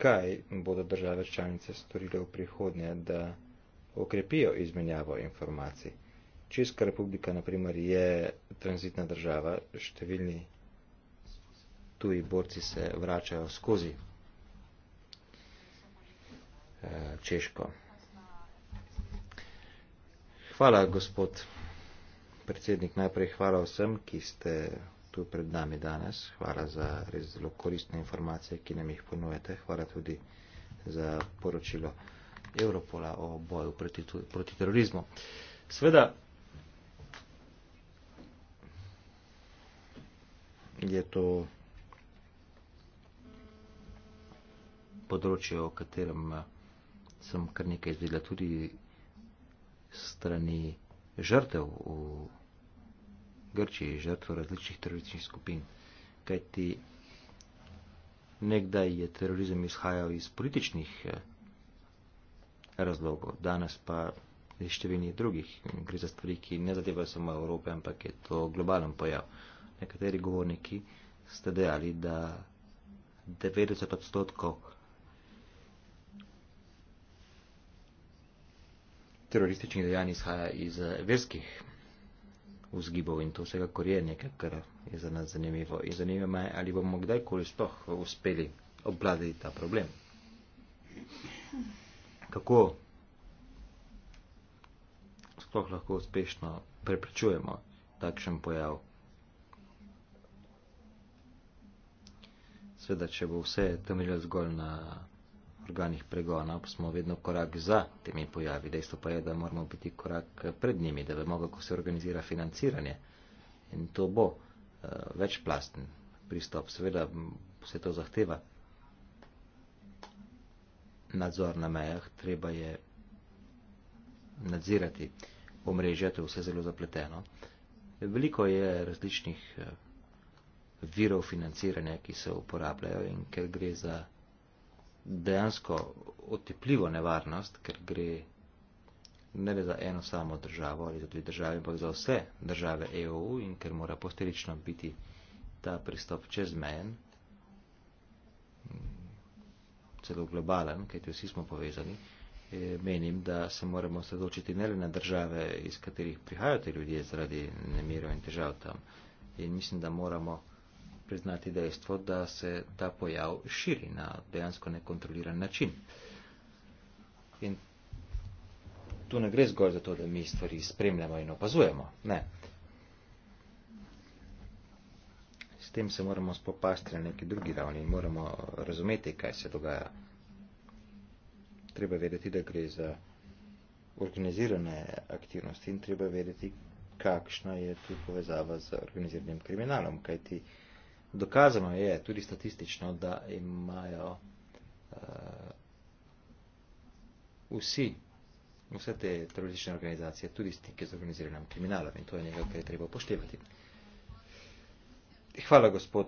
Kaj bodo države članice storile v prihodnje, da okrepijo izmenjavo informacij? Česka republika, naprimer, je tranzitna država, številni tuji borci se vračajo skozi eh, Češko. Hvala, gospod predsednik, najprej hvala vsem, ki ste tu pred nami danes. Hvala za res zelo koristne informacije, ki nam jih ponujete. Hvala tudi za poročilo Europola o boju proti, proti terorizmu. Sveda, je to področje, o katerem eh, sem kar nekaj izvedela tudi strani žrtev v Grčiji, žrtev različnih terorističnih skupin. Kajti nekdaj je terorizem izhajal iz političnih eh, razlogov, danes pa iz številnih drugih. Gre za stvari, ki ne zadevajo samo Evrope, ampak je to globalen pojav nekateri govorniki ste dejali, da 90 odstotkov terorističnih dejanj izhaja iz eh, verskih vzgibov in to vsega kor je nekaj, kar je za nas zanimivo. In zanima me, ali bomo kdajkoli sploh uspeli obvladati ta problem. Kako sploh lahko uspešno preprečujemo takšen pojav? seveda, če bo vse temeljilo zgolj na organih pregona, pa smo vedno korak za temi pojavi. Dejstvo pa je, da moramo biti korak pred njimi, da vemo, kako se organizira financiranje. In to bo uh, večplasten pristop. Seveda vse to zahteva nadzor na mejah, treba je nadzirati omrežje, to je vse zelo zapleteno. Veliko je različnih. Uh, virov financiranja, ki se uporabljajo in ker gre za dejansko otepljivo nevarnost, ker gre ne le za eno samo državo ali za dve države, ampak za vse države EU in ker mora posterično biti ta pristop čezmejen, celo globalen, kajti vsi smo povezani, e, menim, da se moramo sredočiti ne le na države, iz katerih prihajajo te ljudje zaradi nemirov in težav tam. In mislim, da moramo priznati dejstvo, da se ta pojav širi na dejansko nekontroliran način. In tu ne gre zgolj za to, da mi stvari spremljamo in opazujemo. Ne. S tem se moramo spopasti na neki drugi ravni in moramo razumeti, kaj se dogaja. Treba vedeti, da gre za organizirane aktivnosti in treba vedeti, kakšna je tu povezava z organiziranim kriminalom, kajti ti Dokazano je tudi statistično, da imajo uh, vsi, vse te teroristične organizacije tudi stike z organiziranim kriminalom in to je nekaj, kar je treba upoštevati. Hvala, gospod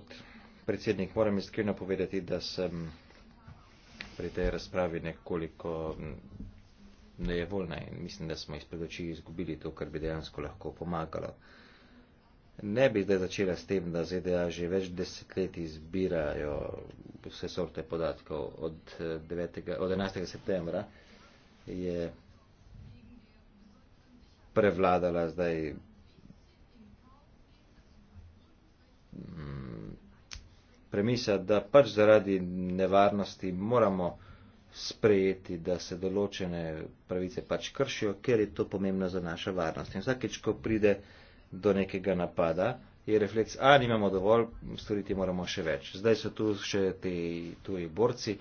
predsednik. Moram iskreno povedati, da sem pri tej razpravi nekoliko nejevoljna in mislim, da smo iz predoči izgubili to, kar bi dejansko lahko pomagalo ne bi zdaj začela s tem, da ZDA že več desetletij zbirajo vse sorte podatkov od, 9, eh, od 11. septembra, je prevladala zdaj mm, premisa, da pač zaradi nevarnosti moramo sprejeti, da se določene pravice pač kršijo, ker je to pomembno za našo varnost. In vsakeč, ko pride do nekega napada, je refleks, a nimamo dovolj, storiti moramo še več. Zdaj so tu še ti tuji borci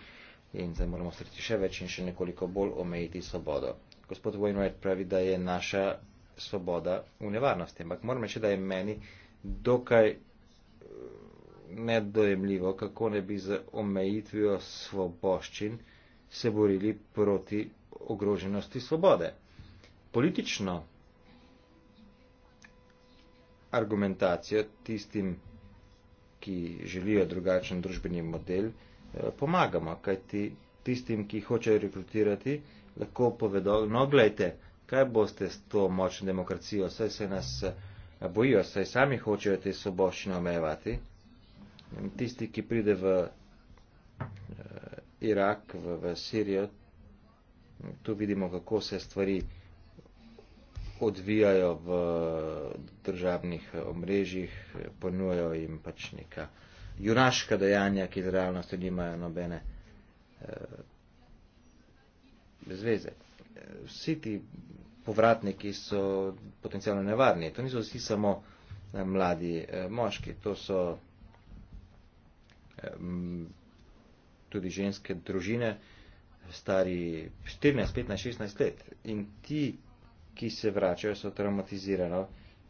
in zdaj moramo storiti še več in še nekoliko bolj omejiti svobodo. Gospod Wainwright pravi, da je naša svoboda v nevarnosti, ampak moram reči, da je meni dokaj eh, nedojemljivo, kako ne bi z omejitvijo svoboščin se borili proti ogroženosti svobode. Politično argumentacijo tistim, ki želijo drugačen družbeni model, eh, pomagamo, kajti tistim, ki hočejo rekrutirati, lahko povedo, no gledajte, kaj boste s to močno demokracijo, saj se nas eh, bojijo, saj sami hočejo te soboščine omejevati. Tisti, ki pride v eh, Irak, v, v Sirijo, tu vidimo, kako se stvari odvijajo v državnih omrežjih, ponujajo jim pač neka junaška dejanja, ki z realnostjo nimajo nobene eh, zveze. Vsi ti povratniki so potencialno nevarni. To niso vsi samo eh, mladi eh, moški, to so eh, tudi ženske družine stari 14, 15, 16 let in ti ki se vračajo, so traumatizirano,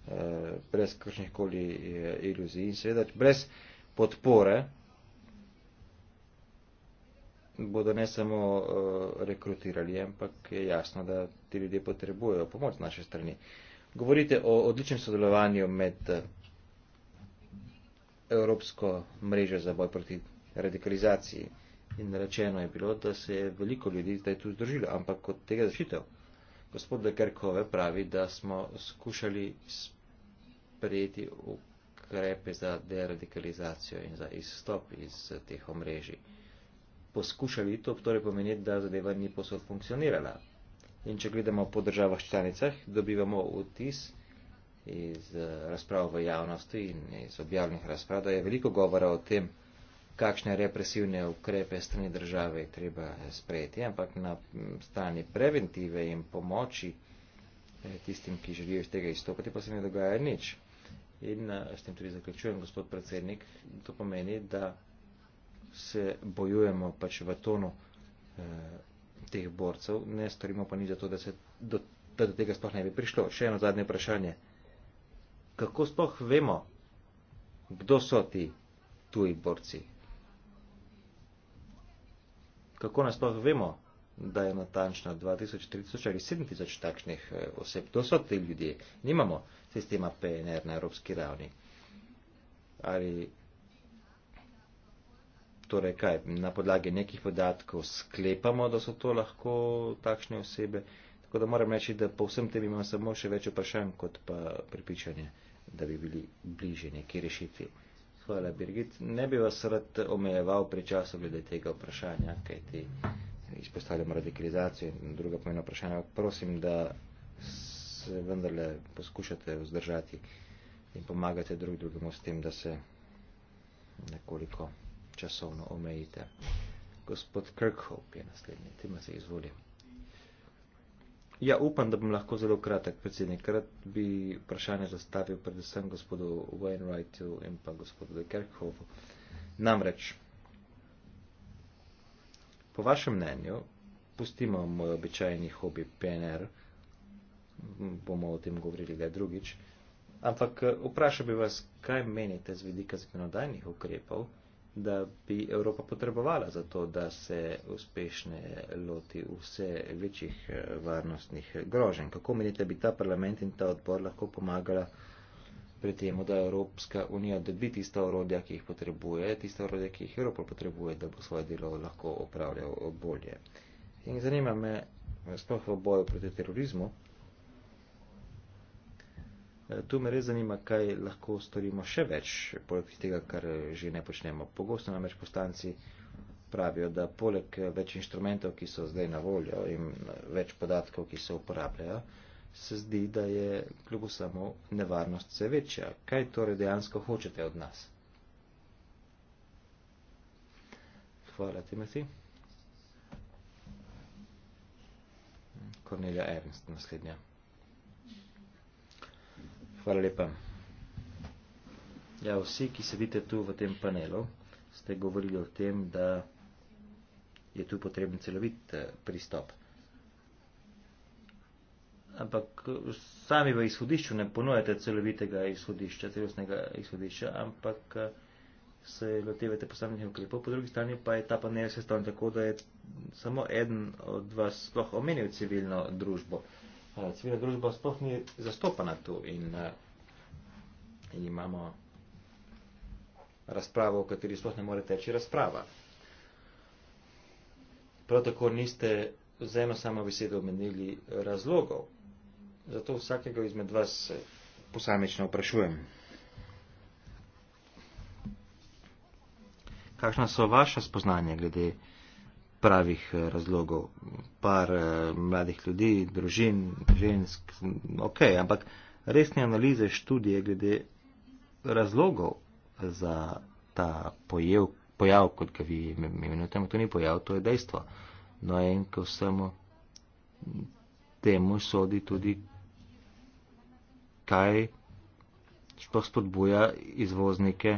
eh, brez kakršnih koli eh, iluzij in seveda brez podpore bodo ne samo eh, rekrutirali, ampak je jasno, da ti ljudje potrebujejo pomoč z naše strani. Govorite o odličnem sodelovanju med Evropsko mrežo za boj proti radikalizaciji. In rečeno je bilo, da se je veliko ljudi zdaj tu združilo, ampak kot tega zaščitev. Gospod Dekerkove pravi, da smo skušali sprejeti ukrepe za deradikalizacijo in za izstop iz teh omrežij. Poskušali to torej pomeni, da zadeva ni posod funkcionirala. In če gledamo po državah članicah, dobivamo vtis iz eh, razprav v javnosti in iz objavljenih razprav, da je veliko govora o tem, kakšne represivne ukrepe strani države je treba sprejeti, ampak na strani preventive in pomoči eh, tistim, ki želijo iz tega izstopiti, pa se ne dogaja nič. In eh, s tem tudi zaključujem, gospod predsednik, to pomeni, da se bojujemo pač v tonu eh, teh borcev, ne storimo pa nič za to, da, se do, da do tega sploh ne bi prišlo. Še eno zadnje vprašanje. Kako sploh vemo, kdo so ti tuji borci? kako nasploh vemo, da je natančno 2000, 3000 ali 7000 takšnih eh, oseb. To so te ljudje. Nimamo sistema PNR na evropski ravni. Ali torej kaj, na podlagi nekih podatkov sklepamo, da so to lahko takšne osebe. Tako da moram reči, da po vsem tem imam samo še več vprašanj, kot pa pripričanje, da bi bili bliže neki rešitvi. Hvala, Birgit. Ne bi vas rad omejeval pri času glede tega vprašanja, kaj ti izpostavljamo radikalizacijo in druga pomena vprašanja. Prosim, da se vendarle poskušate vzdržati in pomagate drug drugemu s tem, da se nekoliko časovno omejite. Gospod Kirkhope je naslednji. Tima se izvolim. Ja, upam, da bom lahko zelo kratek, predsednik. Rad bi vprašanje zastavil predvsem gospodu Wainwrightu in pa gospodu de Kerkhovu. Namreč, po vašem mnenju, pustimo moj običajni hobi PNR, bomo o tem govorili le drugič, ampak eh, vprašal bi vas, kaj menite z vidika zakonodajnih ukrepov? da bi Evropa potrebovala za to, da se uspešne loti vse večjih eh, varnostnih groženj. Kako menite, bi ta parlament in ta odbor lahko pomagala pri tem, da Evropska unija dobi tista orodja, ki jih potrebuje, tista orodja, ki jih Evropa potrebuje, da bo svoje delo lahko opravljal bolje. In zanima me, sploh v boju proti terorizmu, Eh, tu me res zanima, kaj lahko storimo še več, poleg tega, kar že ne počnemo. Pogosto namreč postanci pravijo, da poleg eh, več inštrumentov, ki so zdaj na voljo in eh, več podatkov, ki se uporabljajo, se zdi, da je kljub samo nevarnost vse večja. Kaj torej dejansko hočete od nas? Hvala, Timothy. Cornelia Ernst, naslednja. Hvala lepa. Ja, vsi, ki sedite tu v tem panelu, ste govorili o tem, da je tu potreben celovit eh, pristop. Ampak eh, sami v izhodišču ne ponujate celovitega izhodišča, celostnega izhodišča, ampak eh, se lotevate posameznih ukrepov, po drugi strani pa je ta panel sestavljen tako, da je samo eden od vas sploh omenil civilno družbo. Eh, civilna družba sploh ni zastopana tu in, eh, in imamo razpravo, v kateri sploh ne more teči razprava. Prav tako niste za eno samo besedo omenili razlogov. Zato vsakega izmed vas posamično vprašujem. Kakšna so vaša spoznanja glede pravih eh, razlogov. Par eh, mladih ljudi, družin, žensk, ok, ampak resni analize študije glede razlogov za ta pojev, pojav, kot ga vi imenujete, to ni pojav, to je dejstvo. No in ko vsemu temu sodi tudi, kaj sploh spodbuja izvoznike.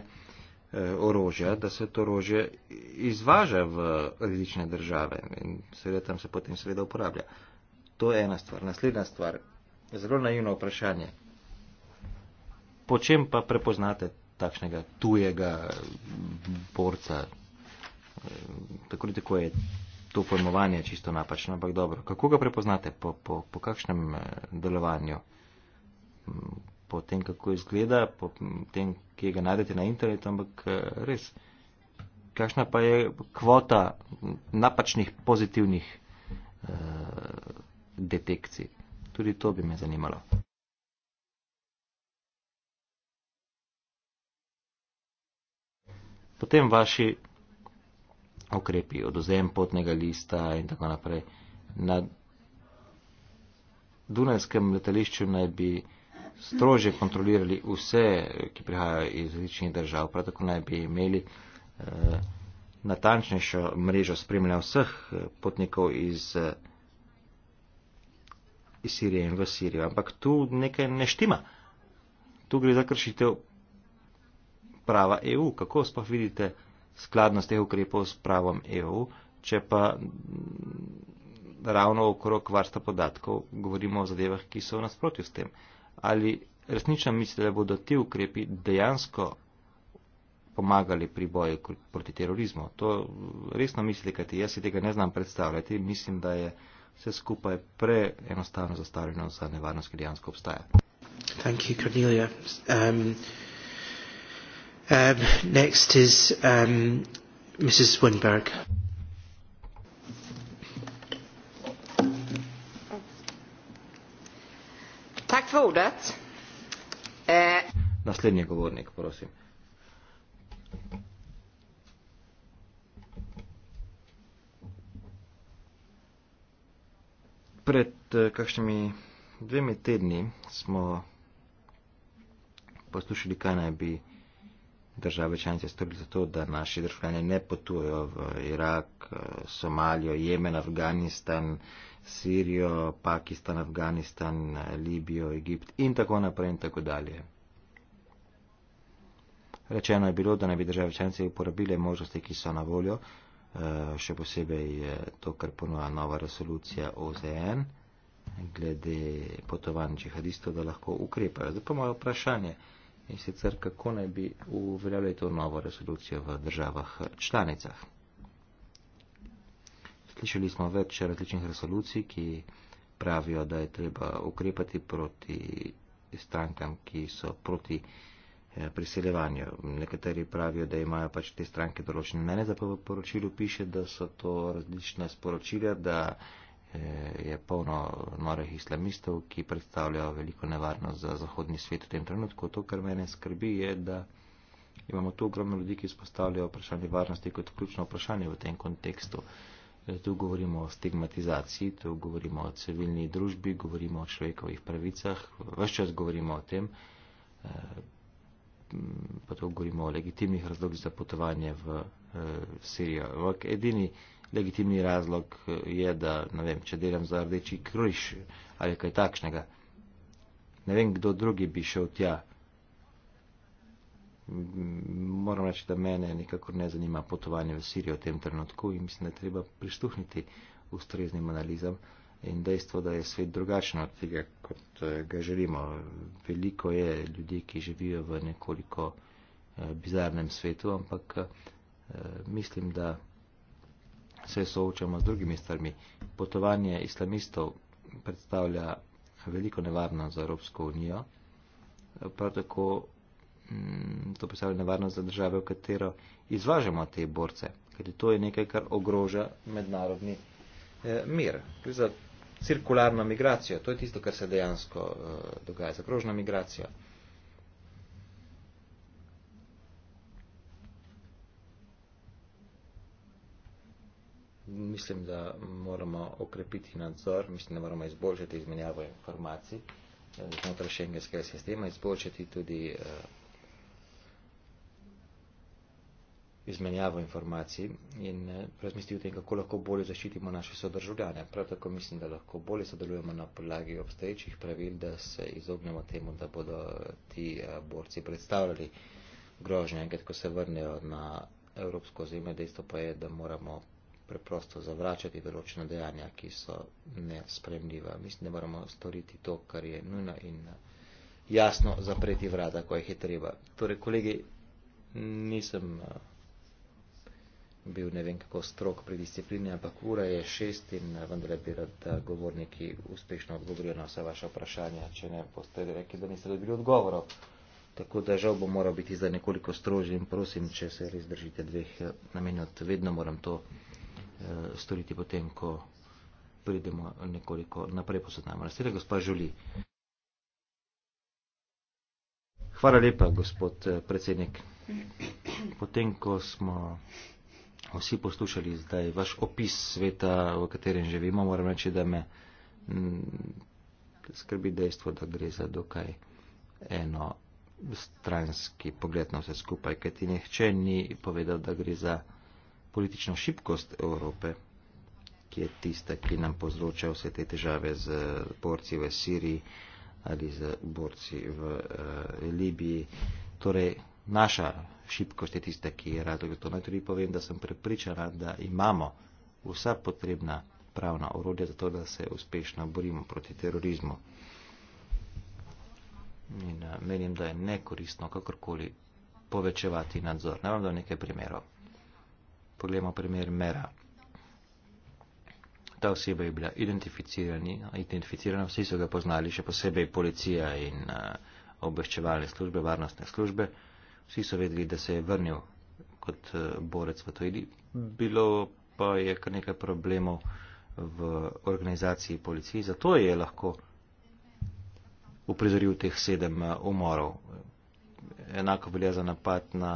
Eh, orožja, da se to orožje izvaža v različne države in seveda tam se potem seveda uporablja. To je ena stvar. Naslednja stvar, zelo naivno vprašanje. Po čem pa prepoznate takšnega tujega borca? Eh, tako in tako je to pojmovanje čisto napačno, ampak dobro. Kako ga prepoznate? Po, po, po kakšnem eh, delovanju? po tem, kako izgleda, po tem, kje ga najdete na internetu, ampak eh, res, kakšna pa je kvota napačnih pozitivnih uh, detekcij. Tudi to bi me zanimalo. Potem vaši ukrepi, odozem potnega lista in tako naprej. Na Dunajskem letališču naj bi strožje kontrolirali vse, ki prihajajo iz različnih držav, prav tako naj bi imeli eh, natančnejšo mrežo spremljanja vseh eh, potnikov iz, eh, iz Sirije in v Sirijo. Ampak tu nekaj ne štima. Tu gre za kršitev prava EU. Kako sploh vidite skladnost teh ukrepov s pravom EU, če pa mm, ravno okrog varstva podatkov govorimo o zadevah, ki so v nasprotju s tem? ali resnično misli, da bodo ti ukrepi dejansko pomagali pri boju proti terorizmu. To resno misli, kajti jaz si tega ne znam predstavljati. Mislim, da je vse skupaj preenostavno zastavljeno za nevarnost, ki dejansko obstaja. Thank you, Cornelia. Um, um, next is um, Mrs. Winberg. Eh. Naslednji govornik, prosim. Pred eh, kakšnimi dvemi tedni smo poslušali, kaj naj bi države članice storili za to, da naši državljani ne potujejo v Irak, eh, Somalijo, Jemen, Afganistan, Sirijo, Pakistan, Afganistan, eh, Libijo, Egipt in tako naprej in tako dalje. Rečeno je bilo, da naj bi države članice uporabile možnosti, ki so na voljo, eh, še posebej to, kar ponuja nova resolucija OZN glede potovanj džihadistov, da lahko ukrepajo. Zdaj pa moje vprašanje in sicer kako naj bi uveljavljali to novo resolucijo v državah članicah. Slišali smo več različnih resolucij, ki pravijo, da je treba ukrepati proti strankam, ki so proti eh, priseljevanju. Nekateri pravijo, da imajo pač te stranke določene mnenje, zato v poročilu piše, da so to različna sporočila, da Eh, je polno norih islamistov, ki predstavljajo veliko nevarnost za zahodni svet v tem trenutku. To, kar mene skrbi, je, da imamo tu ogromno ljudi, ki izpostavljajo vprašanje varnosti kot ključno vprašanje v tem kontekstu. Eh, tu govorimo o stigmatizaciji, tu govorimo o civilni družbi, govorimo o človekovih pravicah, vse čas govorimo o tem, eh, pa tu govorimo o legitimnih razlogih za potovanje v Sirijo. Edini, legitimni razlog eh, je, da ne vem, če delam za rdeči križ ali kaj takšnega. Ne vem, kdo drugi bi šel tja. Moram reči, da mene nikakor ne zanima potovanje v Sirijo v tem trenutku in mislim, da je treba pristuhniti ustreznim analizam in dejstvo, da je svet drugačen od tega, kot eh, ga želimo. Veliko je ljudi, ki živijo v nekoliko eh, bizarnem svetu, ampak mislim, da se soočamo z drugimi stvarmi. Potovanje islamistov predstavlja veliko nevarno za Evropsko unijo, prav tako mm, to predstavlja nevarno za države, v katero izvažamo te borce, ker to je nekaj, kar ogroža mednarodni eh, mir. Za cirkularno migracijo, to je tisto, kar se dejansko eh, dogaja, za krožno migracijo. mislim, da moramo okrepiti nadzor, mislim, da moramo izboljšati izmenjavo informacij eh, znotraj šengenskega sistema, izboljšati tudi uh, izmenjavo informacij in uh, razmisliti o tem, kako lahko bolje zaščitimo naše sodržavljane. Prav tako mislim, da lahko bolje sodelujemo na podlagi obstoječih pravil, da se izognemo temu, da bodo ti uh, borci predstavljali grožnje, enkrat, ko se vrnejo na Evropsko zemljo, dejstvo pa je, da moramo preprosto zavračati določena dejanja, ki so nespremljiva. Mislim, da moramo storiti to, kar je nujno in jasno zapreti vrata, ko jih je treba. Torej, kolegi, nisem bil ne vem kako strok pri disciplini, ampak ura je šest in vendar bi rad, da govorniki uspešno odgovorijo na vse vaše vprašanja, če ne boste rekli, da niste dobili odgovorov. Tako da žal bo moral biti zdaj nekoliko strožji in prosim, če se res držite dveh eh, namenov, vedno moram to. Eh, storiti potem, ko pridemo nekoliko naprej po seznamu. Naslednja gospa Žuli. Hvala lepa, gospod eh, predsednik. Potem, ko smo vsi poslušali zdaj vaš opis sveta, v katerem živimo, moram reči, da me mm, skrbi dejstvo, da gre za dokaj eno stranski pogled na vse skupaj, kajti nihče ni povedal, da gre za politično šibkost Evrope, ki je tista, ki nam povzroča vse te težave z borci v Siriji ali z borci v uh, Libiji. Torej, naša šibkost je tista, ki je rado to. Naj tudi povem, da sem prepričana, da imamo vsa potrebna pravna orodja za to, da se uspešno borimo proti terorizmu. In uh, menim, da je nekoristno kakorkoli povečevati nadzor. Ne vam do nekaj primerov pogledamo primer Mera. Ta oseba je bila identificirana, vsi so ga poznali, še posebej policija in uh, obveščevalne službe, varnostne službe. Vsi so vedeli, da se je vrnil kot uh, borec v Tojdi. Bilo pa je kar nekaj problemov v organizaciji policiji, zato je lahko uprizoril teh sedem uh, umorov. Enako velja za napad na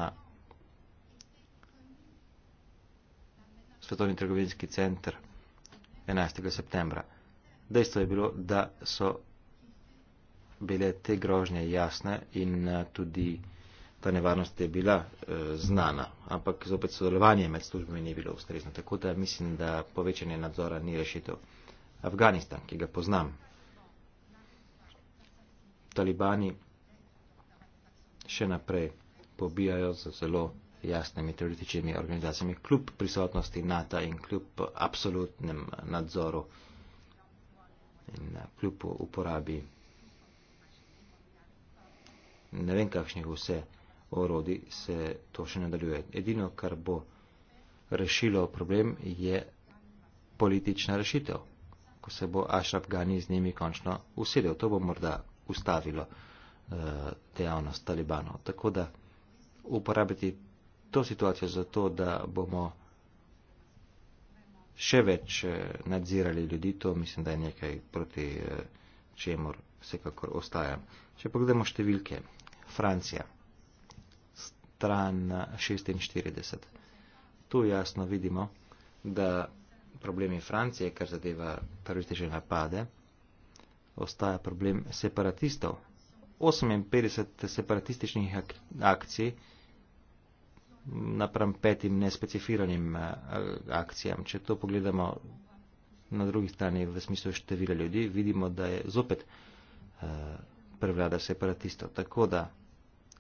svetovni trgovinski center 11. septembra. Dejstvo je bilo, da so bile te grožnje jasne in eh, tudi ta nevarnost je bila e, znana, ampak zopet sodelovanje med službami ni bilo ustrezno. Tako da mislim, da povečanje nadzora ni rešitev. Afganistan, ki ga poznam, talibani še naprej pobijajo za zelo jasnimi terorističnimi organizacijami, kljub prisotnosti NATO in kljub absolutnem nadzoru in eh, kljub uporabi ne vem kakšnih vse orodij, se to še nadaljuje. Edino, kar bo rešilo problem, je politična rešitev, ko se bo Ashraf Ghani z njimi končno usedel. To bo morda ustavilo eh, dejavnost talibanov. Tako da uporabiti to situacijo zato, da bomo še več eh, nadzirali ljudi, to mislim, da je nekaj proti eh, čemor vsekakor ostaja. Če pogledamo številke, Francija, stran 46. Eh, tu jasno vidimo, da problemi Francije, kar zadeva teroristične napade, ostaja problem separatistov. 58 separatističnih ak akcij napram petim nespecifiranim eh, akcijam. Če to pogledamo na drugi strani v smislu števila ljudi, vidimo, da je zopet eh, prevlada separatistov. Tako da,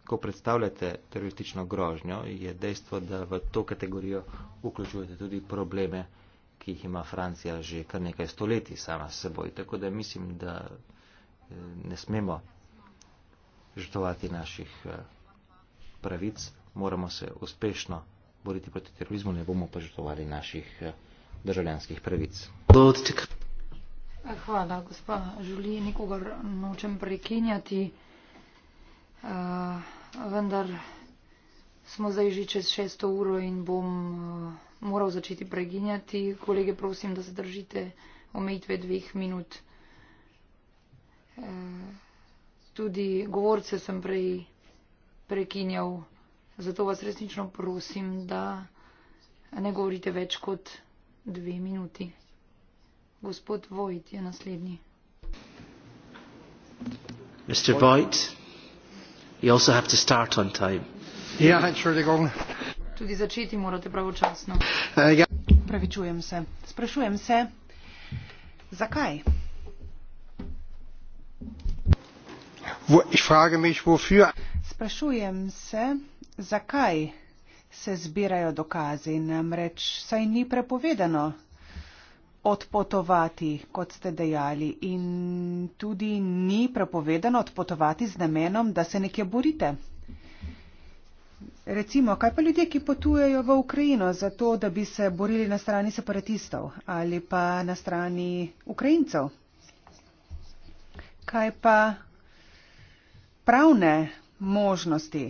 ko predstavljate teroristično grožnjo, je dejstvo, da v to kategorijo vključujete tudi probleme, ki jih ima Francija že kar nekaj stoletij sama s seboj. Tako da mislim, da eh, ne smemo žrtovati naših pravic moramo se uspešno boriti proti terorizmu, ne bomo pa žrtovali naših eh, državljanskih pravic. Hvala, gospa Žuli, nikogar nočem prekinjati, uh, vendar smo zdaj že čez šesto uro in bom uh, moral začeti prekinjati. Kolege, prosim, da se držite omejitve dveh minut. Uh, tudi govorce sem prej prekinjal. Zato vas resnično prosim, da ne govorite več kot dve minuti. Gospod Vojt je naslednji. Mr. Vojt, you also have to start on time. Yeah, it's really cool. Tudi začeti morate pravočasno. Uh, eh, yeah. Ja. Pravičujem se. Sprašujem se, zakaj? Ich frage mich, wofür. Sprašujem se, zakaj se zbirajo dokazi, namreč saj ni prepovedano odpotovati, kot ste dejali, in tudi ni prepovedano odpotovati z namenom, da se nekje borite. Recimo, kaj pa ljudje, ki potujejo v Ukrajino za to, da bi se borili na strani separatistov ali pa na strani Ukrajincev? Kaj pa pravne možnosti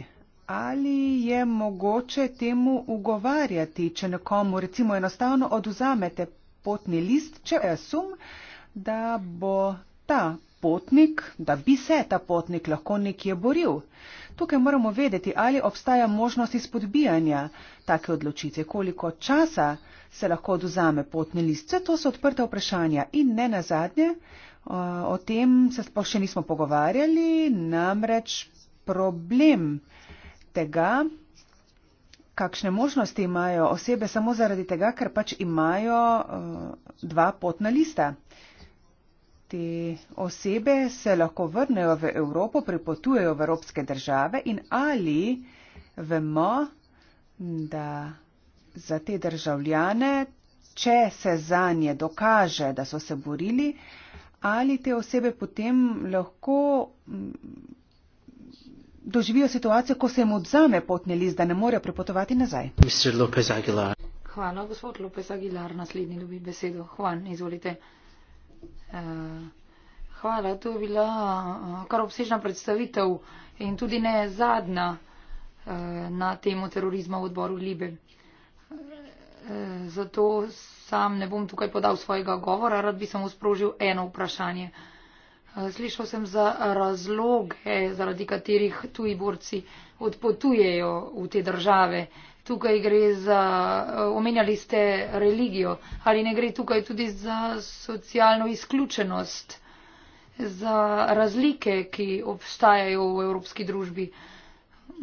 ali je mogoče temu ugovarjati, če nekomu recimo enostavno oduzamete potni list, če je sum, da bo ta potnik, da bi se ta potnik lahko nekje boril. Tukaj moramo vedeti, ali obstaja možnost izpodbijanja take odločitve, koliko časa se lahko oduzame potni list. Vse to so odprta vprašanja in ne nazadnje, eh, o tem se sploh še nismo pogovarjali, namreč problem tega, kakšne možnosti imajo osebe samo zaradi tega, ker pač imajo uh, dva potna lista. Te osebe se lahko vrnejo v Evropo, pripotujejo v evropske države in ali vemo, da za te državljane, če se za nje dokaže, da so se borili, ali te osebe potem lahko. M, doživijo situacijo, ko se jim odzame potni list, da ne morejo prepotovati nazaj. Hvala, gospod Lopez Aguilar. Naslednji dobi besedo. Juan, izvolite. Uh, hvala, to je bila uh, kar obsežna predstavitev in tudi ne zadnja uh, na temo terorizma v odboru Libe. Zato sam ne bom tukaj podal svojega govora, rad bi samo sprožil eno vprašanje. Uh, Slišal sem za razloge, zaradi katerih tuji borci odpotujejo v te države. Tukaj gre za, omenjali ste religijo, ali ne gre tukaj tudi za socialno izključenost, za razlike, ki obstajajo v evropski družbi.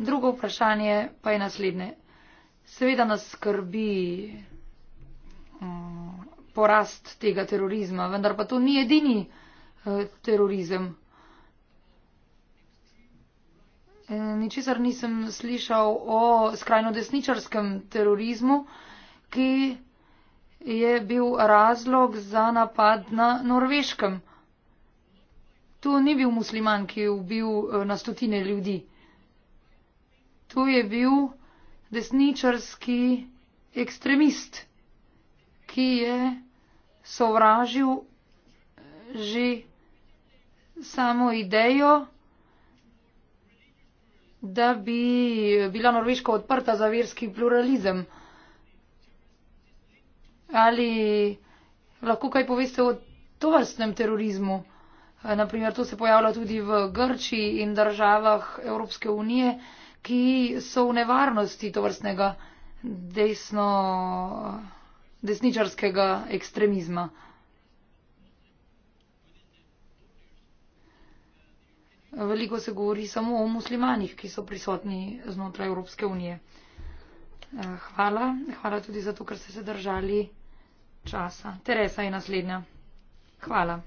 Drugo vprašanje pa je naslednje. Seveda nas skrbi um, porast tega terorizma, vendar pa to ni edini. Eh, terorizem. Eh, ničesar nisem slišal o skrajno desničarskem terorizmu, ki je bil razlog za napad na norveškem. Tu ni bil musliman, ki je ubil eh, na stotine ljudi. Tu je bil desničarski ekstremist, ki je sovražil že samo idejo, da bi bila Norveška odprta za verski pluralizem. Ali lahko kaj poveste o tovrstnem terorizmu? Naprimer, to se pojavlja tudi v Grčiji in državah Evropske unije, ki so v nevarnosti tovrstnega desno, desničarskega ekstremizma. veliko se govori samo o muslimanih, ki so prisotni znotraj Evropske unije. Eh, hvala, hvala tudi zato, ker ste se držali časa. Teresa je naslednja. Hvala.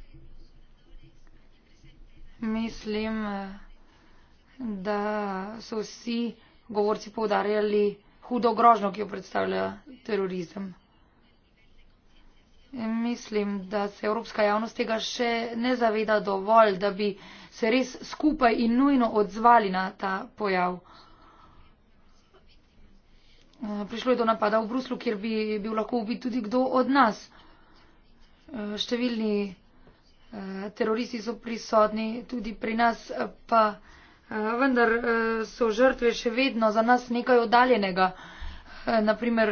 Mislim, da so vsi govorci povdarjali hudo grožno, ki jo predstavlja terorizem. Mislim, da se evropska javnost tega še ne zaveda dovolj, da bi se res skupaj in nujno odzvali na ta pojav. Eh, prišlo je do napada v Bruslu, kjer bi bil lahko ubit tudi kdo od nas. Eh, številni eh, teroristi so prisotni tudi pri nas, pa vendar so žrtve še vedno za nas nekaj oddaljenega. Naprimer,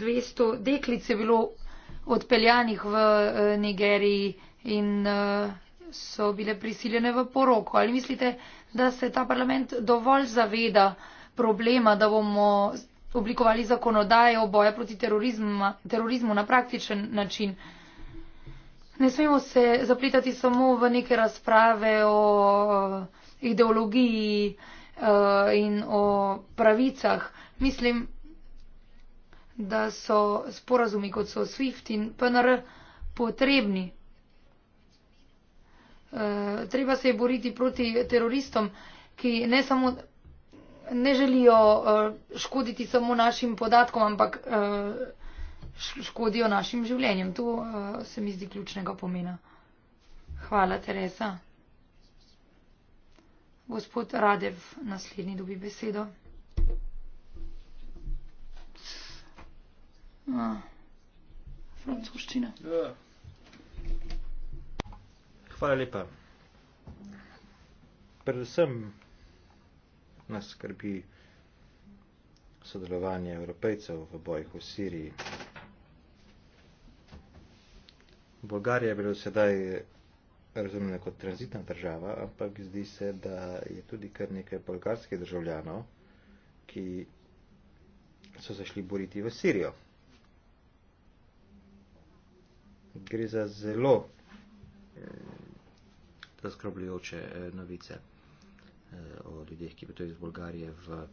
200 deklic je bilo odpeljanih v eh, Nigeriji in eh, so bile prisiljene v poroko. Ali mislite, da se ta parlament dovolj zaveda problema, da bomo oblikovali zakonodajo boja proti terorizmu na praktičen način? Ne smemo se zapletati samo v neke razprave o eh, ideologiji in o pravicah. Mislim, da so sporazumi, kot so SWIFT in PNR, potrebni. E, treba se je boriti proti teroristom, ki ne, samo, ne želijo e, škoditi samo našim podatkom, ampak e, škodijo našim življenjem. To e, se mi zdi ključnega pomena. Hvala, Teresa. Gospod Radev, naslednji dobi besedo. Francoščina. Ja. Hvala lepa. Predvsem nas skrbi sodelovanje evropejcev v bojih v Siriji. Bolgarija je bila sedaj razumljena kot tranzitna država, ampak zdi se, da je tudi kar nekaj bolgarskih državljanov, ki so zašli boriti v Sirijo gre za zelo eh, zaskrbljujoče eh, novice eh, o ljudeh, ki potujejo iz Bolgarije v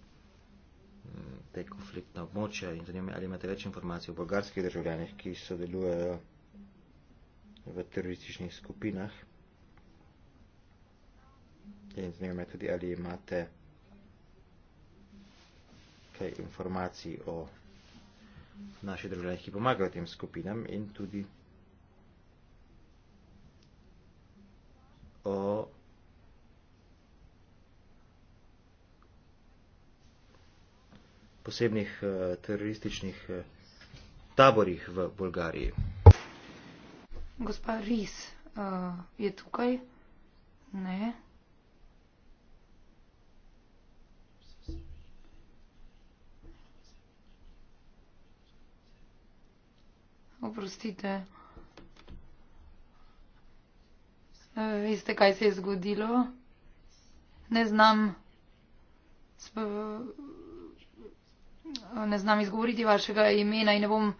te konfliktna območja in zanimajo, ali imate več informacij o bolgarskih državljanih, ki sodelujejo v terorističnih skupinah. In zanimajo tudi, ali imate kaj informacij o naših državljanih, ki pomagajo tem skupinam in tudi o posebnih eh, terorističnih eh, taborih v Bolgariji. Gospa Riz uh, eh, je tukaj? Ne. Oprostite. Uh, veste, kaj se je zgodilo? Ne znam, sp, ne znam izgovoriti vašega imena in ne bom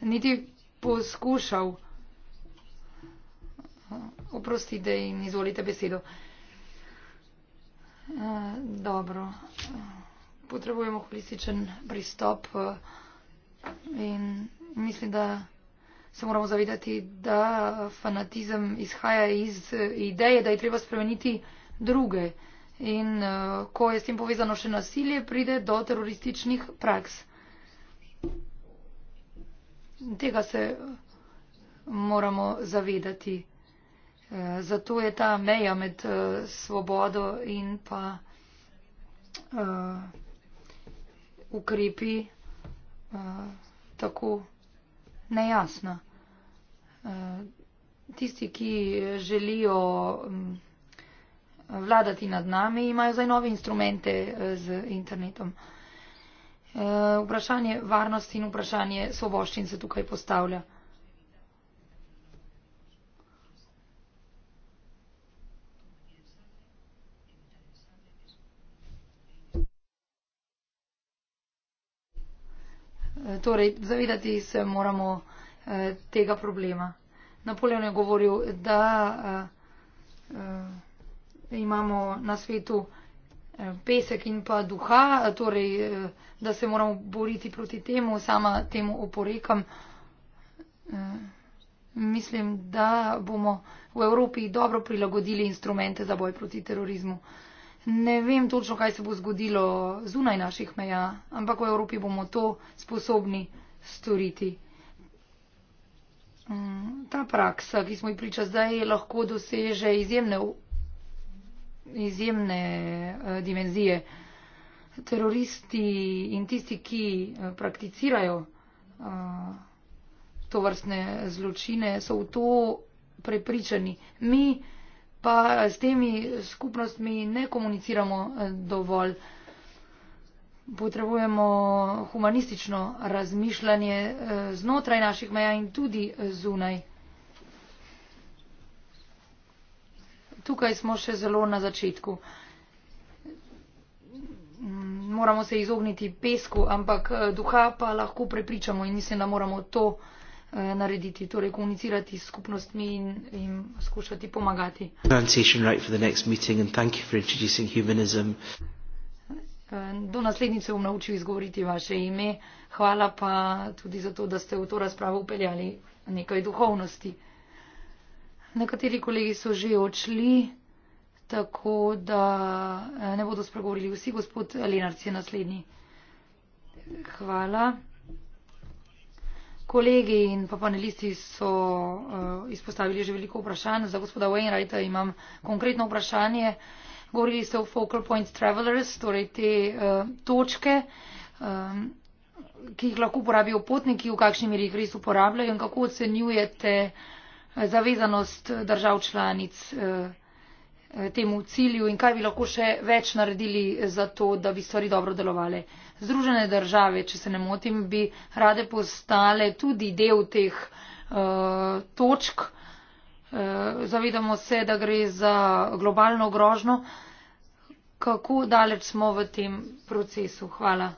niti poskušal. Oprostite in izvolite besedo. Uh, dobro. Potrebujemo holističen pristop uh, in mislim, da se moramo zavedati, da fanatizem izhaja iz ideje, da je treba spremeniti druge. In eh, ko je s tem povezano še nasilje, pride do terorističnih praks. Tega se moramo zavedati. Eh, zato je ta meja med eh, svobodo in pa ukrepi tako nejasna. Eh, tisti, ki želijo mm, vladati nad nami, imajo zdaj nove instrumente eh, z internetom. Eh, vprašanje varnosti in vprašanje svoboščin se tukaj postavlja. Torej, zavedati se moramo, tega problema. Napoleon je govoril, da eh, eh, imamo na svetu eh, pesek in pa duha, torej, da se moramo boriti proti temu, sama temu oporekam. Mislim, da bomo v Evropi dobro prilagodili instrumente za boj proti terorizmu. Ne vem točno, kaj se bo zgodilo zunaj naših meja, ampak v Evropi bomo to sposobni storiti. Mm, ta praksa, ki smo ji priča zdaj, lahko doseže izjemne, izjemne eh, dimenzije. Teroristi in tisti, ki eh, prakticirajo eh, to vrstne zločine, so v to prepričani. Mi pa s temi skupnostmi ne komuniciramo dovolj potrebujemo humanistično razmišljanje eh, znotraj naših meja in tudi eh, zunaj. Tukaj smo še zelo na začetku. Mm, moramo se izogniti pesku, ampak eh, duha pa lahko prepričamo in mislim, da moramo to narediti, torej komunicirati s skupnostmi in jim skušati pomagati. Do naslednjič se bom naučil izgovoriti vaše ime. Hvala pa tudi za to, da ste v to razpravo upeljali nekaj duhovnosti. Nekateri kolegi so že odšli, tako da eh, ne bodo spregovorili vsi. Gospod Lenarc je naslednji. Hvala. Kolegi in pa panelisti so uh, izpostavili že veliko vprašanj. Za gospoda Wainwrighta imam konkretno vprašanje. Uh, govorili ste o focal point travelers torej te uh, točke um, ki jih lahko uporabijo potniki v kakšni meri jih res uporabljajo in kako ocenjujete eh, zavezanost eh, držav članic uh, temu cilju in kaj bi lahko še več naredili za to, da bi stvari dobro delovale. Združene države, če se ne motim, bi rade postale tudi del teh uh, točk. Uh, zavedamo se, da gre za globalno grožno. Uh, kako daleč smo v tem procesu. Hvala.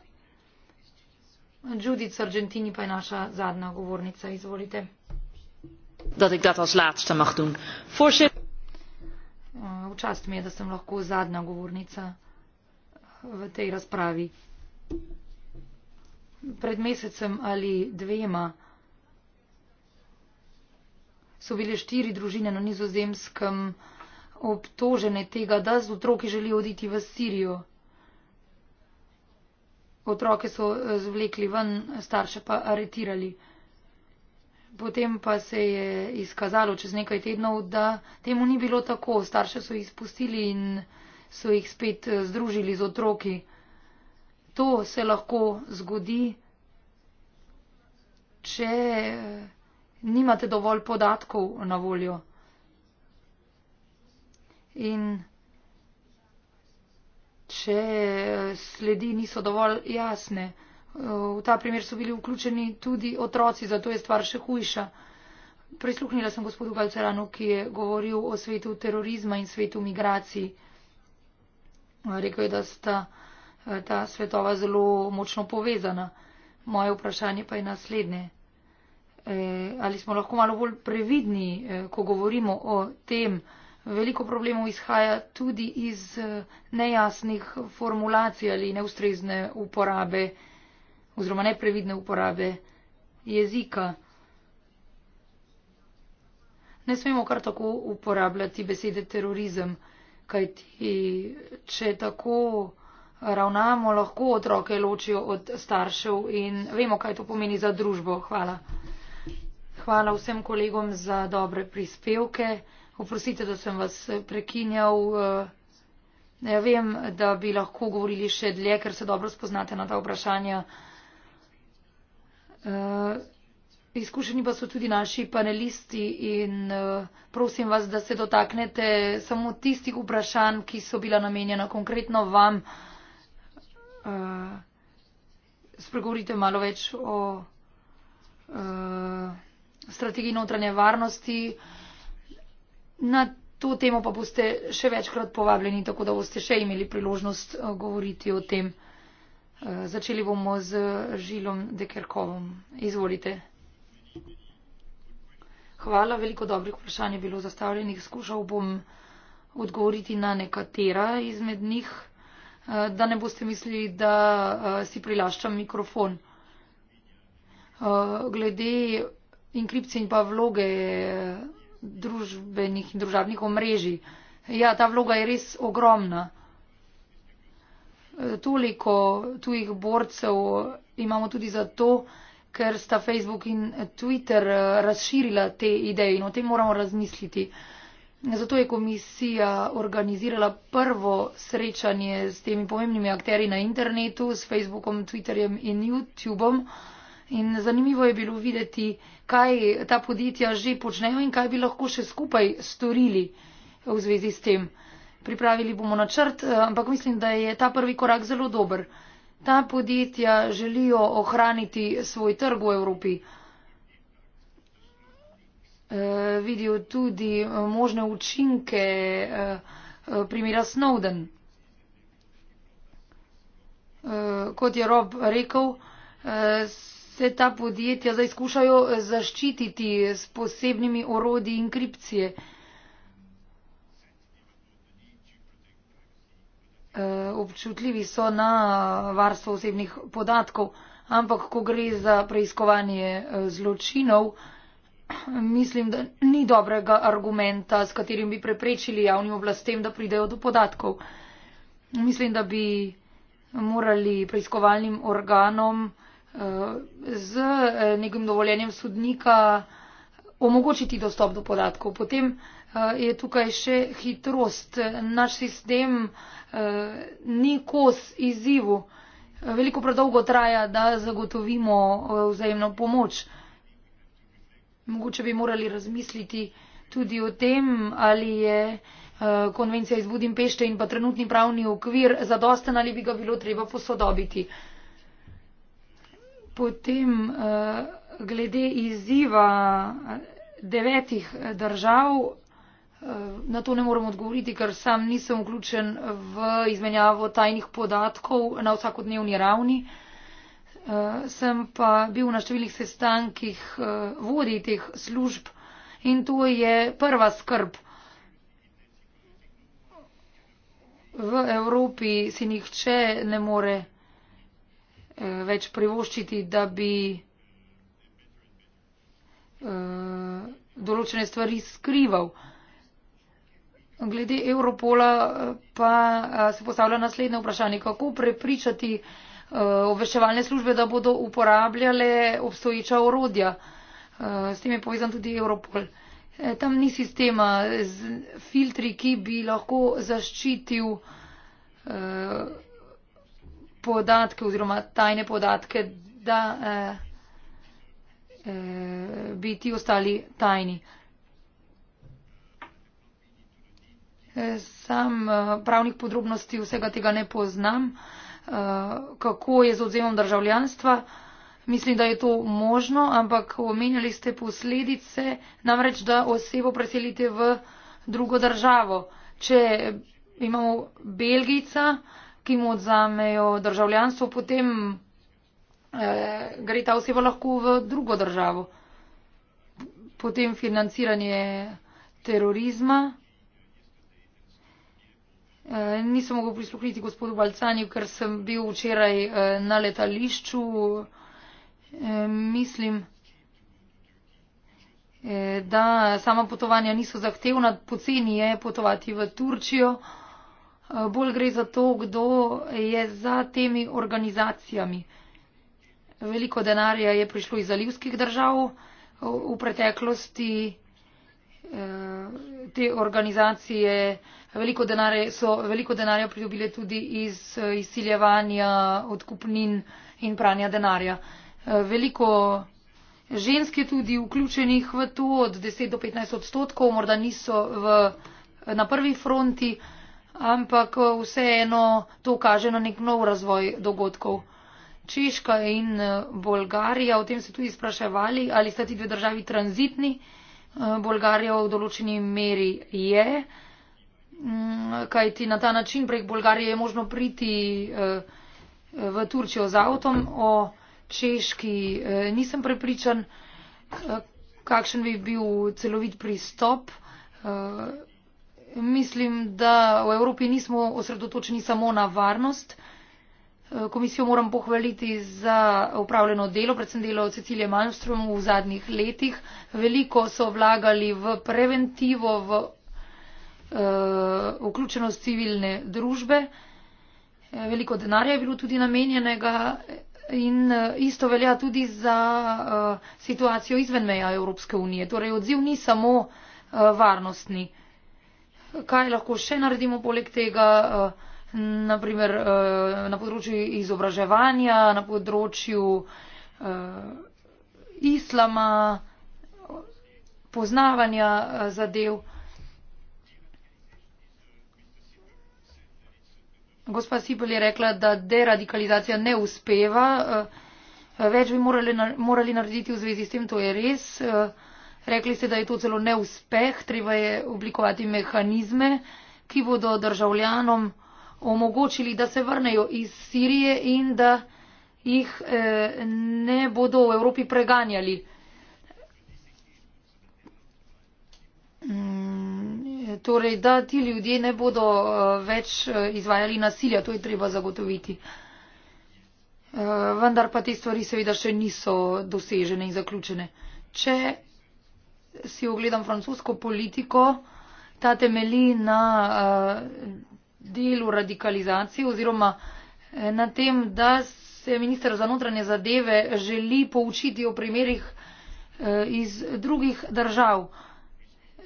Judith Sargentini pa je naša zadnja govornica. Izvolite. Dat ik dat als laatste mag doen. Voorzitter. Eh, v čast mi je, da sem lahko zadnja govornica v tej razpravi. Pred mesecem ali dvema so bile štiri družine na nizozemskem obtožene tega, da z otroki želijo oditi v Sirijo. Otroke so eh, zvlekli ven, starše pa aretirali. Potem pa se je izkazalo čez nekaj tednov, da temu ni bilo tako. Starše so jih spustili in so jih spet eh, združili z otroki. To se lahko zgodi, če eh, nimate dovolj podatkov na voljo. In če sledi niso dovolj jasne, v ta primer so bili vključeni tudi otroci, zato je stvar še hujša. Prisluhnila sem gospodu Galceranu, ki je govoril o svetu terorizma in svetu migracij. Rekel je, da sta ta svetova zelo močno povezana. Moje vprašanje pa je naslednje. E, ali smo lahko malo bolj previdni, e, ko govorimo o tem, veliko problemov izhaja tudi iz eh, nejasnih formulacij ali neustrezne uporabe oziroma neprevidne uporabe jezika. Ne smemo kar tako uporabljati besede terorizem, kajti če tako ravnamo, lahko otroke ločijo od staršev in vemo, kaj to pomeni za družbo. Hvala. Hvala vsem kolegom za dobre prispevke. Oprostite, da sem vas eh, prekinjal. Ja vem, da bi lahko govorili še dlje, ker se dobro spoznate na ta vprašanja. Eh, izkušeni pa so tudi naši panelisti in prosim vas, da se dotaknete samo tistih vprašanj, ki so bila namenjena konkretno vam. Spregovorite malo več o strategiji notranje varnosti. Na to temo pa boste še večkrat povabljeni, tako da boste še imeli priložnost eh, govoriti o tem. Eh, začeli bomo z Žilom Dekerkovom. Izvolite. Hvala, veliko dobrih vprašanj je bilo zastavljenih. Skušal bom odgovoriti na nekatera izmed njih, eh, da ne boste mislili, da si prilaščam mikrofon. Glede inkripcij in pa vloge družbenih in družabnih omrežij. Ja, ta vloga je res ogromna. E, toliko tujih borcev imamo tudi zato, ker sta Facebook in Twitter e, razširila te ideje in o tem moramo razmisliti. Zato je komisija organizirala prvo srečanje s temi pomembnimi akteri na internetu, s Facebookom, Twitterjem in YouTubeom. In zanimivo je bilo videti, kaj ta podjetja že počnejo in kaj bi lahko še skupaj storili v zvezi s tem. Pripravili bomo načrt, eh, ampak mislim, da je ta prvi korak zelo dober. Ta podjetja želijo ohraniti svoj trg v Evropi. E, vidijo tudi eh, možne učinke e, primera Snowden. E, kot je Rob rekel, e, se ta podjetja zdaj skušajo eh, zaščititi s posebnimi orodji inkripcije. Eh, občutljivi so na varstvo osebnih podatkov, ampak ko gre za preiskovanje eh, zločinov, (clears throat) mislim, da ni dobrega argumenta, s katerim bi preprečili javnim oblastem, da pridejo do podatkov. Mislim, da bi morali preiskovalnim organom z eh, nekim dovoljenjem sodnika omogočiti dostop do podatkov. Potem eh, je tukaj še hitrost. Naš sistem eh, ni kos izzivu. Veliko predolgo traja, da zagotovimo vzajemno pomoč. Mogoče bi morali razmisliti tudi o tem, ali je konvencija iz Budimpešte in pa trenutni pravni okvir zadosten ali bi ga bilo treba posodobiti. Potem eh, glede izziva eh, devetih eh, držav, na to ne moram odgovoriti, ker sam nisem vključen v izmenjavo tajnih podatkov na vsakodnevni ravni. Sem pa bil na številnih sestankih vodij teh služb in to je prva skrb. V Evropi si nihče ne more več privoščiti, da bi eh, določene stvari skrival. Glede Europola eh, pa eh, se postavlja naslednje vprašanje, kako prepričati obveščevalne službe, da bodo uporabljale obstoječa orodja. S tem je povezan tudi Europol. Tam ni sistema z filtri, ki bi lahko zaščitil podatke oziroma tajne podatke, da eh, eh, bi ti ostali tajni. Eh, sam eh, pravnih podrobnosti vsega tega ne poznam, eh, kako je z odzemom državljanstva. Mislim, da je to možno, ampak omenjali ste posledice, namreč, da osebo preselite v drugo državo. Če imamo Belgica, ki mu odzamejo državljanstvo, potem eh, gre ta oseba lahko v drugo državo. Potem financiranje terorizma. Eh, nisem mogel prisluhniti gospodu Balcani, ker sem bil včeraj eh, na letališču. Eh, mislim, eh, da sama potovanja niso zahtevna, poceni je potovati v Turčijo. Eh, Eh, bolj gre za to, kdo je za temi organizacijami. Veliko denarja je prišlo iz zalivskih držav v preteklosti. Eh, te organizacije veliko denarja, so veliko denarja pridobile tudi iz eh, izsiljevanja odkupnin in pranja denarja. Veliko žensk je tudi vključenih v to, od 10 do 15 odstotkov, morda niso v, na prvi fronti ampak eh, vseeno to kaže na nek nov razvoj dogodkov. Češka in eh, Bolgarija, o tem se tudi spraševali, ali sta ti dve državi tranzitni. Eh, Bolgarija v določeni meri je, mm, kajti na ta način prek Bolgarije je možno priti v Turčijo z avtom. O Češki nisem prepričan, kakšen bi bil celovit pristop mislim, da v Evropi nismo osredotočeni samo na varnost. Eh, komisijo moram pohvaliti za upravljeno delo, predvsem delo Cecilije Malmström v zadnjih letih. Veliko so vlagali v preventivo, v uh, vključenost civilne družbe. Eh, veliko denarja je bilo tudi namenjenega in isto velja tudi za uh, situacijo izven meja Evropske unije. Torej odziv ni samo uh, varnostni. Uh, kaj lahko še naredimo poleg tega, eh, naprimer eh, na področju izobraževanja, na področju eh, islama, poznavanja zadev. Gospa Sibel je rekla, da deradikalizacija ne uspeva. Več bi morali, morali narediti v zvezi s tem, to je res. Uh, Rekli ste, da je to celo neuspeh, treba je oblikovati mehanizme, ki bodo državljanom omogočili, da se vrnejo iz Sirije in da jih eh, ne bodo v Evropi preganjali. Mm, torej, da ti ljudje ne bodo eh, več eh, izvajali nasilja, to je treba zagotoviti. Vendar pa te stvari seveda še niso dosežene in zaključene. Če si ogledam francosko politiko, ta temeli na uh, delu radikalizacije oziroma eh, na tem, da se ministr za notranje zadeve želi poučiti o primerih uh, iz drugih držav.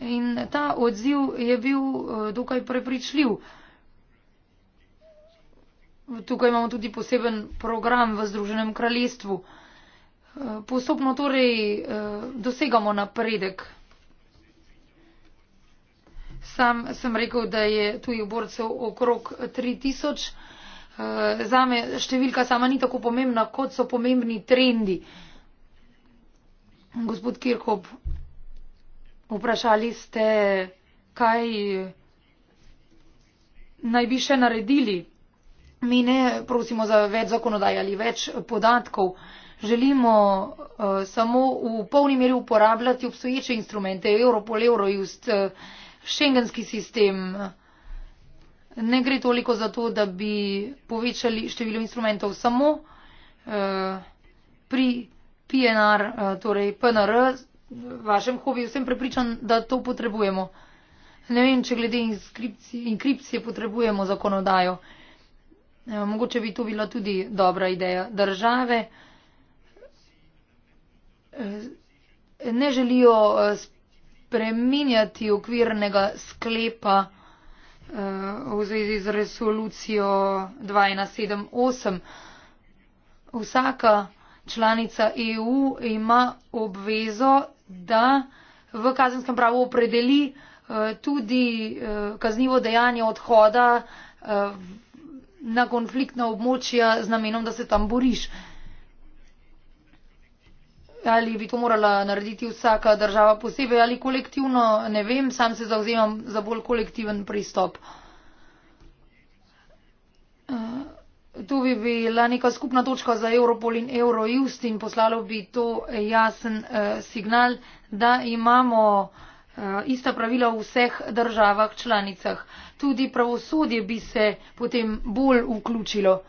In ta odziv je bil uh, dokaj prepričljiv. Tukaj imamo tudi poseben program v Združenem kraljestvu. Uh, Eh, postopno torej eh, dosegamo napredek. Sam sem rekel, da je tujih borcev okrog 3000. Eh, zame številka sama ni tako pomembna, kot so pomembni trendi. Gospod Kirkop, vprašali ste, kaj naj bi še naredili. Mi ne prosimo za več zakonodaj ali več podatkov želimo uh, samo v polni meri uporabljati obstoječe instrumente, Europol, Eurojust, eh, šengenski sistem. Ne gre toliko za to, da bi povečali število instrumentov samo uh, pri PNR, uh, torej PNR, vašem hobiju, sem prepričan, da to potrebujemo. Ne vem, če glede inkripcije potrebujemo zakonodajo. Uh, mogoče bi to bila tudi dobra ideja države ne želijo eh, spreminjati okvirnega sklepa eh, v zvezi z resolucijo 2178. Vsaka članica EU ima obvezo, da v kazenskem pravu opredeli eh, tudi kaznivo dejanje odhoda na konfliktna območja z namenom, da se tam boriš ali bi to morala narediti vsaka država posebej ali kolektivno, ne vem, sam se zauzemam za bolj kolektiven pristop. Eh, to bi bila neka skupna točka za Europol in Eurojust in poslalo bi to jasen eh, signal, da imamo eh, ista pravila v vseh državah članicah. Tudi pravosodje bi se potem bolj vključilo.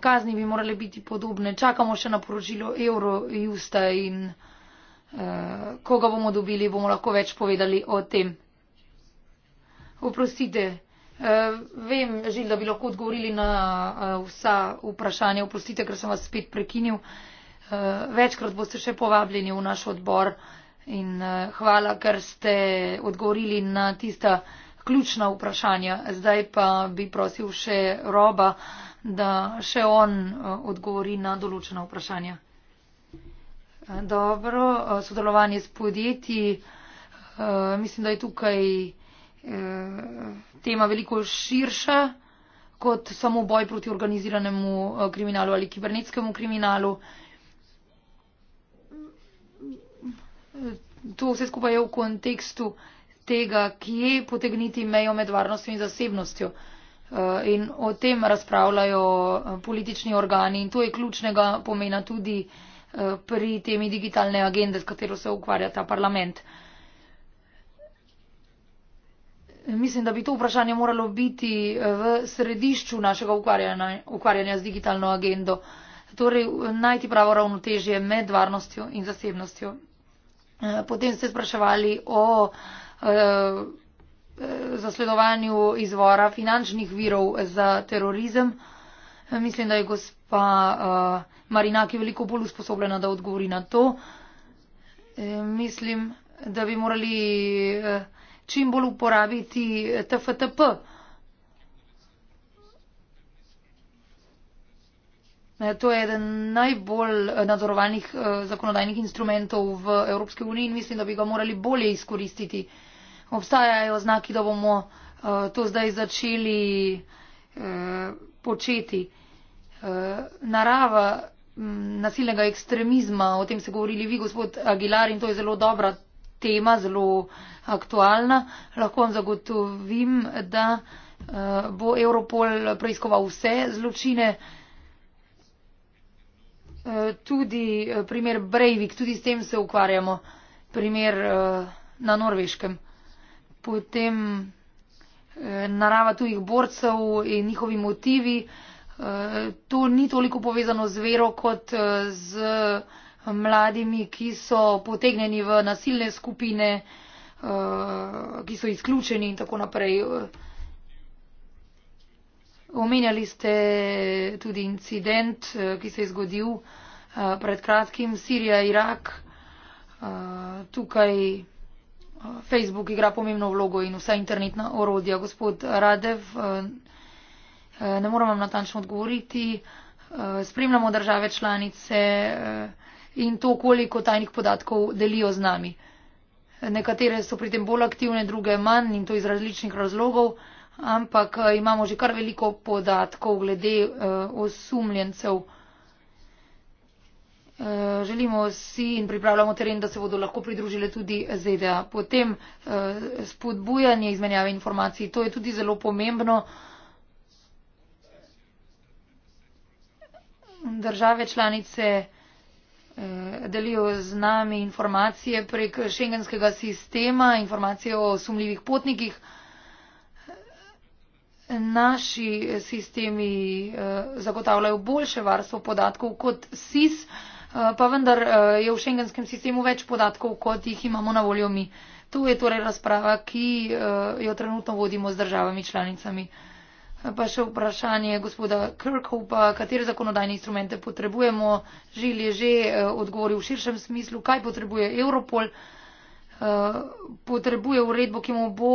kazni bi morale biti podobne. Čakamo še na poročilo Eurojusta in eh, koga bomo dobili, bomo lahko več povedali o tem. Oprostite, eh, vem, Žil, da bi lahko odgovorili na eh, vsa vprašanja. Oprostite, ker sem vas spet prekinil. Eh, večkrat boste še povabljeni v naš odbor in eh, hvala, ker ste odgovorili na tista ključna vprašanja. Zdaj pa bi prosil še roba da še on eh, odgovori na določena vprašanja. Eh, dobro, eh, sodelovanje s podjetji. Mislim, da je tukaj tema veliko širša kot samo boj proti organiziranemu kriminalu ali kibernetskemu kriminalu. To vse skupaj je v kontekstu tega, kje potegniti mejo med varnostjo in zasebnostjo. Uh, Eh, in o tem razpravljajo eh, politični organi in to je ključnega pomena tudi eh, pri temi digitalne agende, s katero se ukvarja ta parlament. Mislim, da bi to vprašanje moralo biti v središču našega ukvarjanja, ukvarjanja z digitalno agendo, torej najti pravo ravnotežje med varnostjo in zasebnostjo. Potem ste spraševali o Eh, zasledovanju izvora finančnih virov za terorizem. Eh, mislim, da je gospa uh, eh, Marinaki veliko bolj usposobljena, da odgovori na to. E, mislim, da bi morali uh, čim bolj uporabiti TFTP. E, to je eden najbolj nadzorovanih uh, zakonodajnih instrumentov v Evropski uniji in mislim, da bi ga morali bolje izkoristiti. Uh, obstajajo znaki, da bomo eh, to zdaj začeli eh, početi. Eh, narava nasilnega ekstremizma, o tem ste govorili vi, gospod Aguilar, in to je zelo dobra tema, zelo aktualna. Lahko vam zagotovim, da bo Europol preiskoval vse zločine, tudi primer Breivik, tudi s tem se ukvarjamo, primer na norveškem potem eh, narava tujih borcev in njihovi motivi. Eh, to ni toliko povezano z vero kot eh, z mladimi, ki so potegnjeni v nasilne skupine, ki so izključeni in tako naprej. Omenjali ste tudi incident, ki se je zgodil pred kratkim, Sirija, Irak. Tukaj Facebook igra pomembno vlogo in vsa internetna orodja. Gospod Radev, eh, eh, ne moram vam natančno odgovoriti. Eh, spremljamo države članice in to, koliko tajnih podatkov delijo z nami. Nekatere so pri tem bolj aktivne, druge manj in to iz različnih razlogov, ampak imamo že kar veliko podatkov glede osumljencev. Uh, Eh, želimo si in pripravljamo teren, da se bodo lahko pridružile tudi ZDA. Potem eh, spodbujanje izmenjave informacij, to je tudi zelo pomembno. Države članice eh, delijo z nami informacije prek šengenskega sistema, informacije o sumljivih potnikih. Naši sistemi zagotavljajo boljše varstvo podatkov kot SIS. Eh, pa vendar eh, je v šengenskem sistemu več podatkov, kot jih imamo na voljo mi. Tu je torej razprava, ki eh, jo trenutno vodimo z državami članicami. Pa še vprašanje gospoda Kirkhopa, katere zakonodajne instrumente potrebujemo. Žil je že odgovoril v širšem smislu, kaj potrebuje Europol. Potrebuje uredbo, ki mu bo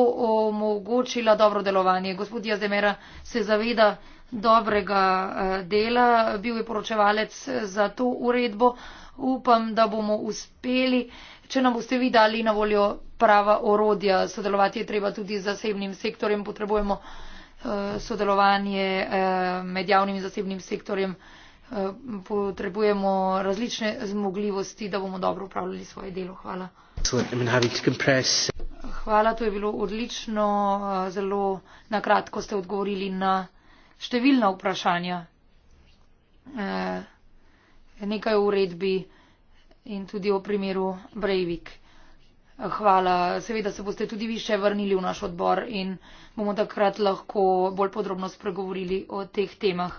omogočila dobro delovanje. Gospod Jazdemera se zaveda, dobrega eh, dela. Bil je poročevalec za to uredbo. Upam, da bomo uspeli. Če nam boste vi dali na voljo prava orodja, sodelovati je treba tudi z zasebnim sektorjem. Potrebujemo eh, sodelovanje eh, med javnim in zasebnim sektorjem. Potrebujemo različne zmogljivosti, da bomo dobro upravljali svoje delo. Hvala. Hvala, to je bilo odlično. Zelo nakratko ste odgovorili na številna vprašanja, eh, nekaj uredbi in tudi o primeru Breivik. Hvala. Seveda se boste tudi vi še vrnili v naš odbor in bomo takrat lahko bolj podrobno spregovorili o teh temah.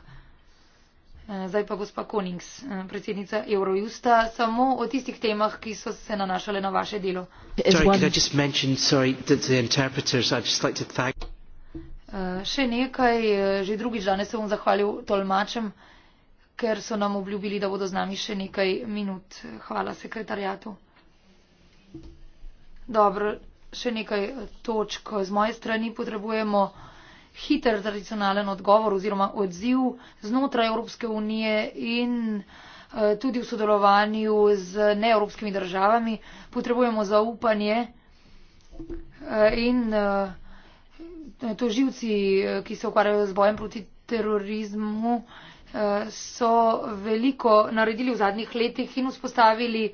Eh, zdaj pa gospa Konings, eh, predsednica Eurojusta, samo o tistih temah, ki so se nanašale na vaše delo. Sorry, Eh, še nekaj, eh, že drugič danes se bom zahvalil tolmačem, ker so nam obljubili, da bodo z nami še nekaj minut. Hvala sekretarjatu. Dobro, še nekaj eh, točk. Z moje strani potrebujemo hiter tradicionalen odgovor oziroma odziv znotraj Evropske unije in tudi v sodelovanju z neevropskimi državami. Potrebujemo zaupanje in. Eh, tožilci, eh, ki se ukvarjajo z bojem proti terorizmu, eh, so veliko naredili v zadnjih letih in vzpostavili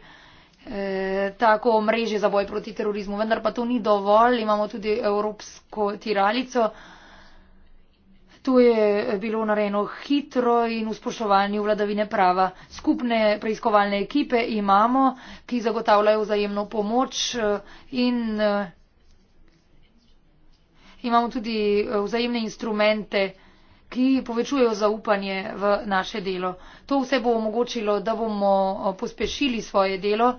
tako mreže za boj proti terorizmu. Vendar pa to ni dovolj. Imamo tudi evropsko tiralico. To je bilo narejeno hitro in v spoštovanju vladavine prava. Skupne preiskovalne ekipe imamo, ki zagotavljajo vzajemno pomoč in imamo tudi eh, vzajemne instrumente, ki povečujejo zaupanje v naše delo. To vse bo omogočilo, da bomo eh, pospešili svoje delo.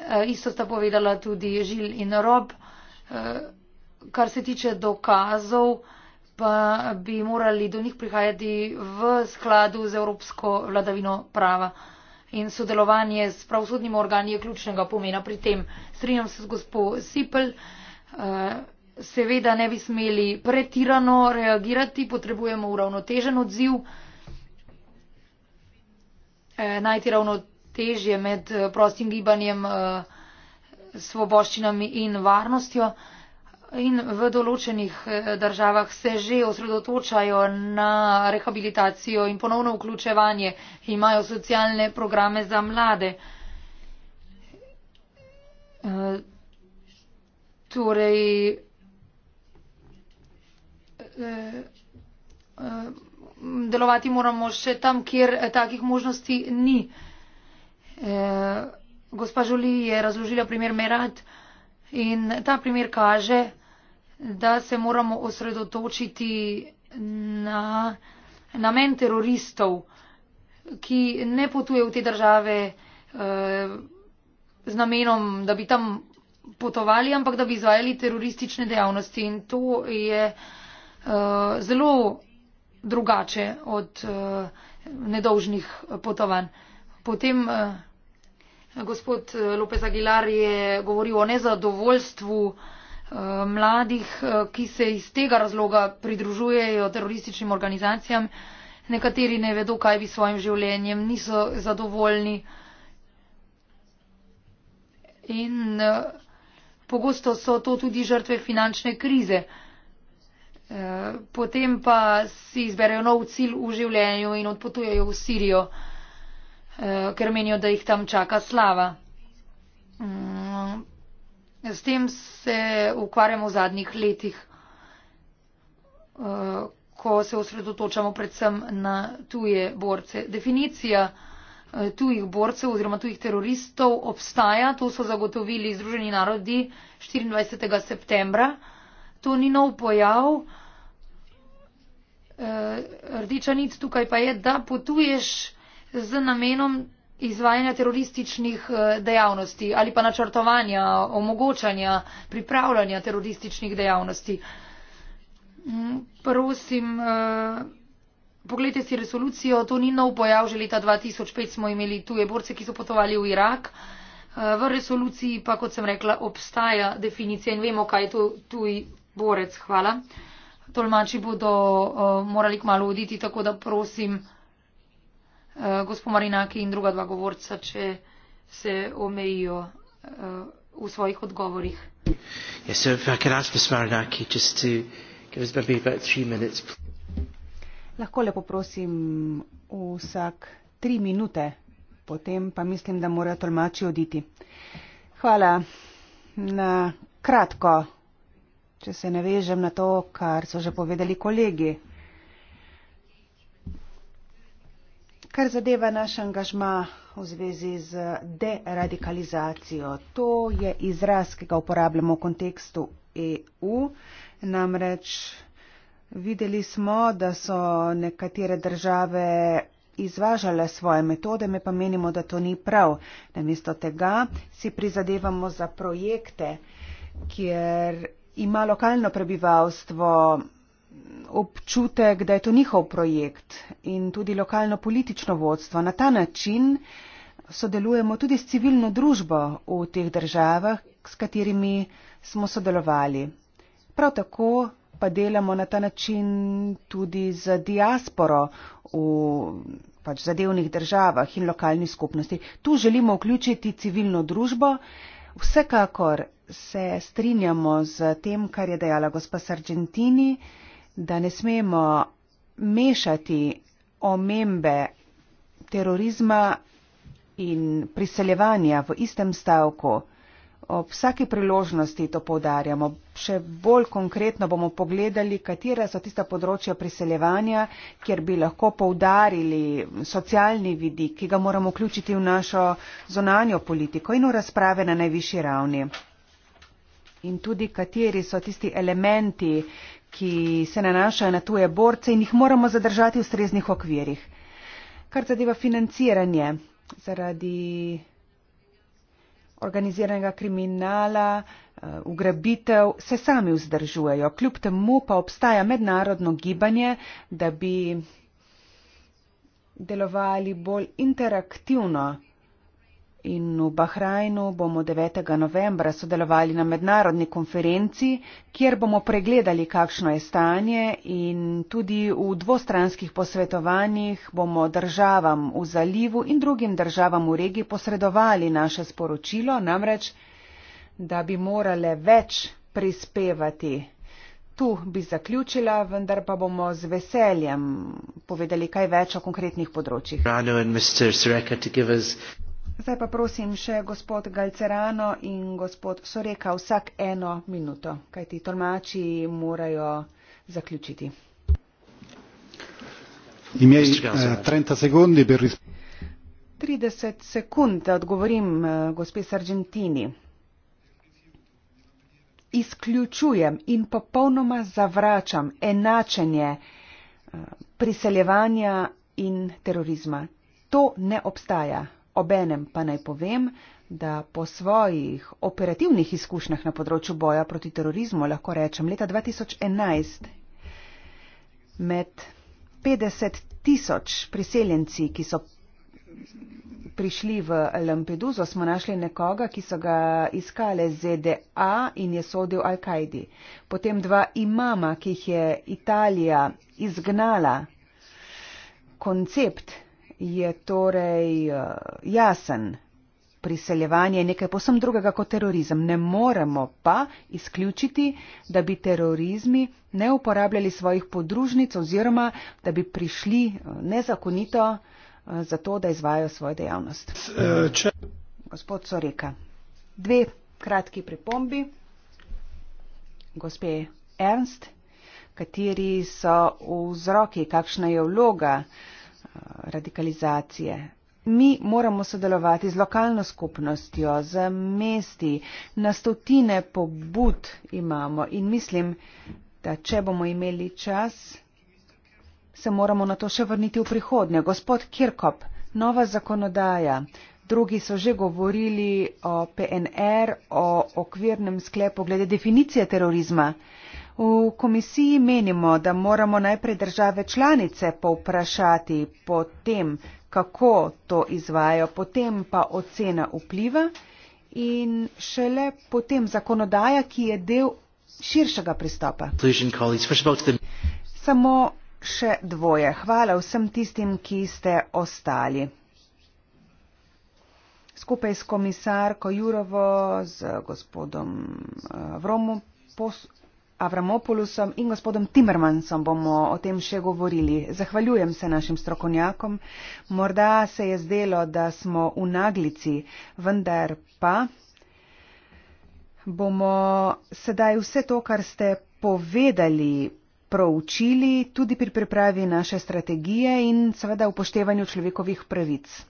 Eh, isto sta povedala tudi Žil in Rob. Kar se tiče dokazov, pa bi morali do njih prihajati v skladu z evropsko vladavino prava. In sodelovanje s pravosodnimi organi je ključnega pomena pri tem. Strinjam se z gospod Sipel seveda ne bi smeli pretirano reagirati, potrebujemo uravnotežen odziv, eh, najti ravnotežje med eh, prostim gibanjem, eh, svoboščinami in varnostjo. In v določenih državah se že osredotočajo na rehabilitacijo in ponovno vključevanje, imajo socialne programe za mlade. Torej, Eh, eh, delovati moramo še tam, kjer eh, takih možnosti ni. Gospa Žuli je razložila primer Merad in ta primer kaže, da se moramo osredotočiti na namen teroristov, ki ne potuje v te države z namenom, da bi tam potovali, ampak da bi izvajali teroristične dejavnosti. In to je eh, Eh, zelo drugače od uh, nedolžnih potovanj. Potem uh, gospod Lopez Aguilar je govoril o nezadovoljstvu uh, mladih, uh, ki se iz tega razloga pridružujejo terorističnim organizacijam. Nekateri ne vedo, kaj bi s svojim življenjem, niso zadovoljni. In uh, pogosto so to tudi žrtve finančne krize. Uh, potem pa si izberejo nov cilj v življenju in odpotujejo v Sirijo, eh, ker menijo, da jih tam čaka slava. Mm, s tem se ukvarjamo v zadnjih letih, eh, ko se osredotočamo predvsem na tuje borce. Definicija eh, tujih borcev oziroma tujih teroristov obstaja, to so zagotovili Združeni narodi 24. septembra to ni nov pojav. Eh, rdeča nit tukaj pa je, da potuješ z namenom izvajanja terorističnih eh, dejavnosti ali pa načrtovanja, omogočanja, pripravljanja terorističnih dejavnosti. Mm, prosim, eh, pogledajte si resolucijo, to ni nov pojav, že leta 2005 smo imeli tuje borce, ki so potovali v Irak. V resoluciji pa, kot sem rekla, obstaja definicija in vemo, kaj je to tuj Borec, hvala. Tolmači bodo uh, morali kmalo oditi, tako da prosim uh, eh, gospod Marinaki in druga dva govorca, če se omejijo uh, v svojih odgovorih. Yes, sir, Lahko lepo prosim vsak tri minute, potem pa mislim, da morajo tolmači oditi. Hvala. Na kratko če se ne vežem na to, kar so že povedali kolegi. Kar zadeva naš angažma v zvezi z deradikalizacijo, to je izraz, ki ga uporabljamo v kontekstu EU. Namreč videli smo, da so nekatere države izvažale svoje metode, me pa menimo, da to ni prav. Namesto tega si prizadevamo za projekte, kjer ima lokalno prebivalstvo občutek, da je to njihov projekt in tudi lokalno politično vodstvo. Na ta način sodelujemo tudi s civilno družbo v teh državah, s katerimi smo sodelovali. Prav tako pa delamo na ta način tudi z diasporo v pač, zadevnih državah in lokalni skupnosti. Tu želimo vključiti civilno družbo, Vsekakor se strinjamo z tem, kar je dejala gospa Sargentini, da ne smemo mešati omembe terorizma in priseljevanja v istem stavku ob vsaki priložnosti to povdarjamo. Še bolj konkretno bomo pogledali, katera so tista področja priseljevanja, kjer bi lahko povdarili socialni vidik, ki ga moramo vključiti v našo zonanjo politiko in v razprave na najvišji ravni. In tudi kateri so tisti elementi, ki se nanašajo na tuje borce in jih moramo zadržati v streznih okvirih. Kar zadeva financiranje zaradi organiziranega kriminala, eh, ugrabitev, se sami vzdržujejo. Kljub temu pa obstaja mednarodno gibanje, da bi delovali bolj interaktivno in v Bahrajnu bomo 9. novembra sodelovali na mednarodni konferenci, kjer bomo pregledali, kakšno je stanje in tudi v dvostranskih posvetovanjih bomo državam v zalivu in drugim državam v regiji posredovali naše sporočilo, namreč, da bi morale več prispevati. Tu bi zaključila, vendar pa bomo z veseljem povedali kaj več o konkretnih področjih. Zdaj pa prosim še gospod Galcerano in gospod Soreka vsak eno minuto, kaj ti tolmači morajo zaključiti. Imej, eh, 30 sekund, da odgovorim eh, gospe Sargentini. Izključujem in popolnoma zavračam enačenje eh, priseljevanja in terorizma. To ne obstaja. Obenem pa naj povem, da po svojih operativnih izkušnjah na področju boja proti terorizmu lahko rečem leta 2011 med 50 tisoč priseljenci, ki so prišli v Lampeduzo, smo našli nekoga, ki so ga iskale ZDA in je sodil Al-Kaidi. Potem dva imama, ki jih je Italija izgnala koncept je torej eh, jasen. Priseljevanje je nekaj posem drugega kot terorizem. Ne moremo pa izključiti, da bi terorizmi ne uporabljali svojih podružnic oziroma da bi prišli eh, nezakonito eh, za to, da izvajo svojo dejavnost. Če... Gospod Soreka, dve kratki pripombi. Gospe Ernst, kateri so vzroki, kakšna je vloga? radikalizacije. Mi moramo sodelovati z lokalno skupnostjo, z mesti. Na stotine pobud imamo in mislim, da če bomo imeli čas, se moramo na to še vrniti v prihodnje. Gospod Kirkop, nova zakonodaja. Drugi so že govorili o PNR, o okvirnem sklepu glede definicije terorizma. V komisiji menimo, da moramo najprej države članice povprašati po tem, kako to izvajo, potem pa ocena vpliva in šele potem zakonodaja, ki je del širšega pristopa. Samo še dvoje. Hvala vsem tistim, ki ste ostali. Skupaj s komisarko Jurovo, z gospodom eh, Vromu. Avramopoulosom in gospodom Timmermansom bomo o tem še govorili. Zahvaljujem se našim strokovnjakom. Morda se je zdelo, da smo v naglici, vendar pa bomo sedaj vse to, kar ste povedali, proučili tudi pri pripravi naše strategije in seveda upoštevanju človekovih pravic.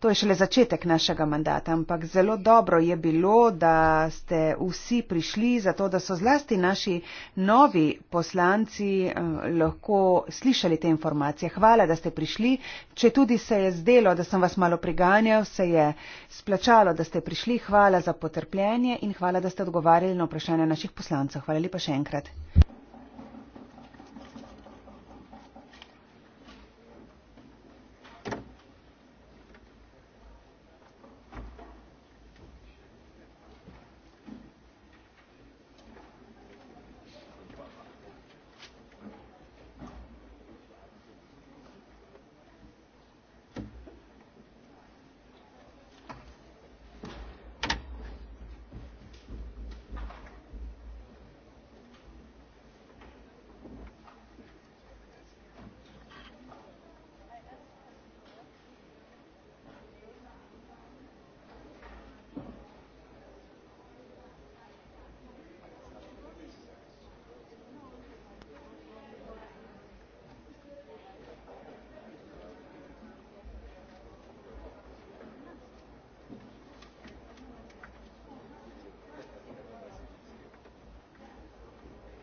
To je šele začetek našega mandata, ampak zelo dobro je bilo, da ste vsi prišli zato, da so zlasti naši novi poslanci eh, lahko slišali te informacije. Hvala, da ste prišli. Če tudi se je zdelo, da sem vas malo priganjal, se je splačalo, da ste prišli. Hvala za potrpljenje in hvala, da ste odgovarjali na vprašanje naših poslancev. Hvala lepa še enkrat.